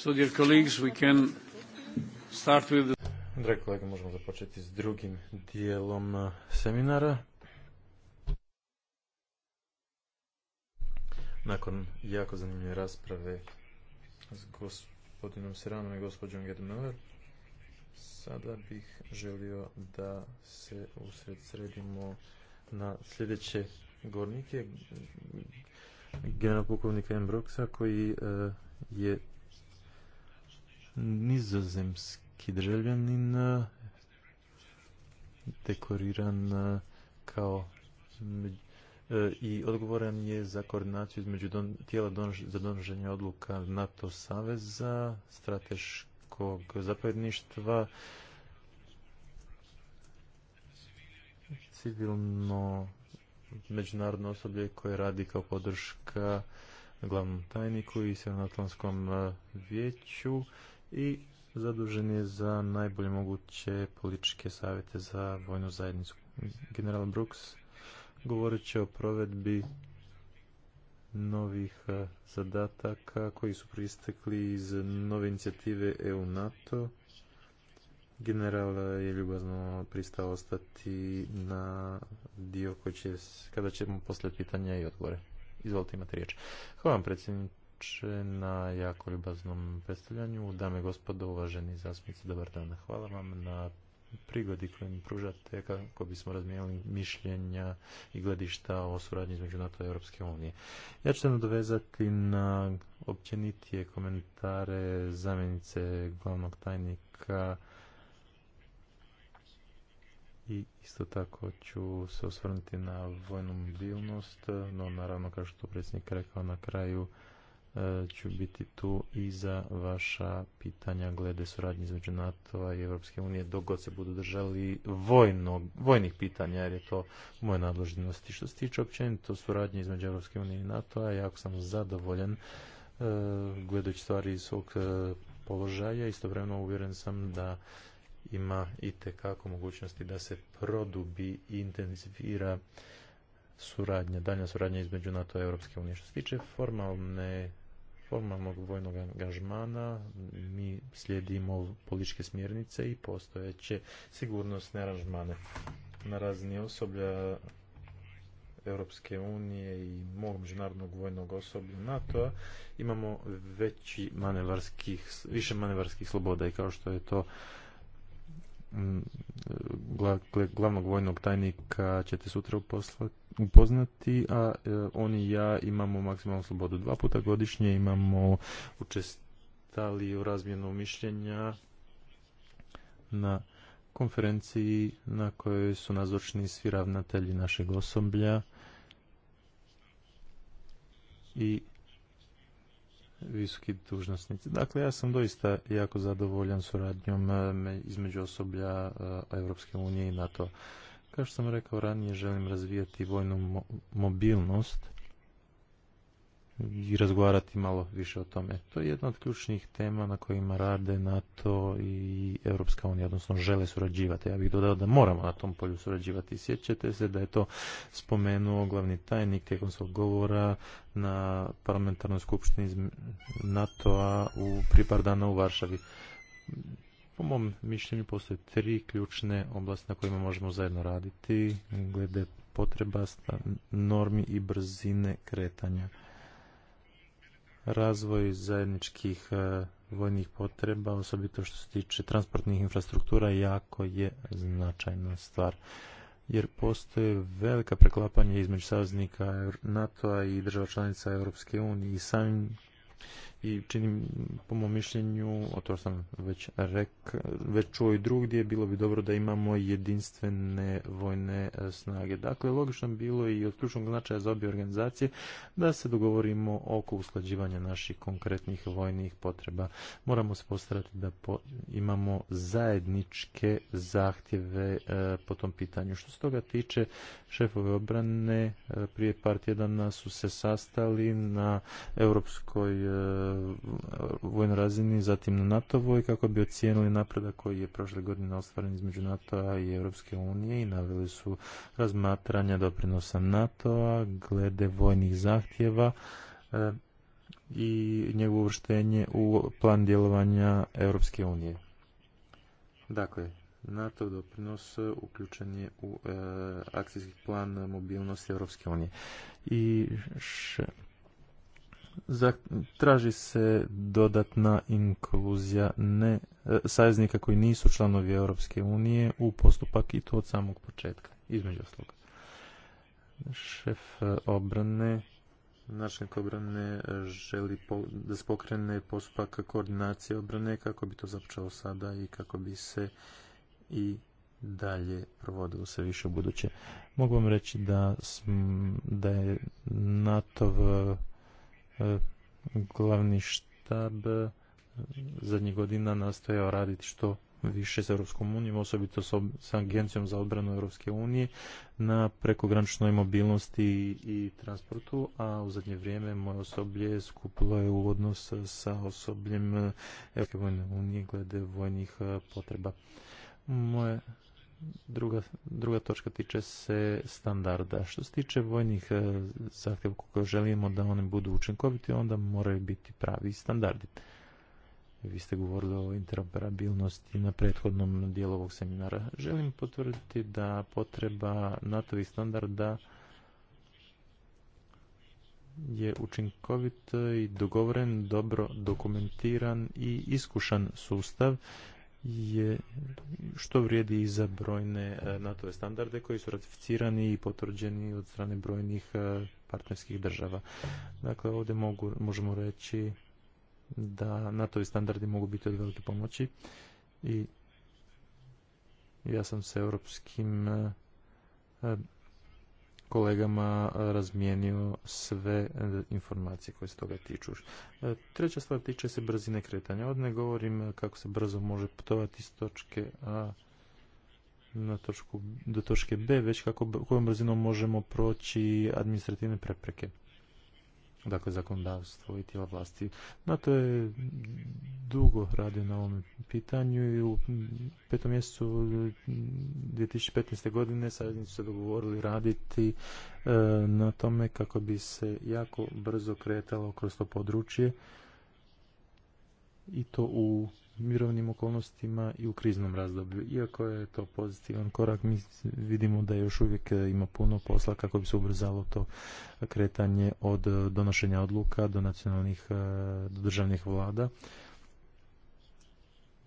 So, start kolege, možemo započeti s drugim dijelom eh, seminara. Nakon jako zanimljive rasprave s gospodinom Seranom i gospođom Gedmiller, sada bih želio da se usred sredimo na sljedeće gornike, generalpukovnika M. broksa koji eh, je nizozemski državljanin e, dekoriran e, kao e, i odgovoran je za koordinaciju između tijela za donoženje odluka NATO saveza, strateškog zapovjedništva, civilno međunarodno osoblje koje radi kao podrška glavnom tajniku i atlantskom vijeću i zadužen je za najbolje moguće političke savjete za vojnu zajednicu. General Brooks govorit će o provedbi novih eh, zadataka koji su pristekli iz nove inicijative EU-NATO. General eh, je ljubazno pristao ostati na dio koji će, kada ćemo poslije pitanja i odgovore. Izvolite imate riječ. Hvala vam predsjedniče na jako ljubaznom predstavljanju. Dame i gospodo, uvaženi zastupnici, dobar dan. Hvala vam na prigodi koju mi pružate kako bismo razmijenili mišljenja i gledišta o suradnji između NATO i Europske unije. Ja ću se nadovezati na općenitije komentare zamjenice glavnog tajnika i isto tako ću se osvrnuti na vojnu mobilnost, no naravno kao što predsjednik rekao na kraju E, ću biti tu i za vaša pitanja glede suradnje između NATO-a i Europske unije dok se budu držali vojnih pitanja jer je to moje nadležnosti. Što se tiče općenito suradnje između Europske unije i NATO-a, jako sam zadovoljan e, gledajući stvari iz svog e, položaja. Istovremeno uvjeren sam da ima i tekako mogućnosti da se produbi i intenzivira suradnja, daljnja suradnja između NATO i Europske unije. Što se tiče formalne formalnog vojnog angažmana mi slijedimo političke smjernice i postojeće sigurnosne aranžmane. Na razini osoblja Europske unije i mog međunarodnog vojnog osoblja nato imamo veći manevarskih, više manevarskih sloboda i kao što je to Mm, glavnog vojnog tajnika ćete sutra upoznati, a e, on i ja imamo maksimalnu slobodu. Dva puta godišnje imamo učestali u razmjenu mišljenja na konferenciji na kojoj su nazočni svi ravnatelji našeg osoblja i visoki dužnosnici. Dakle, ja sam doista jako zadovoljan suradnjom e, između osoblja e, Europske unije i NATO. Kao što sam rekao ranije, želim razvijati vojnu mobilnost i razgovarati malo više o tome. To je jedna od ključnih tema na kojima rade NATO i Europska unija, odnosno žele surađivati. Ja bih dodao da moramo na tom polju surađivati. Sjećate se da je to spomenuo glavni tajnik tijekom svog govora na parlamentarnoj skupštini NATO-a u par dana u Varšavi. Po mom mišljenju postoje tri ključne oblasti na kojima možemo zajedno raditi glede potreba, normi i brzine kretanja razvoj zajedničkih e, vojnih potreba, osobito što se tiče transportnih infrastruktura, jako je značajna stvar. Jer postoje velika preklapanja između saveznika NATO-a i država članica Europske unije i samim i činim po mom mišljenju, o to sam već rek, već čuo i drugdje, bilo bi dobro da imamo jedinstvene vojne e, snage. Dakle, logično bilo i od ključnog značaja za obje organizacije da se dogovorimo oko usklađivanja naših konkretnih vojnih potreba. Moramo se postarati da imamo zajedničke zahtjeve e, po tom pitanju. Što se toga tiče, šefove obrane e, prije par tjedana su se sastali na europskoj vojnoj razini, zatim na NATO-voj, kako bi ocijenili napredak koji je prošle godine ostvaren između NATO-a i Europske unije i naveli su razmatranja doprinosa NATO-a glede vojnih zahtjeva e, i njegovo uvrštenje u plan djelovanja Europske unije. Dakle, NATO doprinos uključen je u e, akcijski plan mobilnosti Europske unije. I traži se dodatna inkluzija ne, e, saveznika koji nisu članovi Europske unije u postupak i to od samog početka, između sloga Šef e, obrane, načelnik obrane e, želi da se pokrene postupak koordinacije obrane kako bi to započelo sada i kako bi se i dalje provodilo se više u buduće. Mogu vam reći da, da je NATO glavni štab e, zadnjih godina nastojao raditi što više s Europskom unijom, osobito s Agencijom za obranu Europske unije na prekograničnoj mobilnosti i transportu, a u zadnje vrijeme moje osoblje skupilo je u odnos sa osobljem e, Europske vojne unije glede vojnih e, potreba. Moje druga, druga točka tiče se standarda. Što se tiče vojnih e, zahtjeva koje želimo da oni budu učinkoviti, onda moraju biti pravi standardi. Vi ste govorili o interoperabilnosti na prethodnom dijelu ovog seminara. Želim potvrditi da potreba nato standarda je učinkovit i dogovoren, dobro dokumentiran i iskušan sustav je što vrijedi i za brojne e, NATO standarde koji su ratificirani i potvrđeni od strane brojnih e, partnerskih država. Dakle, ovdje mogu, možemo reći da NATO standardi mogu biti od velike pomoći i ja sam s europskim e, kolegama razmijenio sve e, informacije koje se toga tiču. E, treća stvar tiče se brzine kretanja. Od ne govorim kako se brzo može putovati iz točke A na točku, do točke B, već kako, kojom brzinom možemo proći administrativne prepreke dakle zakonodavstvo i tijela vlasti. to je dugo radio na ovom pitanju i u petom mjesecu 2015. godine savjetnici su dogovorili raditi e, na tome kako bi se jako brzo kretalo kroz to područje i to u mirovnim okolnostima i u kriznom razdoblju. Iako je to pozitivan korak, mi vidimo da još uvijek e, ima puno posla kako bi se ubrzalo to kretanje od e, donošenja odluka do nacionalnih e, do državnih vlada.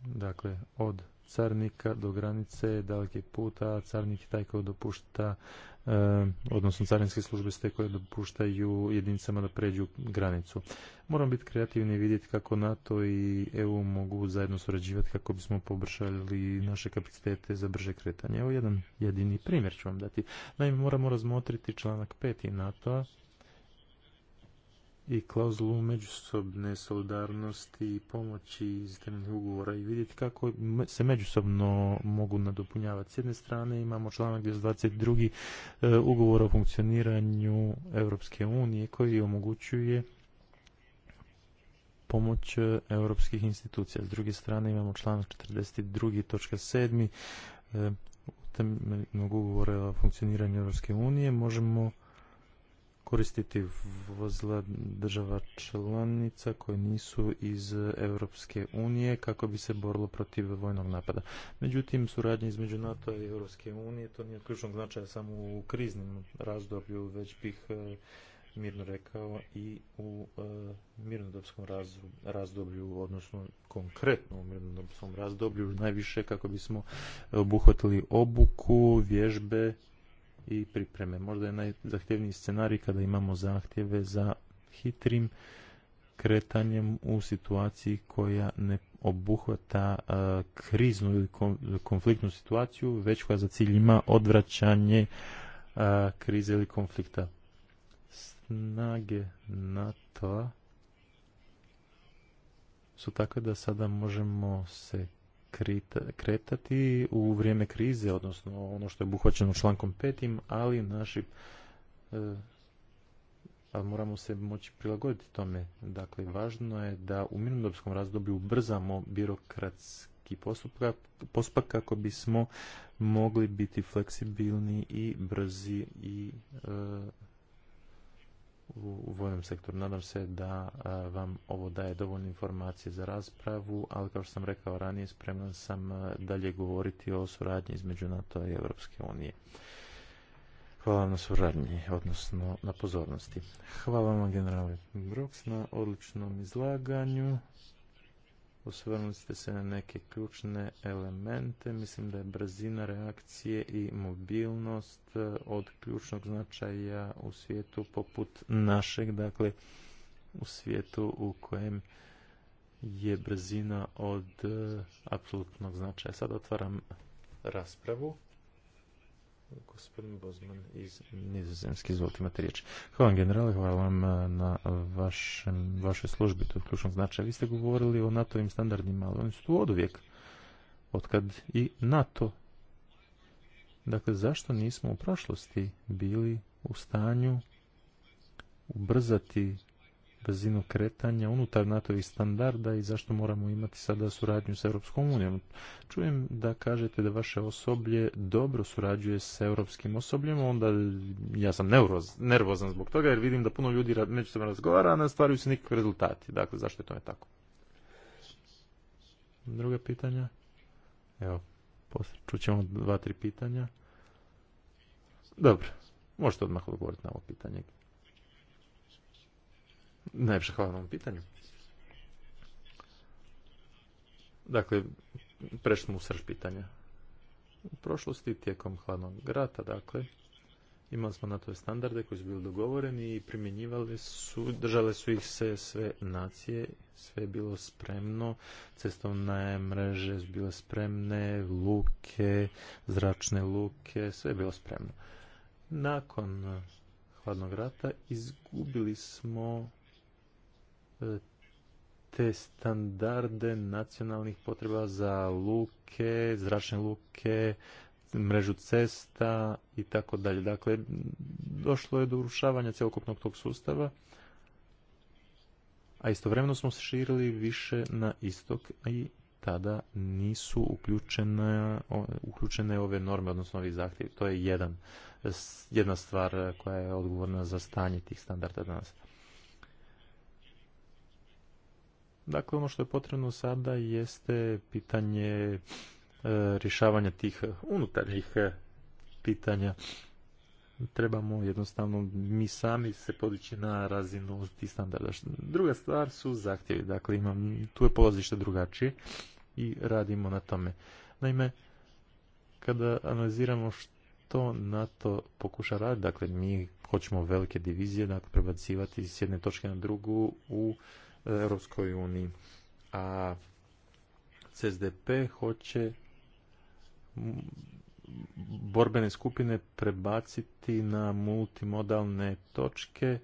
Dakle, od carnika do granice, daleki puta, carnik je taj koji dopušta E, odnosno carinske službe ste koje dopuštaju jedinicama da pređu granicu. Moramo biti kreativni i vidjeti kako NATO i EU mogu zajedno surađivati kako bismo poboljšali naše kapacitete za brže kretanje. Evo jedan jedini primjer ću vam dati. Naime, moramo razmotriti članak 5. NATO-a i klauzulu međusobne solidarnosti i pomoći iz temeljnih ugovora i vidjeti kako se međusobno mogu nadopunjavati. S jedne strane imamo članak 22. E, ugovora o funkcioniranju Europske unije koji omogućuje pomoć e, europskih institucija. S druge strane imamo članak 42. točka 7. E, temeljnog ugovora o funkcioniranju Europske unije. Možemo koristiti vozila država članica koje nisu iz Europske unije kako bi se borilo protiv vojnog napada. Međutim, suradnje između NATO i Europske unije to nije ključnog značaja samo u kriznim razdoblju, već bih e, mirno rekao i u e, mirnodopskom razdoblju, odnosno konkretno u mirnodopskom razdoblju, najviše kako bismo obuhvatili obuku, vježbe i pripreme. Možda je najzahtjevniji scenarij kada imamo zahtjeve za hitrim kretanjem u situaciji koja ne obuhvata kriznu ili konfliktnu situaciju, već koja za cilj ima odvraćanje krize ili konflikta. Snage NATO su takve da sada možemo se kretati u vrijeme krize, odnosno ono što je obuhvaćeno člankom petim, ali naši eh, ali moramo se moći prilagoditi tome. Dakle, važno je da u mirnodopskom razdoblju ubrzamo birokratski postupak, kako bismo mogli biti fleksibilni i brzi i eh, u vojnom sektoru. Nadam se da vam ovo daje dovoljno informacije za raspravu, ali kao što sam rekao ranije, spreman sam dalje govoriti o suradnji između NATO i Europske unije. Hvala vam na suradnji, odnosno na pozornosti. Hvala vam generale Brooks na odličnom izlaganju. Osvrnuli ste se na neke ključne elemente. Mislim da je brzina reakcije i mobilnost e, od ključnog značaja u svijetu poput našeg, dakle u svijetu u kojem je brzina od e, apsolutnog značaja. Sad otvaram raspravu. Gospodin Bozman iz Nizozemske, izvolite imate riječ. Hvala vam generale, hvala vam eh, na vašem, vašoj službi, to je ključnog značaja. Vi ste govorili o nato im standardima, ali oni su tu od uvijek, otkad i NATO. Dakle, zašto nismo u prošlosti bili u stanju ubrzati brzinu kretanja unutar NATO-vih standarda i zašto moramo imati sada suradnju s Europskom unijom. Čujem da kažete da vaše osoblje dobro surađuje s europskim osobljem, onda ja sam nervozan zbog toga jer vidim da puno ljudi sebe razgovara, a ne stvaraju se nikakvi rezultati. Dakle, zašto je to ne tako? Druga pitanja? Evo, poslije čućemo dva, tri pitanja. Dobro, možete odmah odgovoriti na ovo pitanje Najviše hvala na pitanju. Dakle, prešli smo u srž pitanja. U prošlosti, tijekom hladnog rata, dakle, imali smo NATO standarde koji su bili dogovoreni i primjenjivali su, držale su ih se sve nacije, sve je bilo spremno, cestovne mreže su bile spremne, luke, zračne luke, sve je bilo spremno. Nakon hladnog rata izgubili smo te standarde nacionalnih potreba za luke, zračne luke, mrežu cesta i tako dalje. Dakle, došlo je do urušavanja cjelokupnog tog sustava, a istovremeno smo se širili više na istok i tada nisu uključene, uključene ove norme, odnosno ovi zahtjevi. To je jedan, jedna stvar koja je odgovorna za stanje tih standarda danas. Dakle, ono što je potrebno sada jeste pitanje e, rješavanja tih unutarnjih e, pitanja. Trebamo jednostavno mi sami se podići na razinu tih standarda. Druga stvar su zahtjevi. Dakle, imam, tu je polazište drugačije i radimo na tome. Naime, kada analiziramo što NATO pokuša raditi, dakle, mi hoćemo velike divizije, dakle, prebacivati s jedne točke na drugu u Europskoj uniji. A CSDP hoće borbene skupine prebaciti na multimodalne točke,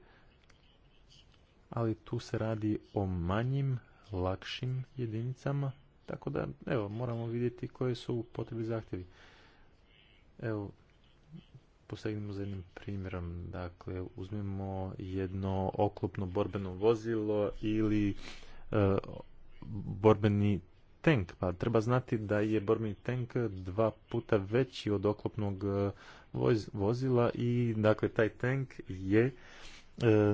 ali tu se radi o manjim, lakšim jedinicama, tako da evo, moramo vidjeti koje su potrebni zahtjevi. Evo, posegnemo za jednim primjerom. Dakle, uzmemo jedno oklopno borbeno vozilo ili e, borbeni tank. Pa treba znati da je borbeni tank dva puta veći od oklopnog e, vozila i dakle taj tank je e,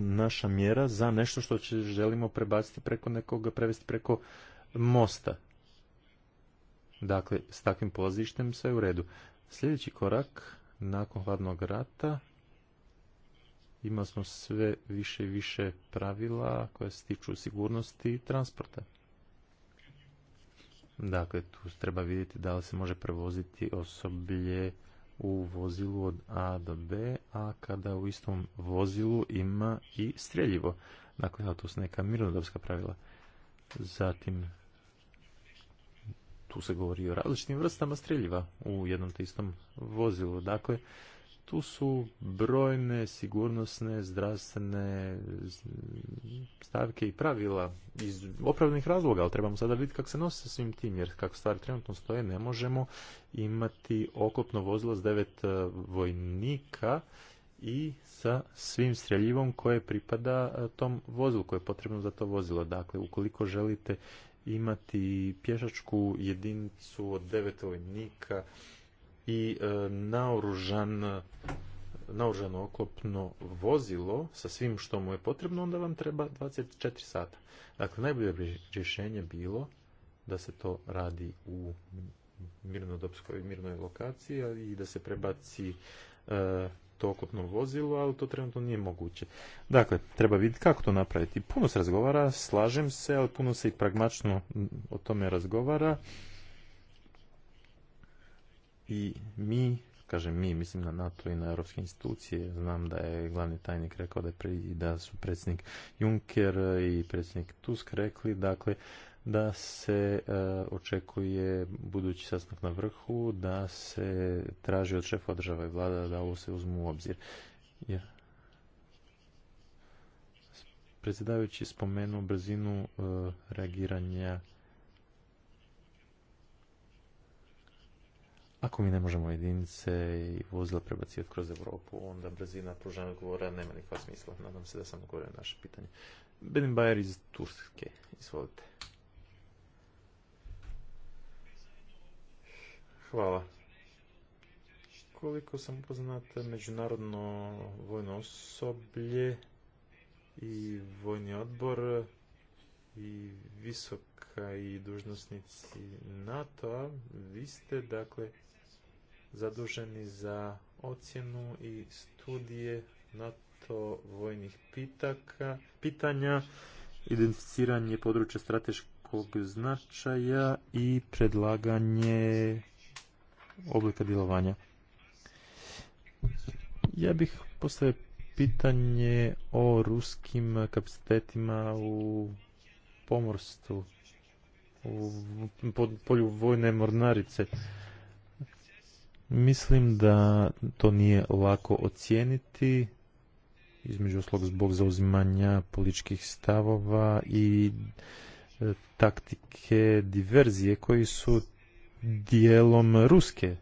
naša mjera za nešto što će, želimo prebaciti preko nekoga, prevesti preko mosta. Dakle, s takvim polazištem sve u redu. Sljedeći korak nakon hladnog rata imali smo sve više i više pravila koje se tiču sigurnosti i transporta. Dakle, tu treba vidjeti da li se može prevoziti osoblje u vozilu od A do B, a kada u istom vozilu ima i streljivo. Dakle, to su neka mirodavska pravila. Zatim, tu se govori o različitim vrstama streljiva u jednom te istom vozilu. Dakle, tu su brojne sigurnosne, zdravstvene stavke i pravila iz opravdanih razloga, ali trebamo sada vidjeti kako se nosi sa svim tim, jer kako stvari trenutno stoje, ne možemo imati okopno vozilo s devet e, vojnika i sa svim streljivom koje pripada e, tom vozilu, koje je potrebno za to vozilo. Dakle, ukoliko želite imati pješačku jedinicu od devet vojnika i e, naoružan naoružano oklopno vozilo sa svim što mu je potrebno, onda vam treba 24 sata. Dakle, najbolje rješenje bilo da se to radi u mirnodopskoj mirnoj lokaciji i da se prebaci e, to vozilu, vozilo, ali to trenutno nije moguće. Dakle, treba vidjeti kako to napraviti. Puno se razgovara, slažem se, ali puno se i pragmačno o tome razgovara. I mi, kažem mi, mislim na NATO i na europske institucije, znam da je glavni tajnik rekao da, da su predsjednik Juncker i predsjednik Tusk rekli, dakle, da se e, očekuje budući sastanak na vrhu, da se traži od šefa država i vlada da ovo se uzmu u obzir. Jer predsjedavajući spomenuo brzinu e, reagiranja Ako mi ne možemo jedinice i vozila prebacivati kroz Europu, onda brzina pružanja odgovora nema nikakva smisla. Nadam se da sam odgovorio na naše pitanje. Benim Bajer iz Turske, izvolite. Hvala. Koliko sam upoznat, međunarodno vojno osoblje i vojni odbor i visoka i dužnosnici NATO-a, vi ste dakle zaduženi za ocjenu i studije NATO vojnih pitanja, identificiranje područja strateškog značaja i predlaganje oblika djelovanja. Ja bih postavio pitanje o ruskim kapacitetima u pomorstvu, u polju vojne mornarice. Mislim da to nije lako ocijeniti, između oslog zbog zauzimanja političkih stavova i e, taktike diverzije koji su dijelom ruske,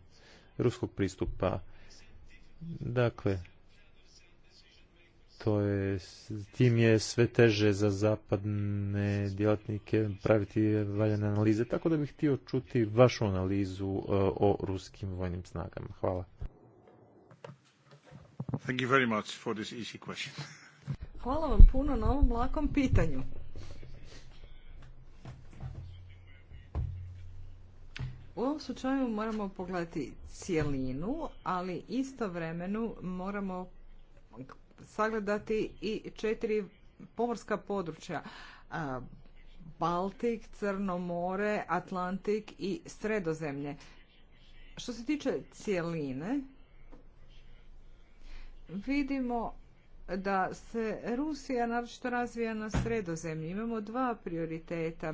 ruskog pristupa. Dakle, to je, tim je sve teže za zapadne djelatnike praviti valjane analize, tako da bih htio čuti vašu analizu e, o ruskim vojnim snagama. Hvala. Thank you very much for this easy question. Hvala vam puno na ovom lakom pitanju. U ovom slučaju moramo pogledati cijelinu, ali istovremeno moramo sagledati i četiri pomorska područja. Baltik, Crno more, Atlantik i Sredozemlje. Što se tiče cijeline, vidimo da se Rusija naročito razvija na sredozemlji. Imamo dva prioriteta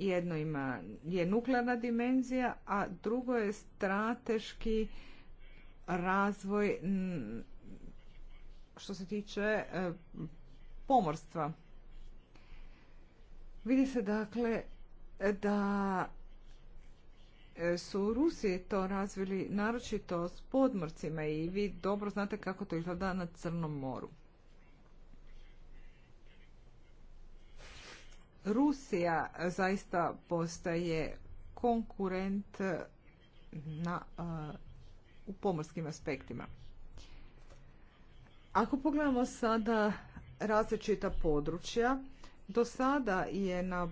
jedno ima, je nuklearna dimenzija, a drugo je strateški razvoj što se tiče e, pomorstva. Vidi se dakle da e, su Rusi to razvili naročito s podmorcima i vi dobro znate kako to izgleda na Crnom moru. Rusija zaista postaje konkurent na, u pomorskim aspektima. Ako pogledamo sada različita područja, do sada je na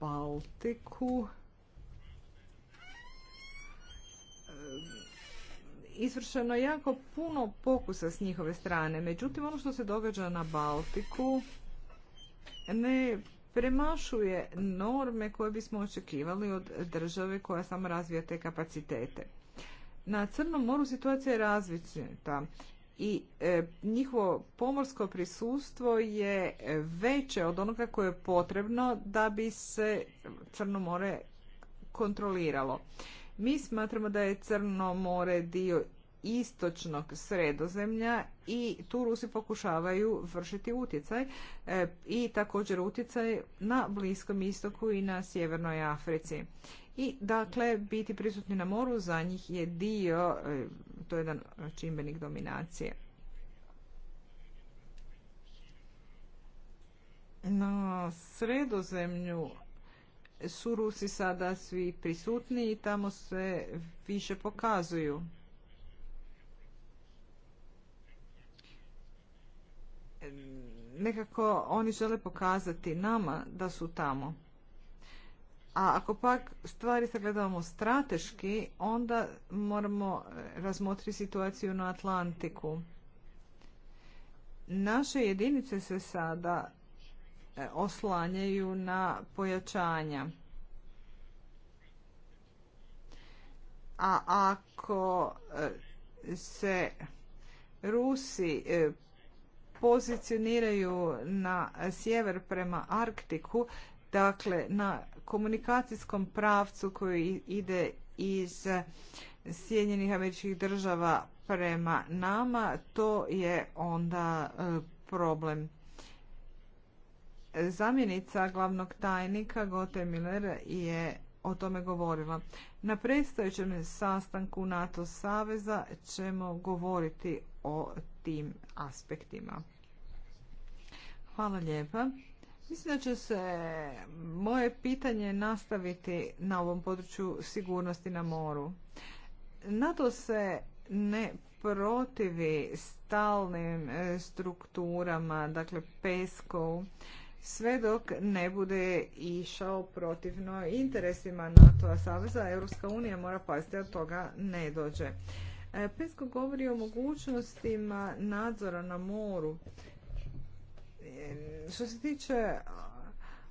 Baltiku e, izvršeno jako puno pokusa s njihove strane. Međutim, ono što se događa na Baltiku ne premašuje norme koje bismo očekivali od države koja samo razvija te kapacitete. Na Crnom moru situacija je različita i e, njihovo pomorsko prisustvo je veće od onoga koje je potrebno da bi se Crno more kontroliralo. Mi smatramo da je Crno more dio istočnog sredozemlja i tu Rusi pokušavaju vršiti utjecaj e, i također utjecaj na Bliskom istoku i na Sjevernoj Africi. I dakle, biti prisutni na moru za njih je dio, e, to je jedan čimbenik dominacije. Na sredozemlju su Rusi sada svi prisutni i tamo se više pokazuju. nekako oni žele pokazati nama da su tamo. A ako pak stvari sagledamo strateški, onda moramo razmotri situaciju na Atlantiku. Naše jedinice se sada e, oslanjaju na pojačanja. A ako e, se Rusi e, pozicioniraju na sjever prema Arktiku, dakle na komunikacijskom pravcu koji ide iz Sjedinjenih američkih država prema nama, to je onda e, problem. Zamjenica glavnog tajnika Gote Miller je o tome govorila. Na predstojećem sastanku NATO saveza ćemo govoriti o tim aspektima. Hvala lijepa. Mislim da će se moje pitanje nastaviti na ovom području sigurnosti na moru. NATO se ne protivi stalnim e, strukturama, dakle PESCO, sve dok ne bude išao protivno interesima NATO-a Saveza, Europska unija mora paziti da toga ne dođe. E, Pensko govori o mogućnostima nadzora na moru. E, što se tiče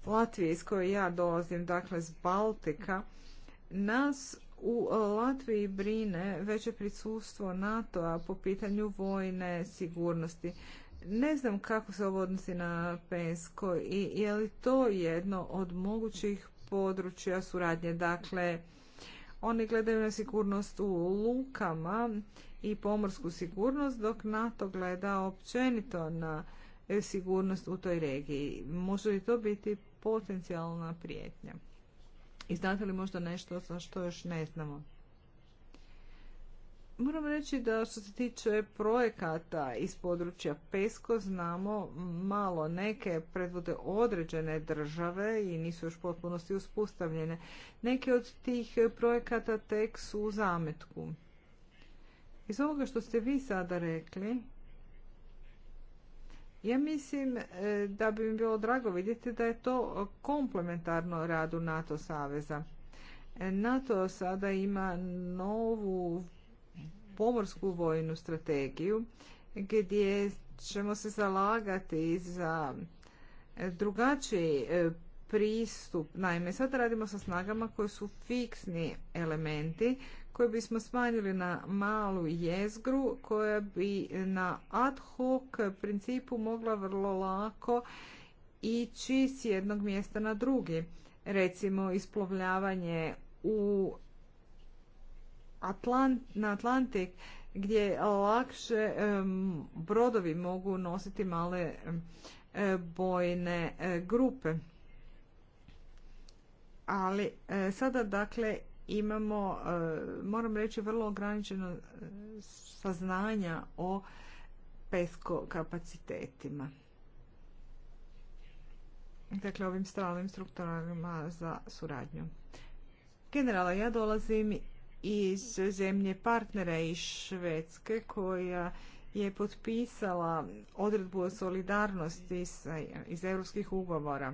Latvije iz koje ja dolazim, dakle s Baltika, nas u Latviji brine veće prisustvo NATO-a po pitanju vojne sigurnosti. Ne znam kako se ovo odnosi na Pensko. i je li to jedno od mogućih područja suradnje, dakle oni gledaju na sigurnost u lukama i pomorsku sigurnost, dok NATO gleda općenito na sigurnost u toj regiji. Može li to biti potencijalna prijetnja? I znate li možda nešto za što još ne znamo? Moram reći da što se tiče projekata iz područja PESCO znamo malo neke predvode određene države i nisu još potpunosti uspostavljene. Neke od tih projekata tek su u zametku. Iz ovoga što ste vi sada rekli, ja mislim e, da bi mi bilo drago vidjeti da je to komplementarno radu NATO saveza. E, NATO sada ima novu pomorsku vojnu strategiju gdje ćemo se zalagati za e, drugačiji e, pristup. Naime, sad radimo sa snagama koje su fiksni elementi koje bismo smanjili na malu jezgru koja bi na ad hoc principu mogla vrlo lako ići s jednog mjesta na drugi. Recimo isplovljavanje u Atlant, na Atlantik gdje e, lakše e, brodovi mogu nositi male e, bojne grupe. Ali sada dakle imamo, moram reći, vrlo ograničeno saznanja o pesko kapacitetima. Dakle, ovim stalnim strukturama za suradnju. Generala, ja dolazim iz zemlje partnera iz Švedske koja je potpisala odredbu o solidarnosti iz europskih ugovora.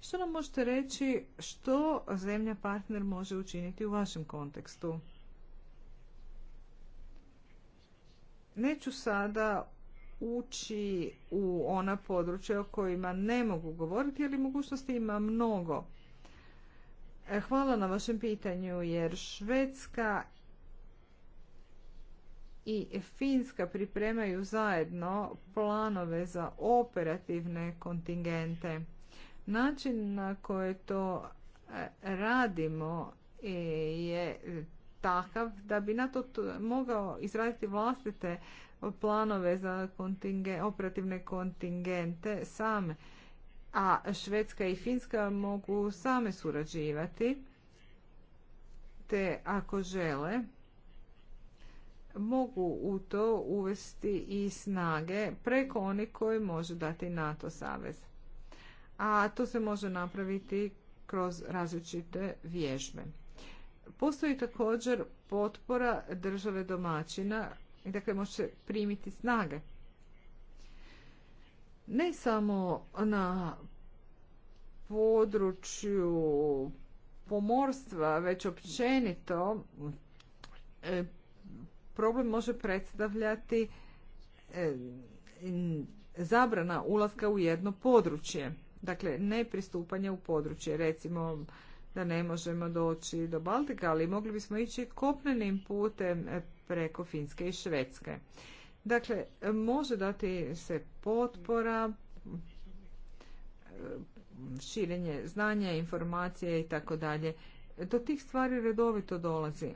Što nam možete reći što zemlja partner može učiniti u vašem kontekstu? Neću sada ući u ona područja o kojima ne mogu govoriti, ali mogućnosti ima mnogo. E, hvala na vašem pitanju jer Švedska i Finska pripremaju zajedno planove za operativne kontingente. Način na koje to e, radimo e, je takav da bi NATO mogao izraditi vlastite planove za operativne kontingente same a Švedska i Finska mogu same surađivati, te ako žele, mogu u to uvesti i snage preko onih koji može dati NATO savez. A to se može napraviti kroz različite vježbe. Postoji također potpora države domaćina, dakle može primiti snage ne samo na području pomorstva, već općenito e, problem može predstavljati e, zabrana ulaska u jedno područje. Dakle, ne pristupanje u područje. Recimo da ne možemo doći do Baltika, ali mogli bismo ići kopnenim putem e, preko Finske i Švedske. Dakle, može dati se potpora, širenje znanja, informacije i tako dalje. Do tih stvari redovito dolazi.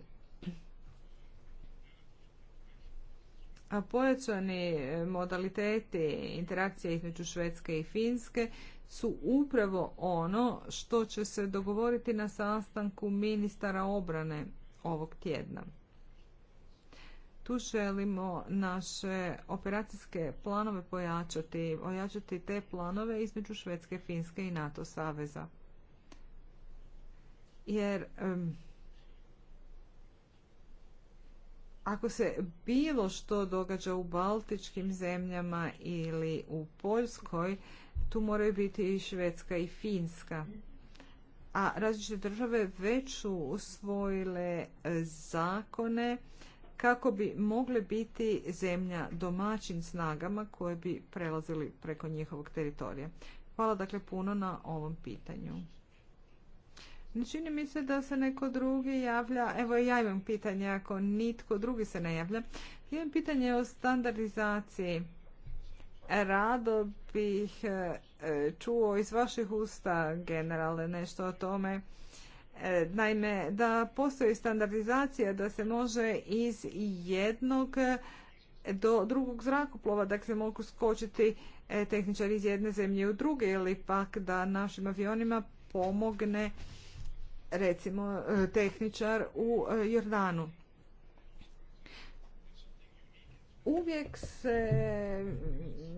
A pojačani modaliteti interakcije između Švedske i Finske su upravo ono što će se dogovoriti na sastanku ministara obrane ovog tjedna. Tu želimo naše operacijske planove pojačati, ojačati te planove između Švedske, Finske i NATO saveza. Jer um, ako se bilo što događa u baltičkim zemljama ili u Poljskoj, tu moraju biti i Švedska i Finska. A različite države već su usvojile zakone kako bi mogle biti zemlja domaćim snagama koje bi prelazili preko njihovog teritorija. Hvala dakle puno na ovom pitanju. Ne čini mi se da se neko drugi javlja. Evo ja imam pitanje ako nitko drugi se ne javlja. Imam pitanje o standardizaciji. Rado bih e, čuo iz vaših usta generale nešto o tome E, naime, da postoji standardizacija da se može iz jednog e, do drugog zrakoplova, da se mogu skočiti e, tehničari iz jedne zemlje u druge ili pak da našim avionima pomogne recimo tehničar u Jordanu. Uvijek se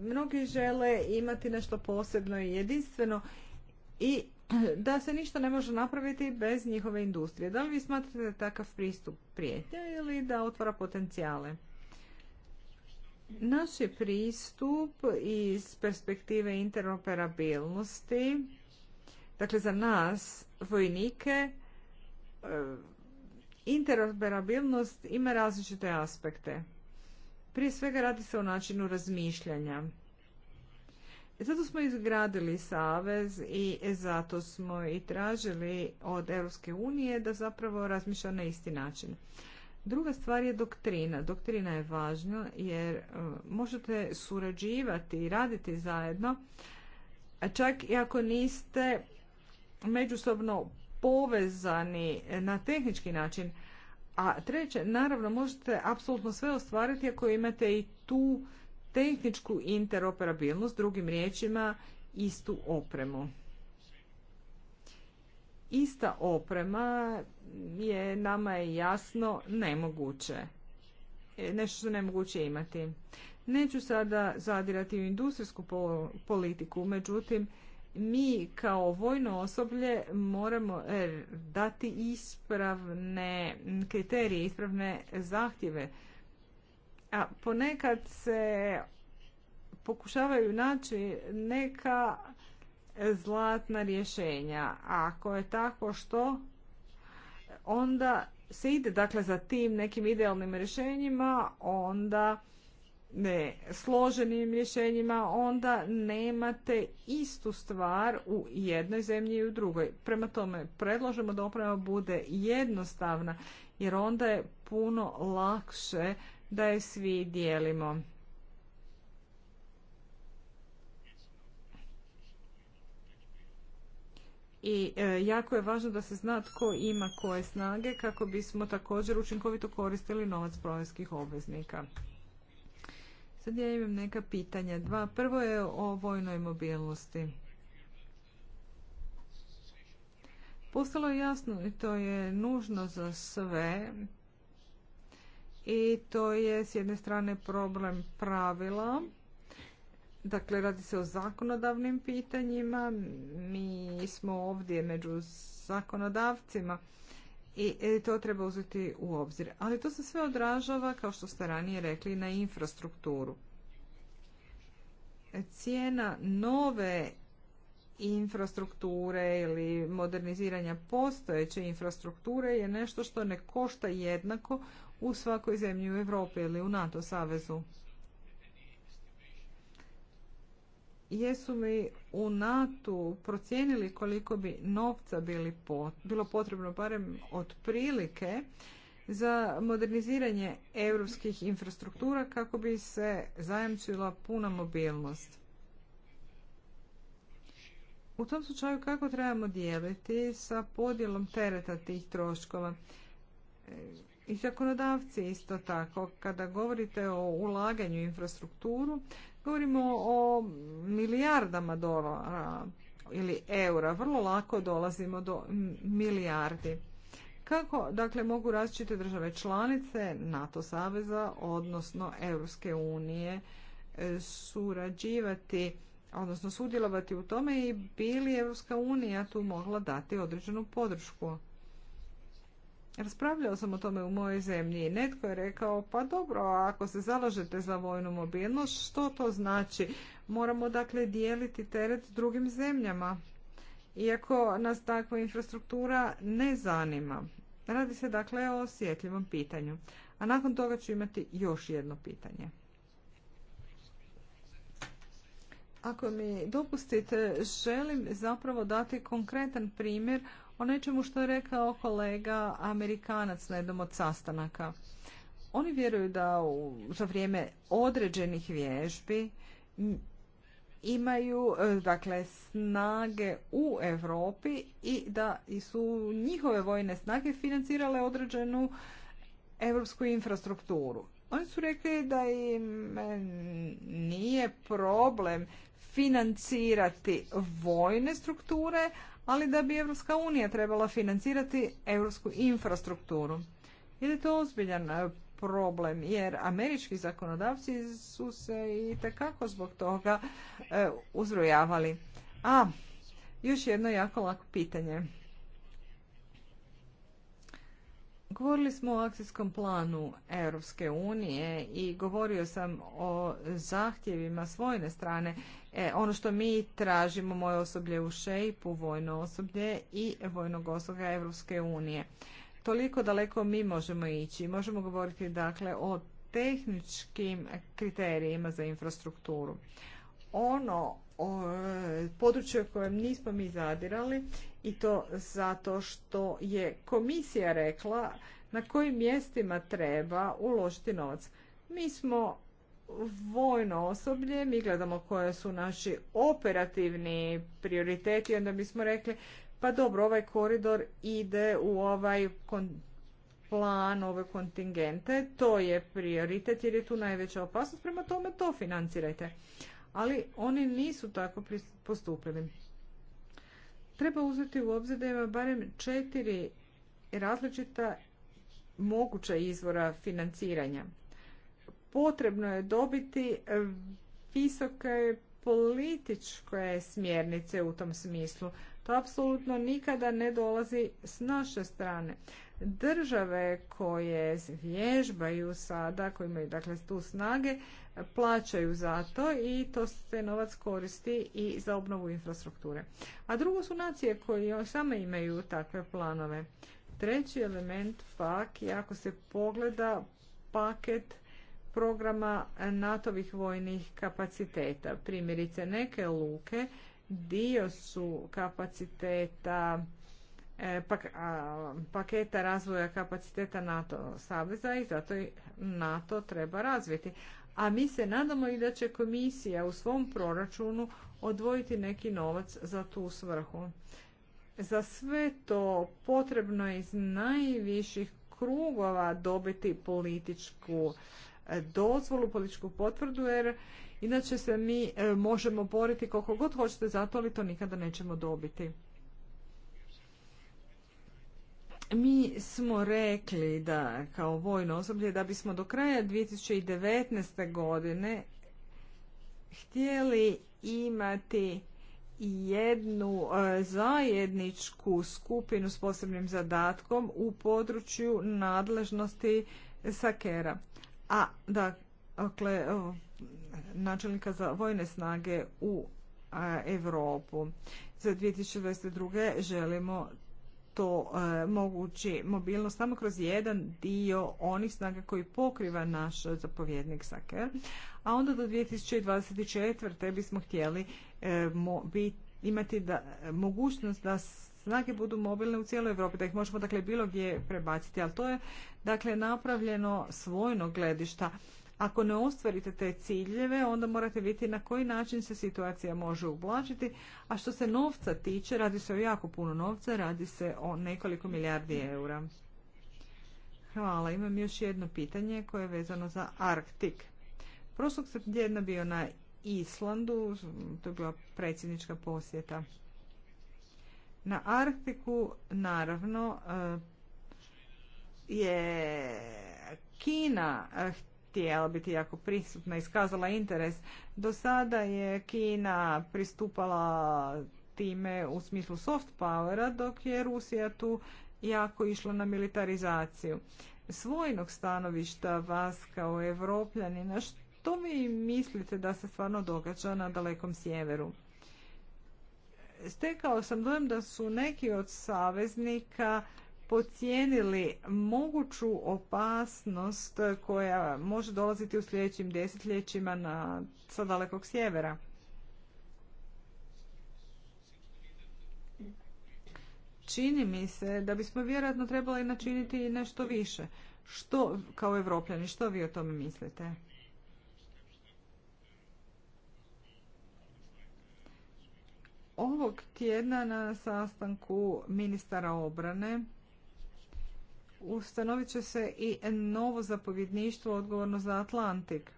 mnogi žele imati nešto posebno i jedinstveno i da se ništa ne može napraviti bez njihove industrije. Da li vi smatrate takav pristup prijetnja ili da otvara potencijale? Naš je pristup iz perspektive interoperabilnosti, dakle za nas vojnike, e, interoperabilnost ima različite aspekte. Prije svega radi se o načinu razmišljanja. E, zato smo izgradili savez i zato smo i tražili od Europske unije da zapravo razmišlja na isti način. Druga stvar je doktrina. Doktrina je važna jer e, možete surađivati i raditi zajedno, čak i ako niste međusobno povezani e, na tehnički način. A treće, naravno možete apsolutno sve ostvariti ako imate i tu tehničku interoperabilnost, drugim riječima istu opremu. Ista oprema je nama je jasno nemoguće. E, nešto što nemoguće imati. Neću sada zadirati u industrijsku politiku, međutim, mi kao vojno osoblje moramo e, dati ispravne kriterije, ispravne zahtjeve a ponekad se pokušavaju naći neka zlatna rješenja. A ako je tako što, onda se ide dakle za tim nekim idealnim rješenjima, onda ne, složenim rješenjima, onda nemate istu stvar u jednoj zemlji i u drugoj. Prema tome, predlažemo da oprava bude jednostavna, jer onda je puno lakše da je svi dijelimo. I e, jako je važno da se zna tko ima koje snage kako bismo također učinkovito koristili novac brojskih obveznika. Sad ja imam neka pitanja. Dva. Prvo je o vojnoj mobilnosti. Postalo je jasno i to je nužno za sve i to je s jedne strane problem pravila. Dakle, radi se o zakonodavnim pitanjima. Mi smo ovdje među zakonodavcima i e, to treba uzeti u obzir. Ali to se sve odražava, kao što ste ranije rekli, na infrastrukturu. Cijena nove infrastrukture ili moderniziranja postojeće infrastrukture je nešto što ne košta jednako u svakoj zemlji u Europi ili u NATO savezu. Jesu li u NATO procijenili koliko bi novca bilo potrebno barem otprilike za moderniziranje europskih infrastruktura kako bi se zajamčila puna mobilnost? U tom slučaju kako trebamo dijeliti sa podjelom tereta tih troškova? I zakonodavci isto tako, kada govorite o ulaganju u infrastrukturu, govorimo o milijardama dolara ili eura. Vrlo lako dolazimo do milijardi. Kako dakle mogu različite države članice NATO saveza odnosno Europske unije e, surađivati odnosno sudjelovati u tome i bi li Europska unija tu mogla dati određenu podršku? Raspravljao sam o tome u mojoj zemlji. i Netko je rekao, pa dobro, ako se zalažete za vojnu mobilnost, što to znači? Moramo dakle dijeliti teret s drugim zemljama. Iako nas takva infrastruktura ne zanima. Radi se dakle o osjetljivom pitanju. A nakon toga ću imati još jedno pitanje. Ako mi dopustite, želim zapravo dati konkretan primjer o nečemu što je rekao kolega Amerikanac na jednom od sastanaka. Oni vjeruju da za vrijeme određenih vježbi imaju e, dakle snage u Europi i da su njihove vojne snage financirale određenu europsku infrastrukturu. Oni su rekli da im e, nije problem financirati vojne strukture, ali da bi Europska unija trebala financirati europsku infrastrukturu. Je li to ozbiljan e, problem? Jer američki zakonodavci su se i tekako zbog toga e, uzrujavali. A, još jedno jako lako pitanje. Govorili smo o akcijskom planu Europske unije i govorio sam o zahtjevima svojne strane. E, ono što mi tražimo, moje osoblje u šejpu, vojno osoblje i vojnog osoblja Europske unije. Toliko daleko mi možemo ići. Možemo govoriti dakle o tehničkim kriterijima za infrastrukturu. Ono područje u kojem nismo mi zadirali i to zato što je komisija rekla na kojim mjestima treba uložiti novac. Mi smo vojno osoblje, mi gledamo koje su naši operativni prioriteti, onda bismo rekli pa dobro, ovaj koridor ide u ovaj plan, ove kontingente, to je prioritet jer je tu najveća opasnost, prema tome to financirajte ali oni nisu tako postupili. Treba uzeti u obzir da ima barem četiri različita moguća izvora financiranja. Potrebno je dobiti e, visoke političke smjernice u tom smislu. To apsolutno nikada ne dolazi s naše strane države koje vježbaju sada, koje imaju dakle tu snage, plaćaju za to i to se novac koristi i za obnovu infrastrukture. A drugo su nacije koje same imaju takve planove. Treći element pak je ako se pogleda paket programa NATO-vih vojnih kapaciteta. Primjerice neke luke dio su kapaciteta E, paketa razvoja kapaciteta NATO saveza i zato i NATO treba razviti. A mi se nadamo i da će komisija u svom proračunu odvojiti neki novac za tu svrhu. Za sve to potrebno je iz najviših krugova dobiti političku e, dozvolu, političku potvrdu, jer inače se mi e, možemo boriti koliko god hoćete za to, ali to nikada nećemo dobiti. Mi smo rekli da kao vojno osoblje da bismo do kraja 2019. godine htjeli imati jednu e, zajedničku skupinu s posebnim zadatkom u području nadležnosti Sakera. A, dakle, načelnika za vojne snage u Europu. Za 2022. želimo to e, mogući mobilnost samo kroz jedan dio onih snaga koji pokriva naš zapovjednik Saker. A onda do 2024. bismo htjeli e, imati da, mogućnost da snage budu mobilne u cijeloj Europi, da ih možemo dakle bilo gdje prebaciti, ali to je dakle napravljeno svojno gledišta. Ako ne ostvarite te ciljeve, onda morate vidjeti na koji način se situacija može ublažiti. A što se novca tiče, radi se o jako puno novca, radi se o nekoliko milijardi eura. Hvala. Imam još jedno pitanje koje je vezano za Arktik. Prošlog se jedna bio na Islandu, to je bila predsjednička posjeta. Na Arktiku, naravno, eh, je Kina eh, htjela biti jako prisutna, iskazala interes. Do sada je Kina pristupala time u smislu soft powera, dok je Rusija tu jako išla na militarizaciju. Svojnog stanovišta vas kao evropljanina, što vi mislite da se stvarno događa na dalekom sjeveru? Stekao sam dojem da su neki od saveznika pocijenili moguću opasnost koja može dolaziti u sljedećim desetljećima na, sa dalekog sjevera. Čini mi se da bismo vjerojatno trebali načiniti nešto više. Što, kao evropljani, što vi o tome mislite? Ovog tjedna na sastanku ministara obrane ustanovit će se i novo zapovjedništvo odgovorno za Atlantik.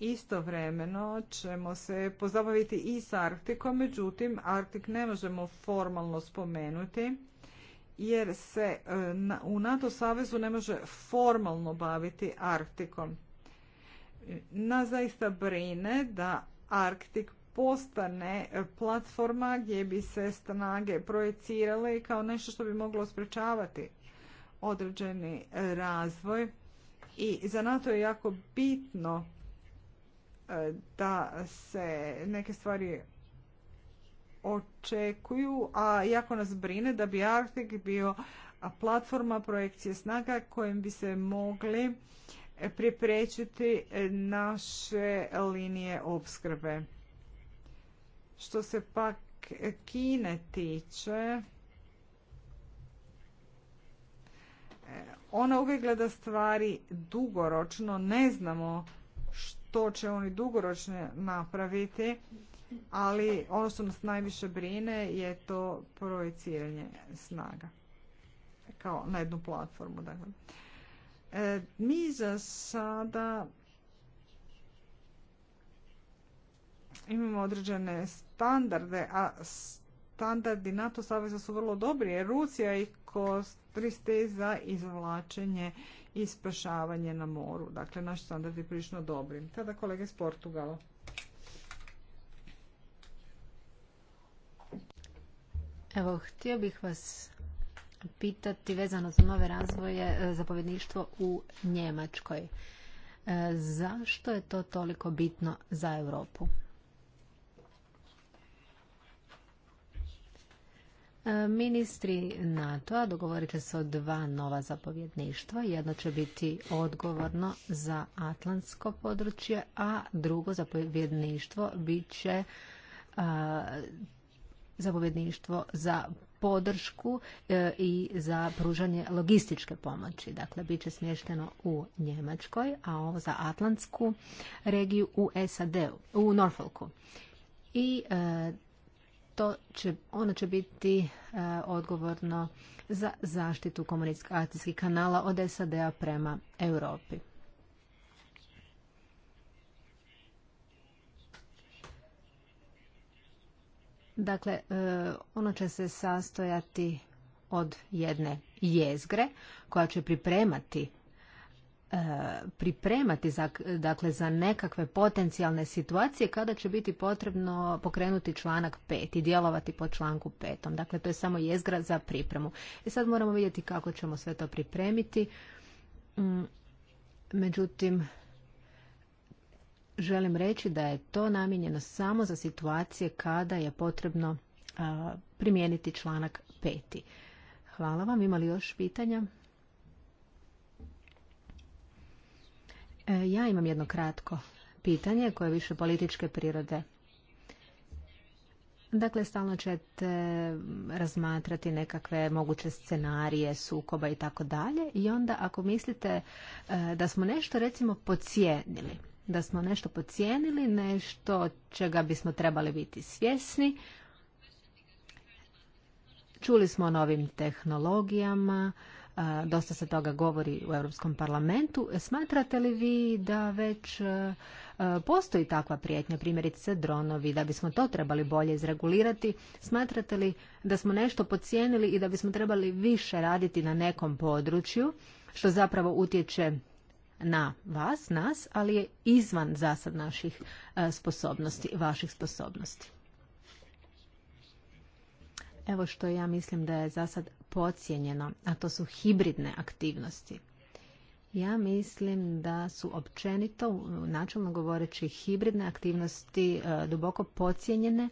Istovremeno ćemo se pozabaviti i s Arktikom, međutim Arktik ne možemo formalno spomenuti jer se e, u NATO savezu ne može formalno baviti Arktikom. Na zaista brine da Arktik postane platforma gdje bi se snage projecirale kao nešto što bi moglo sprečavati određeni e, razvoj i za NATO je jako bitno e, da se neke stvari očekuju, a jako nas brine da bi Arktik bio platforma projekcije snaga kojim bi se mogli e, priprečiti naše linije opskrbe. Što se pak Kine tiče, E, ona uvijek gleda stvari dugoročno, ne znamo što će oni dugoročno napraviti, ali ono što nas najviše brine je to projeciranje snaga kao na jednu platformu. Dakle. E, mi za sada imamo određene standarde, a standardi NATO saveza su vrlo dobri, jer Rusija ih koriste za izvlačenje i spašavanje na moru. Dakle, naš standard je prilično dobri. Tada kolege iz Portugala. Evo, htio bih vas pitati vezano za nove razvoje e, zapovjedništvo u Njemačkoj. E, zašto je to toliko bitno za Europu? E, ministri NATO-a dogovorit će se o dva nova zapovjedništva. Jedno će biti odgovorno za atlantsko područje, a drugo zapovjedništvo bit će e, zapovjedništvo za podršku e, i za pružanje logističke pomoći. Dakle, bit će smješteno u Njemačkoj, a ovo za Atlantsku regiju u SAD-u, u Norfolku. I to će, ono će biti e, odgovorno za zaštitu komunikacijskih kanala od SAD-a prema Europi. Dakle, e, ono će se sastojati od jedne jezgre koja će pripremati E, pripremati za, dakle, za nekakve potencijalne situacije kada će biti potrebno pokrenuti članak 5 i djelovati po članku 5. Dakle, to je samo jezgra za pripremu. I e, sad moramo vidjeti kako ćemo sve to pripremiti. Mm, međutim, želim reći da je to namijenjeno samo za situacije kada je potrebno primijeniti članak 5. Hvala vam. Imali li još pitanja? E, ja imam jedno kratko pitanje koje je više političke prirode. Dakle, stalno ćete razmatrati nekakve moguće scenarije, sukoba i tako dalje i onda ako mislite e, da smo nešto recimo pocijenili, da smo nešto pocijenili, nešto čega bismo trebali biti svjesni, čuli smo o novim tehnologijama, dosta se toga govori u Europskom parlamentu. Smatrate li vi da već e, e, postoji takva prijetnja, primjerice dronovi, da bismo to trebali bolje izregulirati? Smatrate li da smo nešto pocijenili i da bismo trebali više raditi na nekom području, što zapravo utječe na vas, nas, ali je izvan zasad naših e, sposobnosti, vaših sposobnosti? Evo što ja mislim da je zasad podcijenjeno, a to su hibridne aktivnosti. Ja mislim da su općenito, načelno govoreći, hibridne aktivnosti e, duboko podcijenjene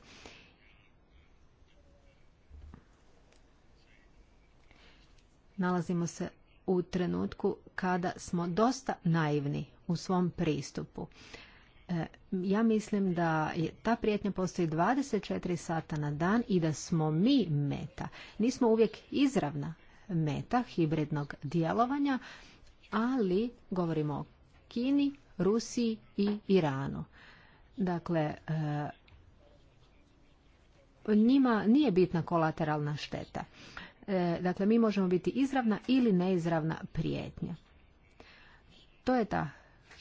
nalazimo se u trenutku kada smo dosta naivni u svom pristupu. E, ja mislim da ta prijetnja postoji 24 sata na dan i da smo mi meta. Nismo uvijek izravna meta hibridnog djelovanja, ali govorimo o Kini, Rusiji i Iranu. Dakle, e, njima nije bitna kolateralna šteta. E, dakle, mi možemo biti izravna ili neizravna prijetnja. To je ta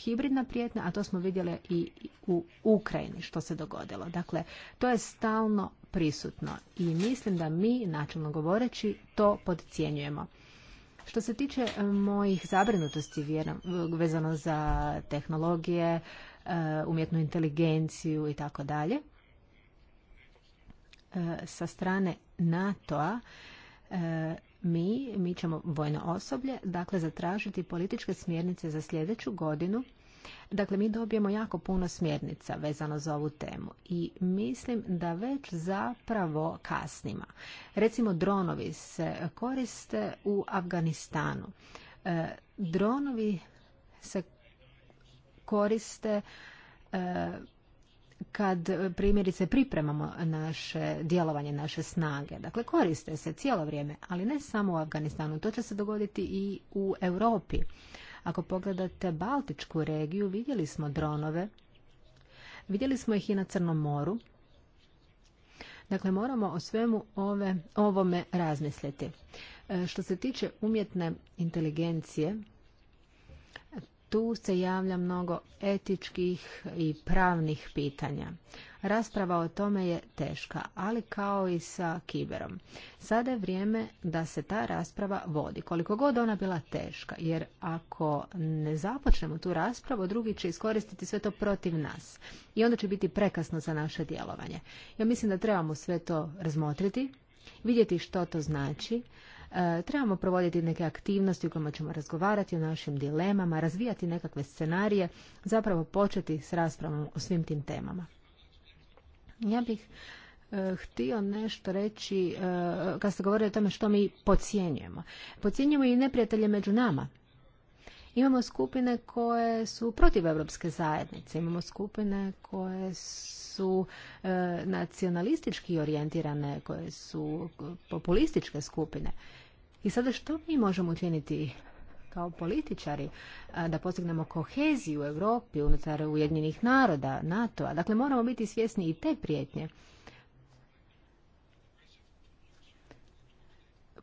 hibridna prijetnja, a to smo vidjeli i u Ukrajini što se dogodilo. Dakle, to je stalno prisutno i mislim da mi, načelno govoreći, to podcijenjujemo. Što se tiče e, mojih zabrinutosti vezano za tehnologije, e, umjetnu inteligenciju i tako dalje, e, sa strane NATO-a mi, mi ćemo vojno osoblje, dakle zatražiti političke smjernice za sljedeću godinu. Dakle, mi dobijemo jako puno smjernica vezano za ovu temu i mislim da već zapravo kasnima. Recimo, dronovi se koriste u Afganistanu. E, dronovi se koriste e, kad e, primjerice pripremamo naše djelovanje, naše snage. Dakle, koriste se cijelo vrijeme, ali ne samo u Afganistanu. To će se dogoditi i u Europi. Ako pogledate Baltičku regiju, vidjeli smo dronove, vidjeli smo ih i na Crnom moru. Dakle, moramo o svemu ove, ovome razmisliti. E, što se tiče umjetne inteligencije, tu se javlja mnogo etičkih i pravnih pitanja. Rasprava o tome je teška, ali kao i sa kiberom. Sada je vrijeme da se ta rasprava vodi, koliko god ona bila teška, jer ako ne započnemo tu raspravu, drugi će iskoristiti sve to protiv nas i onda će biti prekasno za naše djelovanje. Ja mislim da trebamo sve to razmotriti, vidjeti što to znači, E, trebamo provoditi neke aktivnosti u kojima ćemo razgovarati o našim dilemama, razvijati nekakve scenarije, zapravo početi s raspravom o svim tim temama. Ja bih e, htio nešto reći e, kad ste govorili o tome što mi podcjenjujemo. Pocijenjujemo i neprijatelje među nama. Imamo skupine koje su protiv Europske zajednice, imamo skupine koje su nacionalistički orijentirane, koje su populističke skupine. I sada što mi možemo učiniti kao političari da postignemo koheziju u Europi unutar Ujedinjenih naroda, NATO-a. Dakle, moramo biti svjesni i te prijetnje.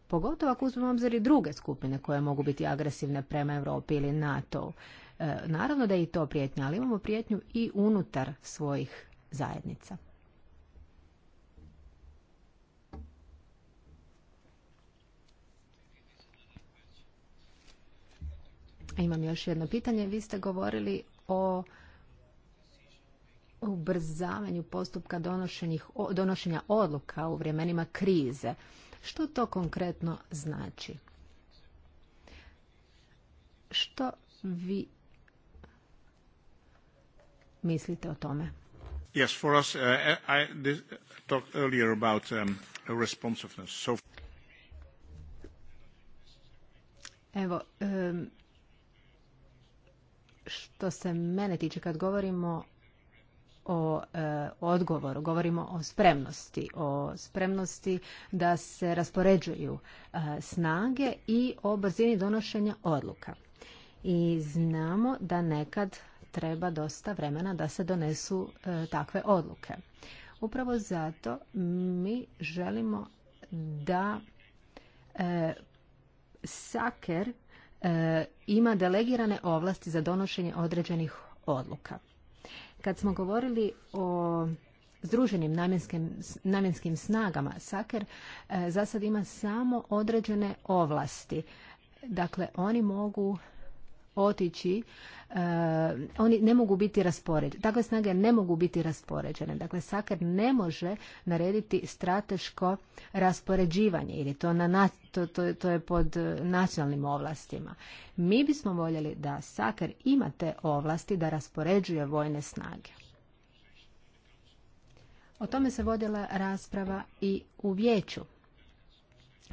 Pogotovo ako uzmemo obzir i druge skupine koje mogu biti agresivne prema Europi ili nato e, naravno da je i to prijetnja, ali imamo prijetnju i unutar svojih zajednica. Imam još jedno pitanje. Vi ste govorili o ubrzavanju postupka donošenja odluka u vremenima krize. Što to konkretno znači? Što vi mislite o tome? Yes, for Evo, što se mene tiče kad govorimo o e, odgovoru, govorimo o spremnosti, o spremnosti da se raspoređuju e, snage i o brzini donošenja odluka. I znamo da nekad treba dosta vremena da se donesu e, takve odluke. Upravo zato mi želimo da saker E, ima delegirane ovlasti za donošenje određenih odluka. Kad smo govorili o združenim namjenskim, namjenskim snagama, Saker e, za sad ima samo određene ovlasti. Dakle, oni mogu otići, e, oni ne mogu biti raspoređeni. Takve snage ne mogu biti raspoređene. Dakle, Saker ne može narediti strateško raspoređivanje, ili to, na, to, to, to je pod nacionalnim ovlastima. Mi bismo voljeli da Saker ima te ovlasti da raspoređuje vojne snage. O tome se vodila rasprava i u vijeću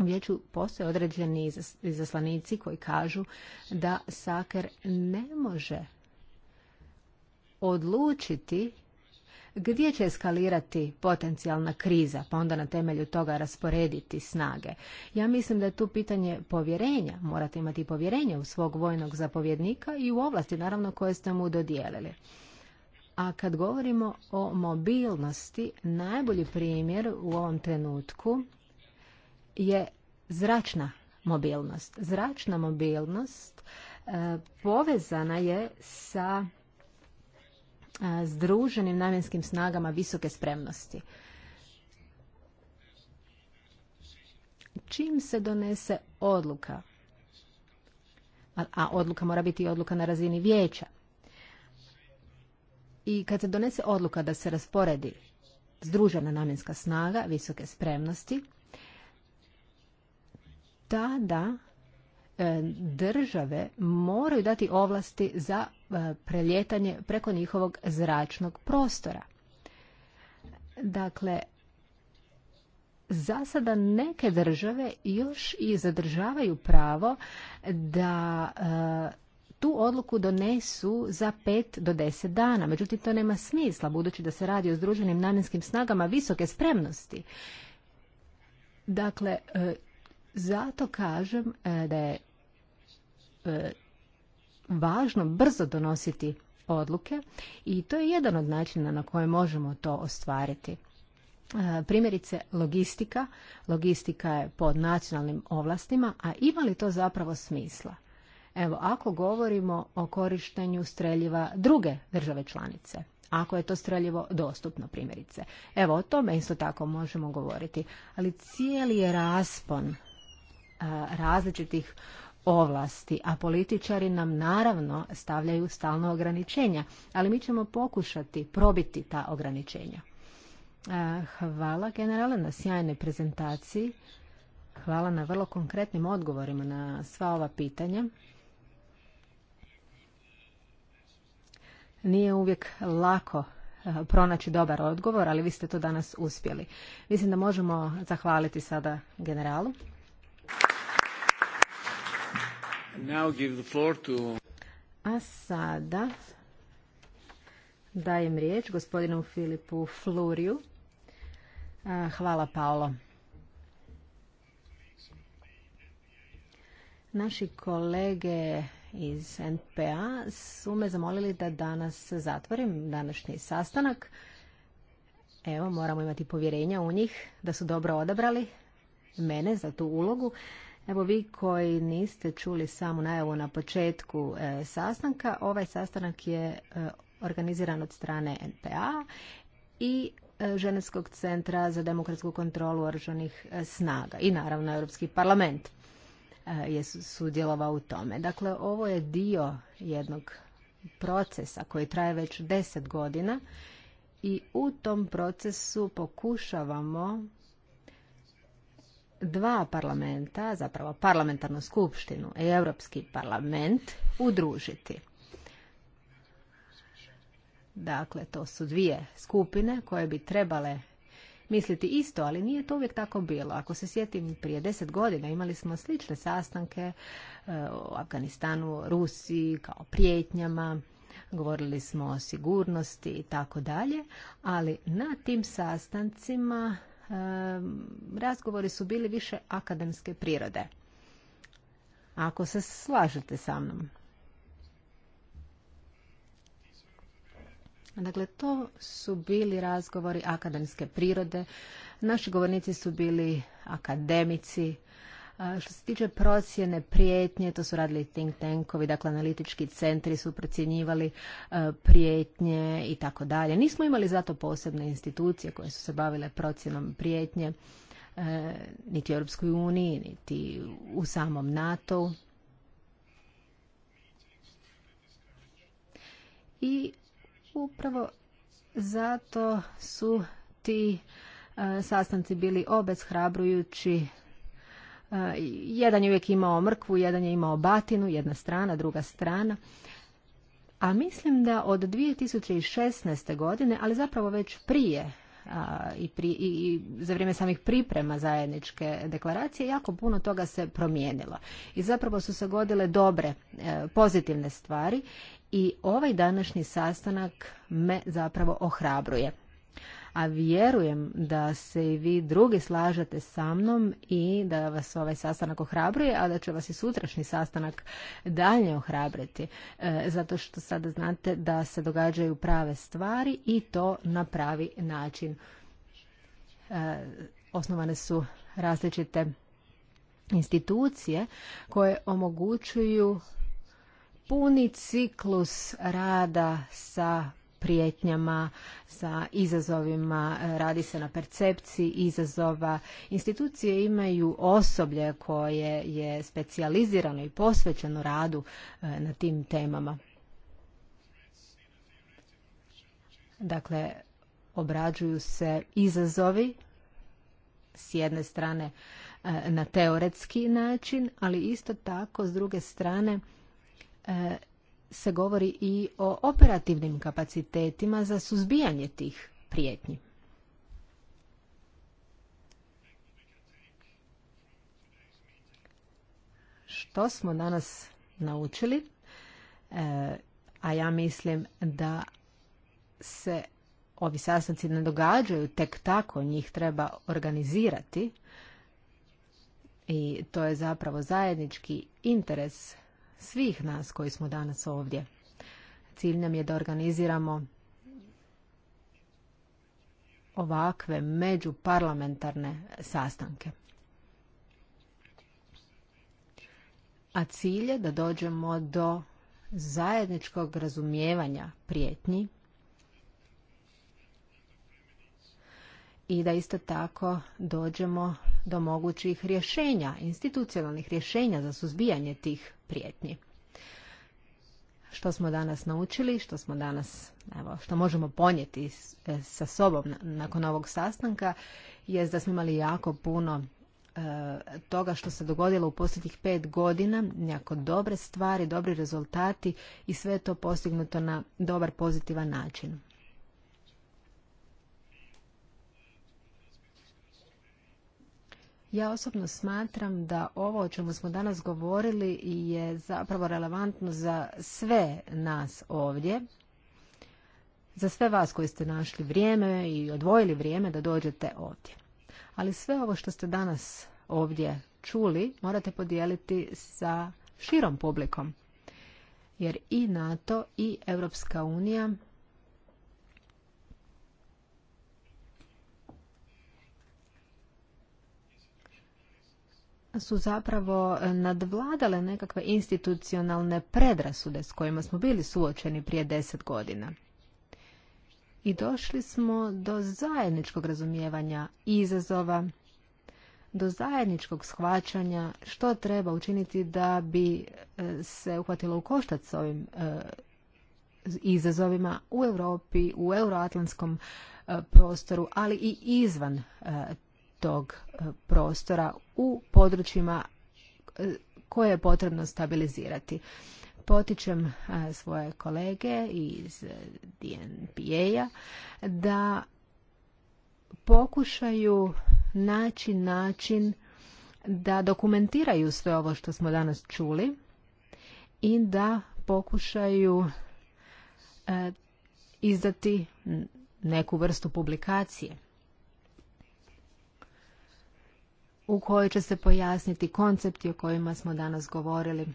vijeću postoje određeni izaslanici koji kažu da Saker ne može odlučiti gdje će eskalirati potencijalna kriza, pa onda na temelju toga rasporediti snage. Ja mislim da je tu pitanje povjerenja. Morate imati povjerenje u svog vojnog zapovjednika i u ovlasti, naravno, koje ste mu dodijelili. A kad govorimo o mobilnosti, najbolji primjer u ovom trenutku je zračna mobilnost. Zračna mobilnost e, povezana je sa e, združenim namjenskim snagama visoke spremnosti. Čim se donese odluka, a, a odluka mora biti odluka na razini vijeća, i kad se donese odluka da se rasporedi združena namjenska snaga visoke spremnosti, tada e, države moraju dati ovlasti za e, preljetanje preko njihovog zračnog prostora. Dakle, za sada neke države još i zadržavaju pravo da e, tu odluku donesu za pet do deset dana. Međutim, to nema smisla budući da se radi o združenim namjenskim snagama visoke spremnosti. Dakle, zato kažem e, da je e, važno brzo donositi odluke i to je jedan od načina na koje možemo to ostvariti. E, primjerice, logistika. Logistika je pod nacionalnim ovlastima, a ima li to zapravo smisla? Evo, ako govorimo o korištenju streljiva druge države članice, ako je to streljivo dostupno primjerice. Evo, o tome isto tako možemo govoriti. Ali cijeli je raspon različitih ovlasti, a političari nam naravno stavljaju stalno ograničenja, ali mi ćemo pokušati probiti ta ograničenja. Hvala generale na sjajnoj prezentaciji. Hvala na vrlo konkretnim odgovorima na sva ova pitanja. Nije uvijek lako pronaći dobar odgovor, ali vi ste to danas uspjeli. Mislim da možemo zahvaliti sada generalu. A sada dajem riječ gospodinu Filipu Fluriju. Hvala Paolo. Naši kolege iz NPA su me zamolili da danas zatvorim današnji sastanak. Evo, moramo imati povjerenja u njih da su dobro odabrali mene za tu ulogu. Evo vi koji niste čuli samo najavu na početku e, sastanka, ovaj sastanak je e, organiziran od strane NPA i e, Ženevskog centra za demokratsku kontrolu oružanih e, snaga i naravno Europski parlament je sudjelovao u tome. Dakle, ovo je dio jednog procesa koji traje već deset godina i u tom procesu pokušavamo dva parlamenta, zapravo parlamentarnu skupštinu i Europski parlament udružiti. Dakle, to su dvije skupine koje bi trebale misliti isto, ali nije to uvijek tako bilo. Ako se sjetim, prije deset godina imali smo slične sastanke e, u Afganistanu, Rusiji, kao prijetnjama, govorili smo o sigurnosti i tako dalje, ali na tim sastancima razgovori su bili više akademske prirode. Ako se slažete sa mnom. Dakle, to su bili razgovori akademske prirode. Naši govornici su bili akademici, što se tiče procjene prijetnje, to su radili think tankovi, dakle analitički centri su procjenjivali e, prijetnje i tako dalje. Nismo imali zato posebne institucije koje su se bavile procjenom prijetnje e, niti u Europskoj uniji, niti u samom NATO-u. I upravo zato su ti e, sastanci bili obezhrabrujući E, jedan je uvijek imao mrkvu, jedan je imao batinu, jedna strana, druga strana. A mislim da od 2016. godine, ali zapravo već prije i, i za vrijeme samih priprema zajedničke deklaracije jako puno toga se promijenilo. I zapravo su se godile dobre, e, pozitivne stvari i ovaj današnji sastanak me zapravo ohrabruje a vjerujem da se i vi drugi slažete sa mnom i da vas ovaj sastanak ohrabruje, a da će vas i sutrašnji sastanak dalje ohrabriti, e, zato što sada znate da se događaju prave stvari i to na pravi način. E, osnovane su različite institucije koje omogućuju puni ciklus rada sa prijetnjama, sa izazovima, e, radi se na percepciji izazova. Institucije imaju osoblje koje je specijalizirano i posvećeno radu e, na tim temama. Dakle, obrađuju se izazovi s jedne strane e, na teoretski način, ali isto tako s druge strane se govori i o operativnim kapacitetima za suzbijanje tih prijetnji. Što smo danas naučili? E, a ja mislim da se ovi sastanci ne događaju tek tako, njih treba organizirati i to je zapravo zajednički interes svih nas koji smo danas ovdje. Cilj nam je da organiziramo ovakve međuparlamentarne sastanke. A cilj je da dođemo do zajedničkog razumijevanja prijetnji i da isto tako dođemo do mogućih rješenja, institucionalnih rješenja za suzbijanje tih prijetnji. Što smo danas naučili, što smo danas, evo, što možemo ponijeti e, sa sobom nakon ovog sastanka, je da smo imali jako puno e, toga što se dogodilo u posljednjih pet godina, jako dobre stvari, dobri rezultati i sve je to postignuto na dobar pozitivan način. Ja osobno smatram da ovo o čemu smo danas govorili je zapravo relevantno za sve nas ovdje, za sve vas koji ste našli vrijeme i odvojili vrijeme da dođete ovdje. Ali sve ovo što ste danas ovdje čuli morate podijeliti sa širom publikom. Jer i NATO i Europska unija su zapravo e, nadvladale nekakve institucionalne predrasude s kojima smo bili suočeni prije deset godina. I došli smo do zajedničkog razumijevanja izazova, do zajedničkog shvaćanja što treba učiniti da bi e, se uhvatilo u koštac s ovim e, izazovima u Europi, u euroatlantskom prostoru, ali i izvan tog e, prostora u područjima e, koje je potrebno stabilizirati. Potičem e, svoje kolege iz DNPA-a da pokušaju naći način da dokumentiraju sve ovo što smo danas čuli i da pokušaju izdati neku vrstu publikacije. u kojoj će se pojasniti koncepti o kojima smo danas govorili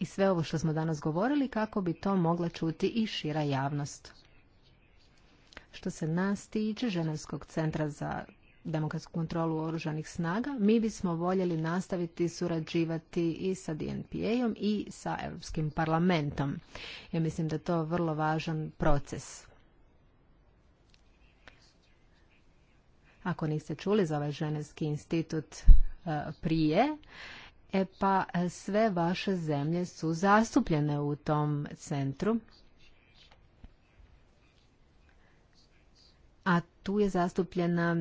i sve ovo što smo danas govorili kako bi to mogla čuti i šira javnost. Što se nas tiče Ženevskog centra za demokratsku kontrolu oružanih snaga, mi bismo voljeli nastaviti surađivati i sa DNPA-om i sa Europskim parlamentom. Ja mislim da to vrlo važan proces. Ako niste čuli za ovaj ženevski institut e, prije, e pa e, sve vaše zemlje su zastupljene u tom centru. A tu je zastupljena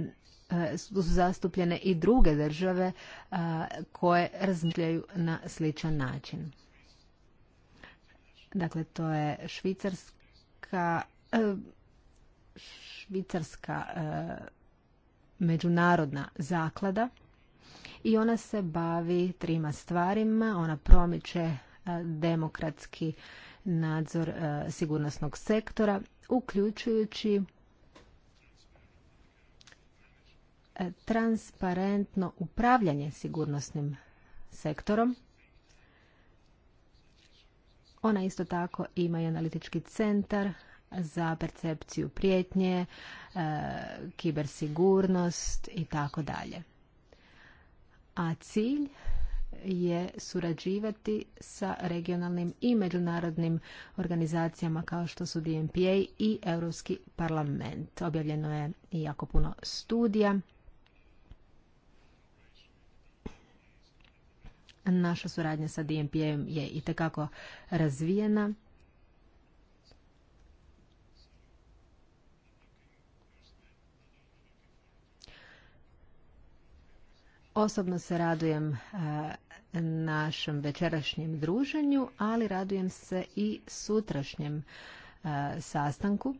e, su zastupljene i druge države koje razmišljaju na sličan način. Dakle, to je Švicarska, Švicarska međunarodna zaklada i ona se bavi trima stvarima. Ona promiče e, demokratski nadzor e, sigurnosnog sektora, uključujući e, transparentno upravljanje sigurnosnim sektorom. Ona isto tako ima i analitički centar za percepciju prijetnje, e, kibersigurnost i tako dalje. A cilj je surađivati sa regionalnim i međunarodnim organizacijama kao što su DMPA i Europski parlament. Objavljeno je jako puno studija. Naša suradnja sa dmpa je i razvijena Osobno se radujem e, našem večerašnjem druženju, ali radujem se i sutrašnjem e, sastanku.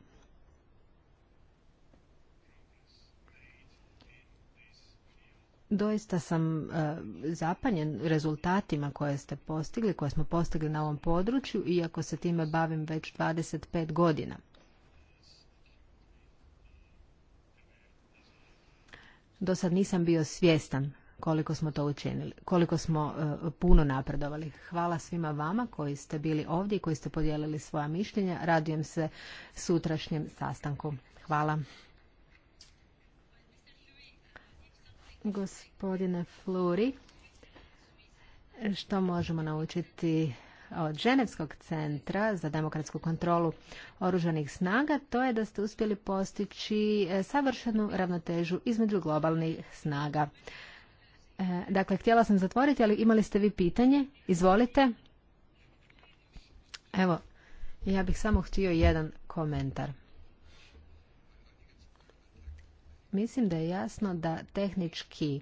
Doista sam e, zapanjen rezultatima koje ste postigli, koje smo postigli na ovom području, iako se time bavim već 25 godina. Do sad nisam bio svjestan koliko smo to učinili, koliko smo e, puno napredovali. Hvala svima vama koji ste bili ovdje i koji ste podijelili svoja mišljenja. Radujem se sutrašnjem sastanku. Hvala. Gospodine Fluri, što možemo naučiti od Ženevskog centra za demokratsku kontrolu oružanih snaga, to je da ste uspjeli postići e, savršenu ravnotežu između globalnih snaga. E, dakle, htjela sam zatvoriti, ali imali ste vi pitanje. Izvolite. Evo, ja bih samo htio jedan komentar. Mislim da je jasno da tehnički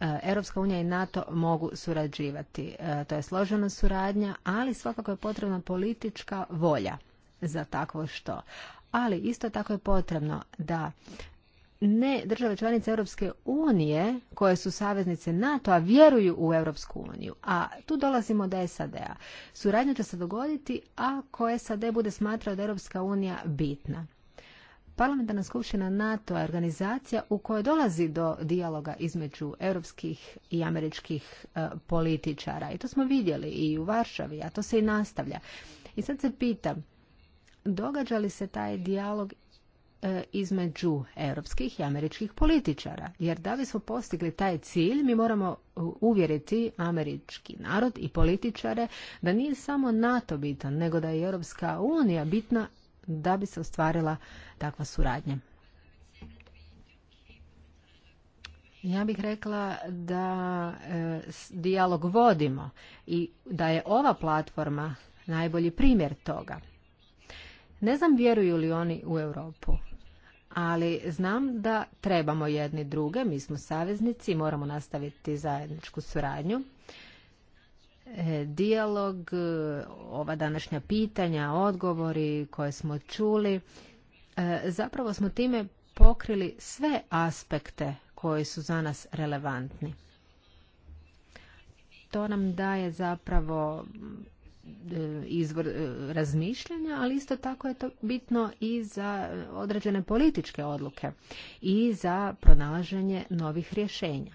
e, Europska unija i NATO mogu surađivati. E, to je složena suradnja, ali svakako je potrebna politička volja za takvo što. Ali isto tako je potrebno da ne države članice Europske unije koje su saveznice NATO, a vjeruju u Europsku uniju. A tu dolazimo do SAD-a. Suradnja će se dogoditi ako SAD bude smatrao da je Europska unija bitna. Parlamentarna skupština NATO je organizacija u kojoj dolazi do dijaloga između europskih i američkih e, političara. I to smo vidjeli i u Varšavi, a to se i nastavlja. I sad se pitam, događa li se taj dijalog E, između europskih i američkih političara. Jer da bismo postigli taj cilj, mi moramo e, uvjeriti američki narod i političare da nije samo NATO bitan, nego da je Europska unija bitna da bi se ostvarila takva suradnja. Ja bih rekla da e, dijalog vodimo i da je ova platforma najbolji primjer toga. Ne znam vjeruju li oni u Europu, ali znam da trebamo jedni druge, mi smo saveznici i moramo nastaviti zajedničku suradnju. E, dijalog, e, ova današnja pitanja, odgovori koje smo čuli, e, zapravo smo time pokrili sve aspekte koji su za nas relevantni. To nam daje zapravo izvor e, razmišljanja, ali isto tako je to bitno i za e, određene političke odluke i za pronalaženje novih rješenja.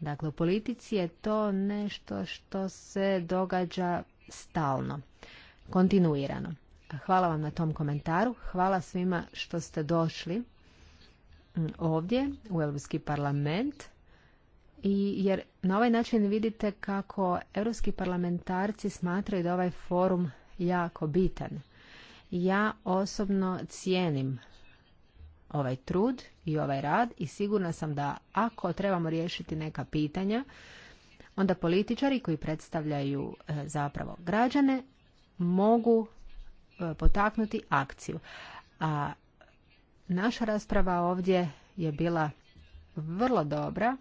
Dakle, u politici je to nešto što se događa stalno, kontinuirano. Hvala vam na tom komentaru. Hvala svima što ste došli ovdje u Europski parlament i jer na ovaj način vidite kako europski parlamentarci smatraju da ovaj forum jako bitan. Ja osobno cijenim ovaj trud i ovaj rad i sigurna sam da ako trebamo riješiti neka pitanja, onda političari koji predstavljaju e, zapravo građane mogu e, potaknuti akciju. A naša rasprava ovdje je bila vrlo dobra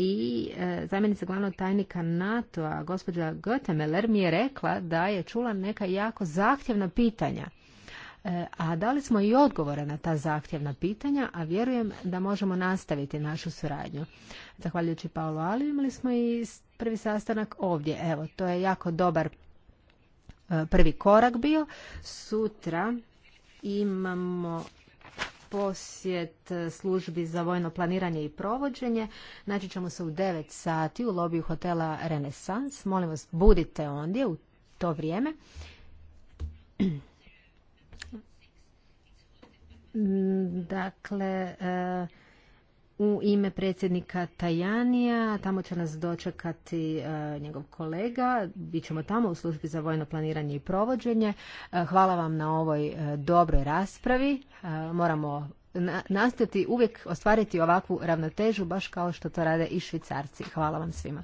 i e, zamjenica glavnog tajnika NATO-a, gospođa Götemeler, mi je rekla da je čula neka jako zahtjevna pitanja. E, a dali smo i odgovore na ta zahtjevna pitanja, a vjerujem da možemo nastaviti našu suradnju. Zahvaljujući Paolo Ali imali smo i prvi sastanak ovdje. Evo, to je jako dobar e, prvi korak bio. Sutra imamo posjet službi za vojno planiranje i provođenje. Naći ćemo se u 9 sati u lobiju hotela Renesans. Molim vas, budite ondje u to vrijeme. Dakle, e, u ime predsjednika Tajanija. Tamo će nas dočekati e, njegov kolega. Bićemo tamo u službi za vojno planiranje i provođenje. E, hvala vam na ovoj e, dobroj raspravi. Moramo na, nastojati uvijek ostvariti ovakvu ravnotežu, baš kao što to rade i švicarci. Hvala vam svima.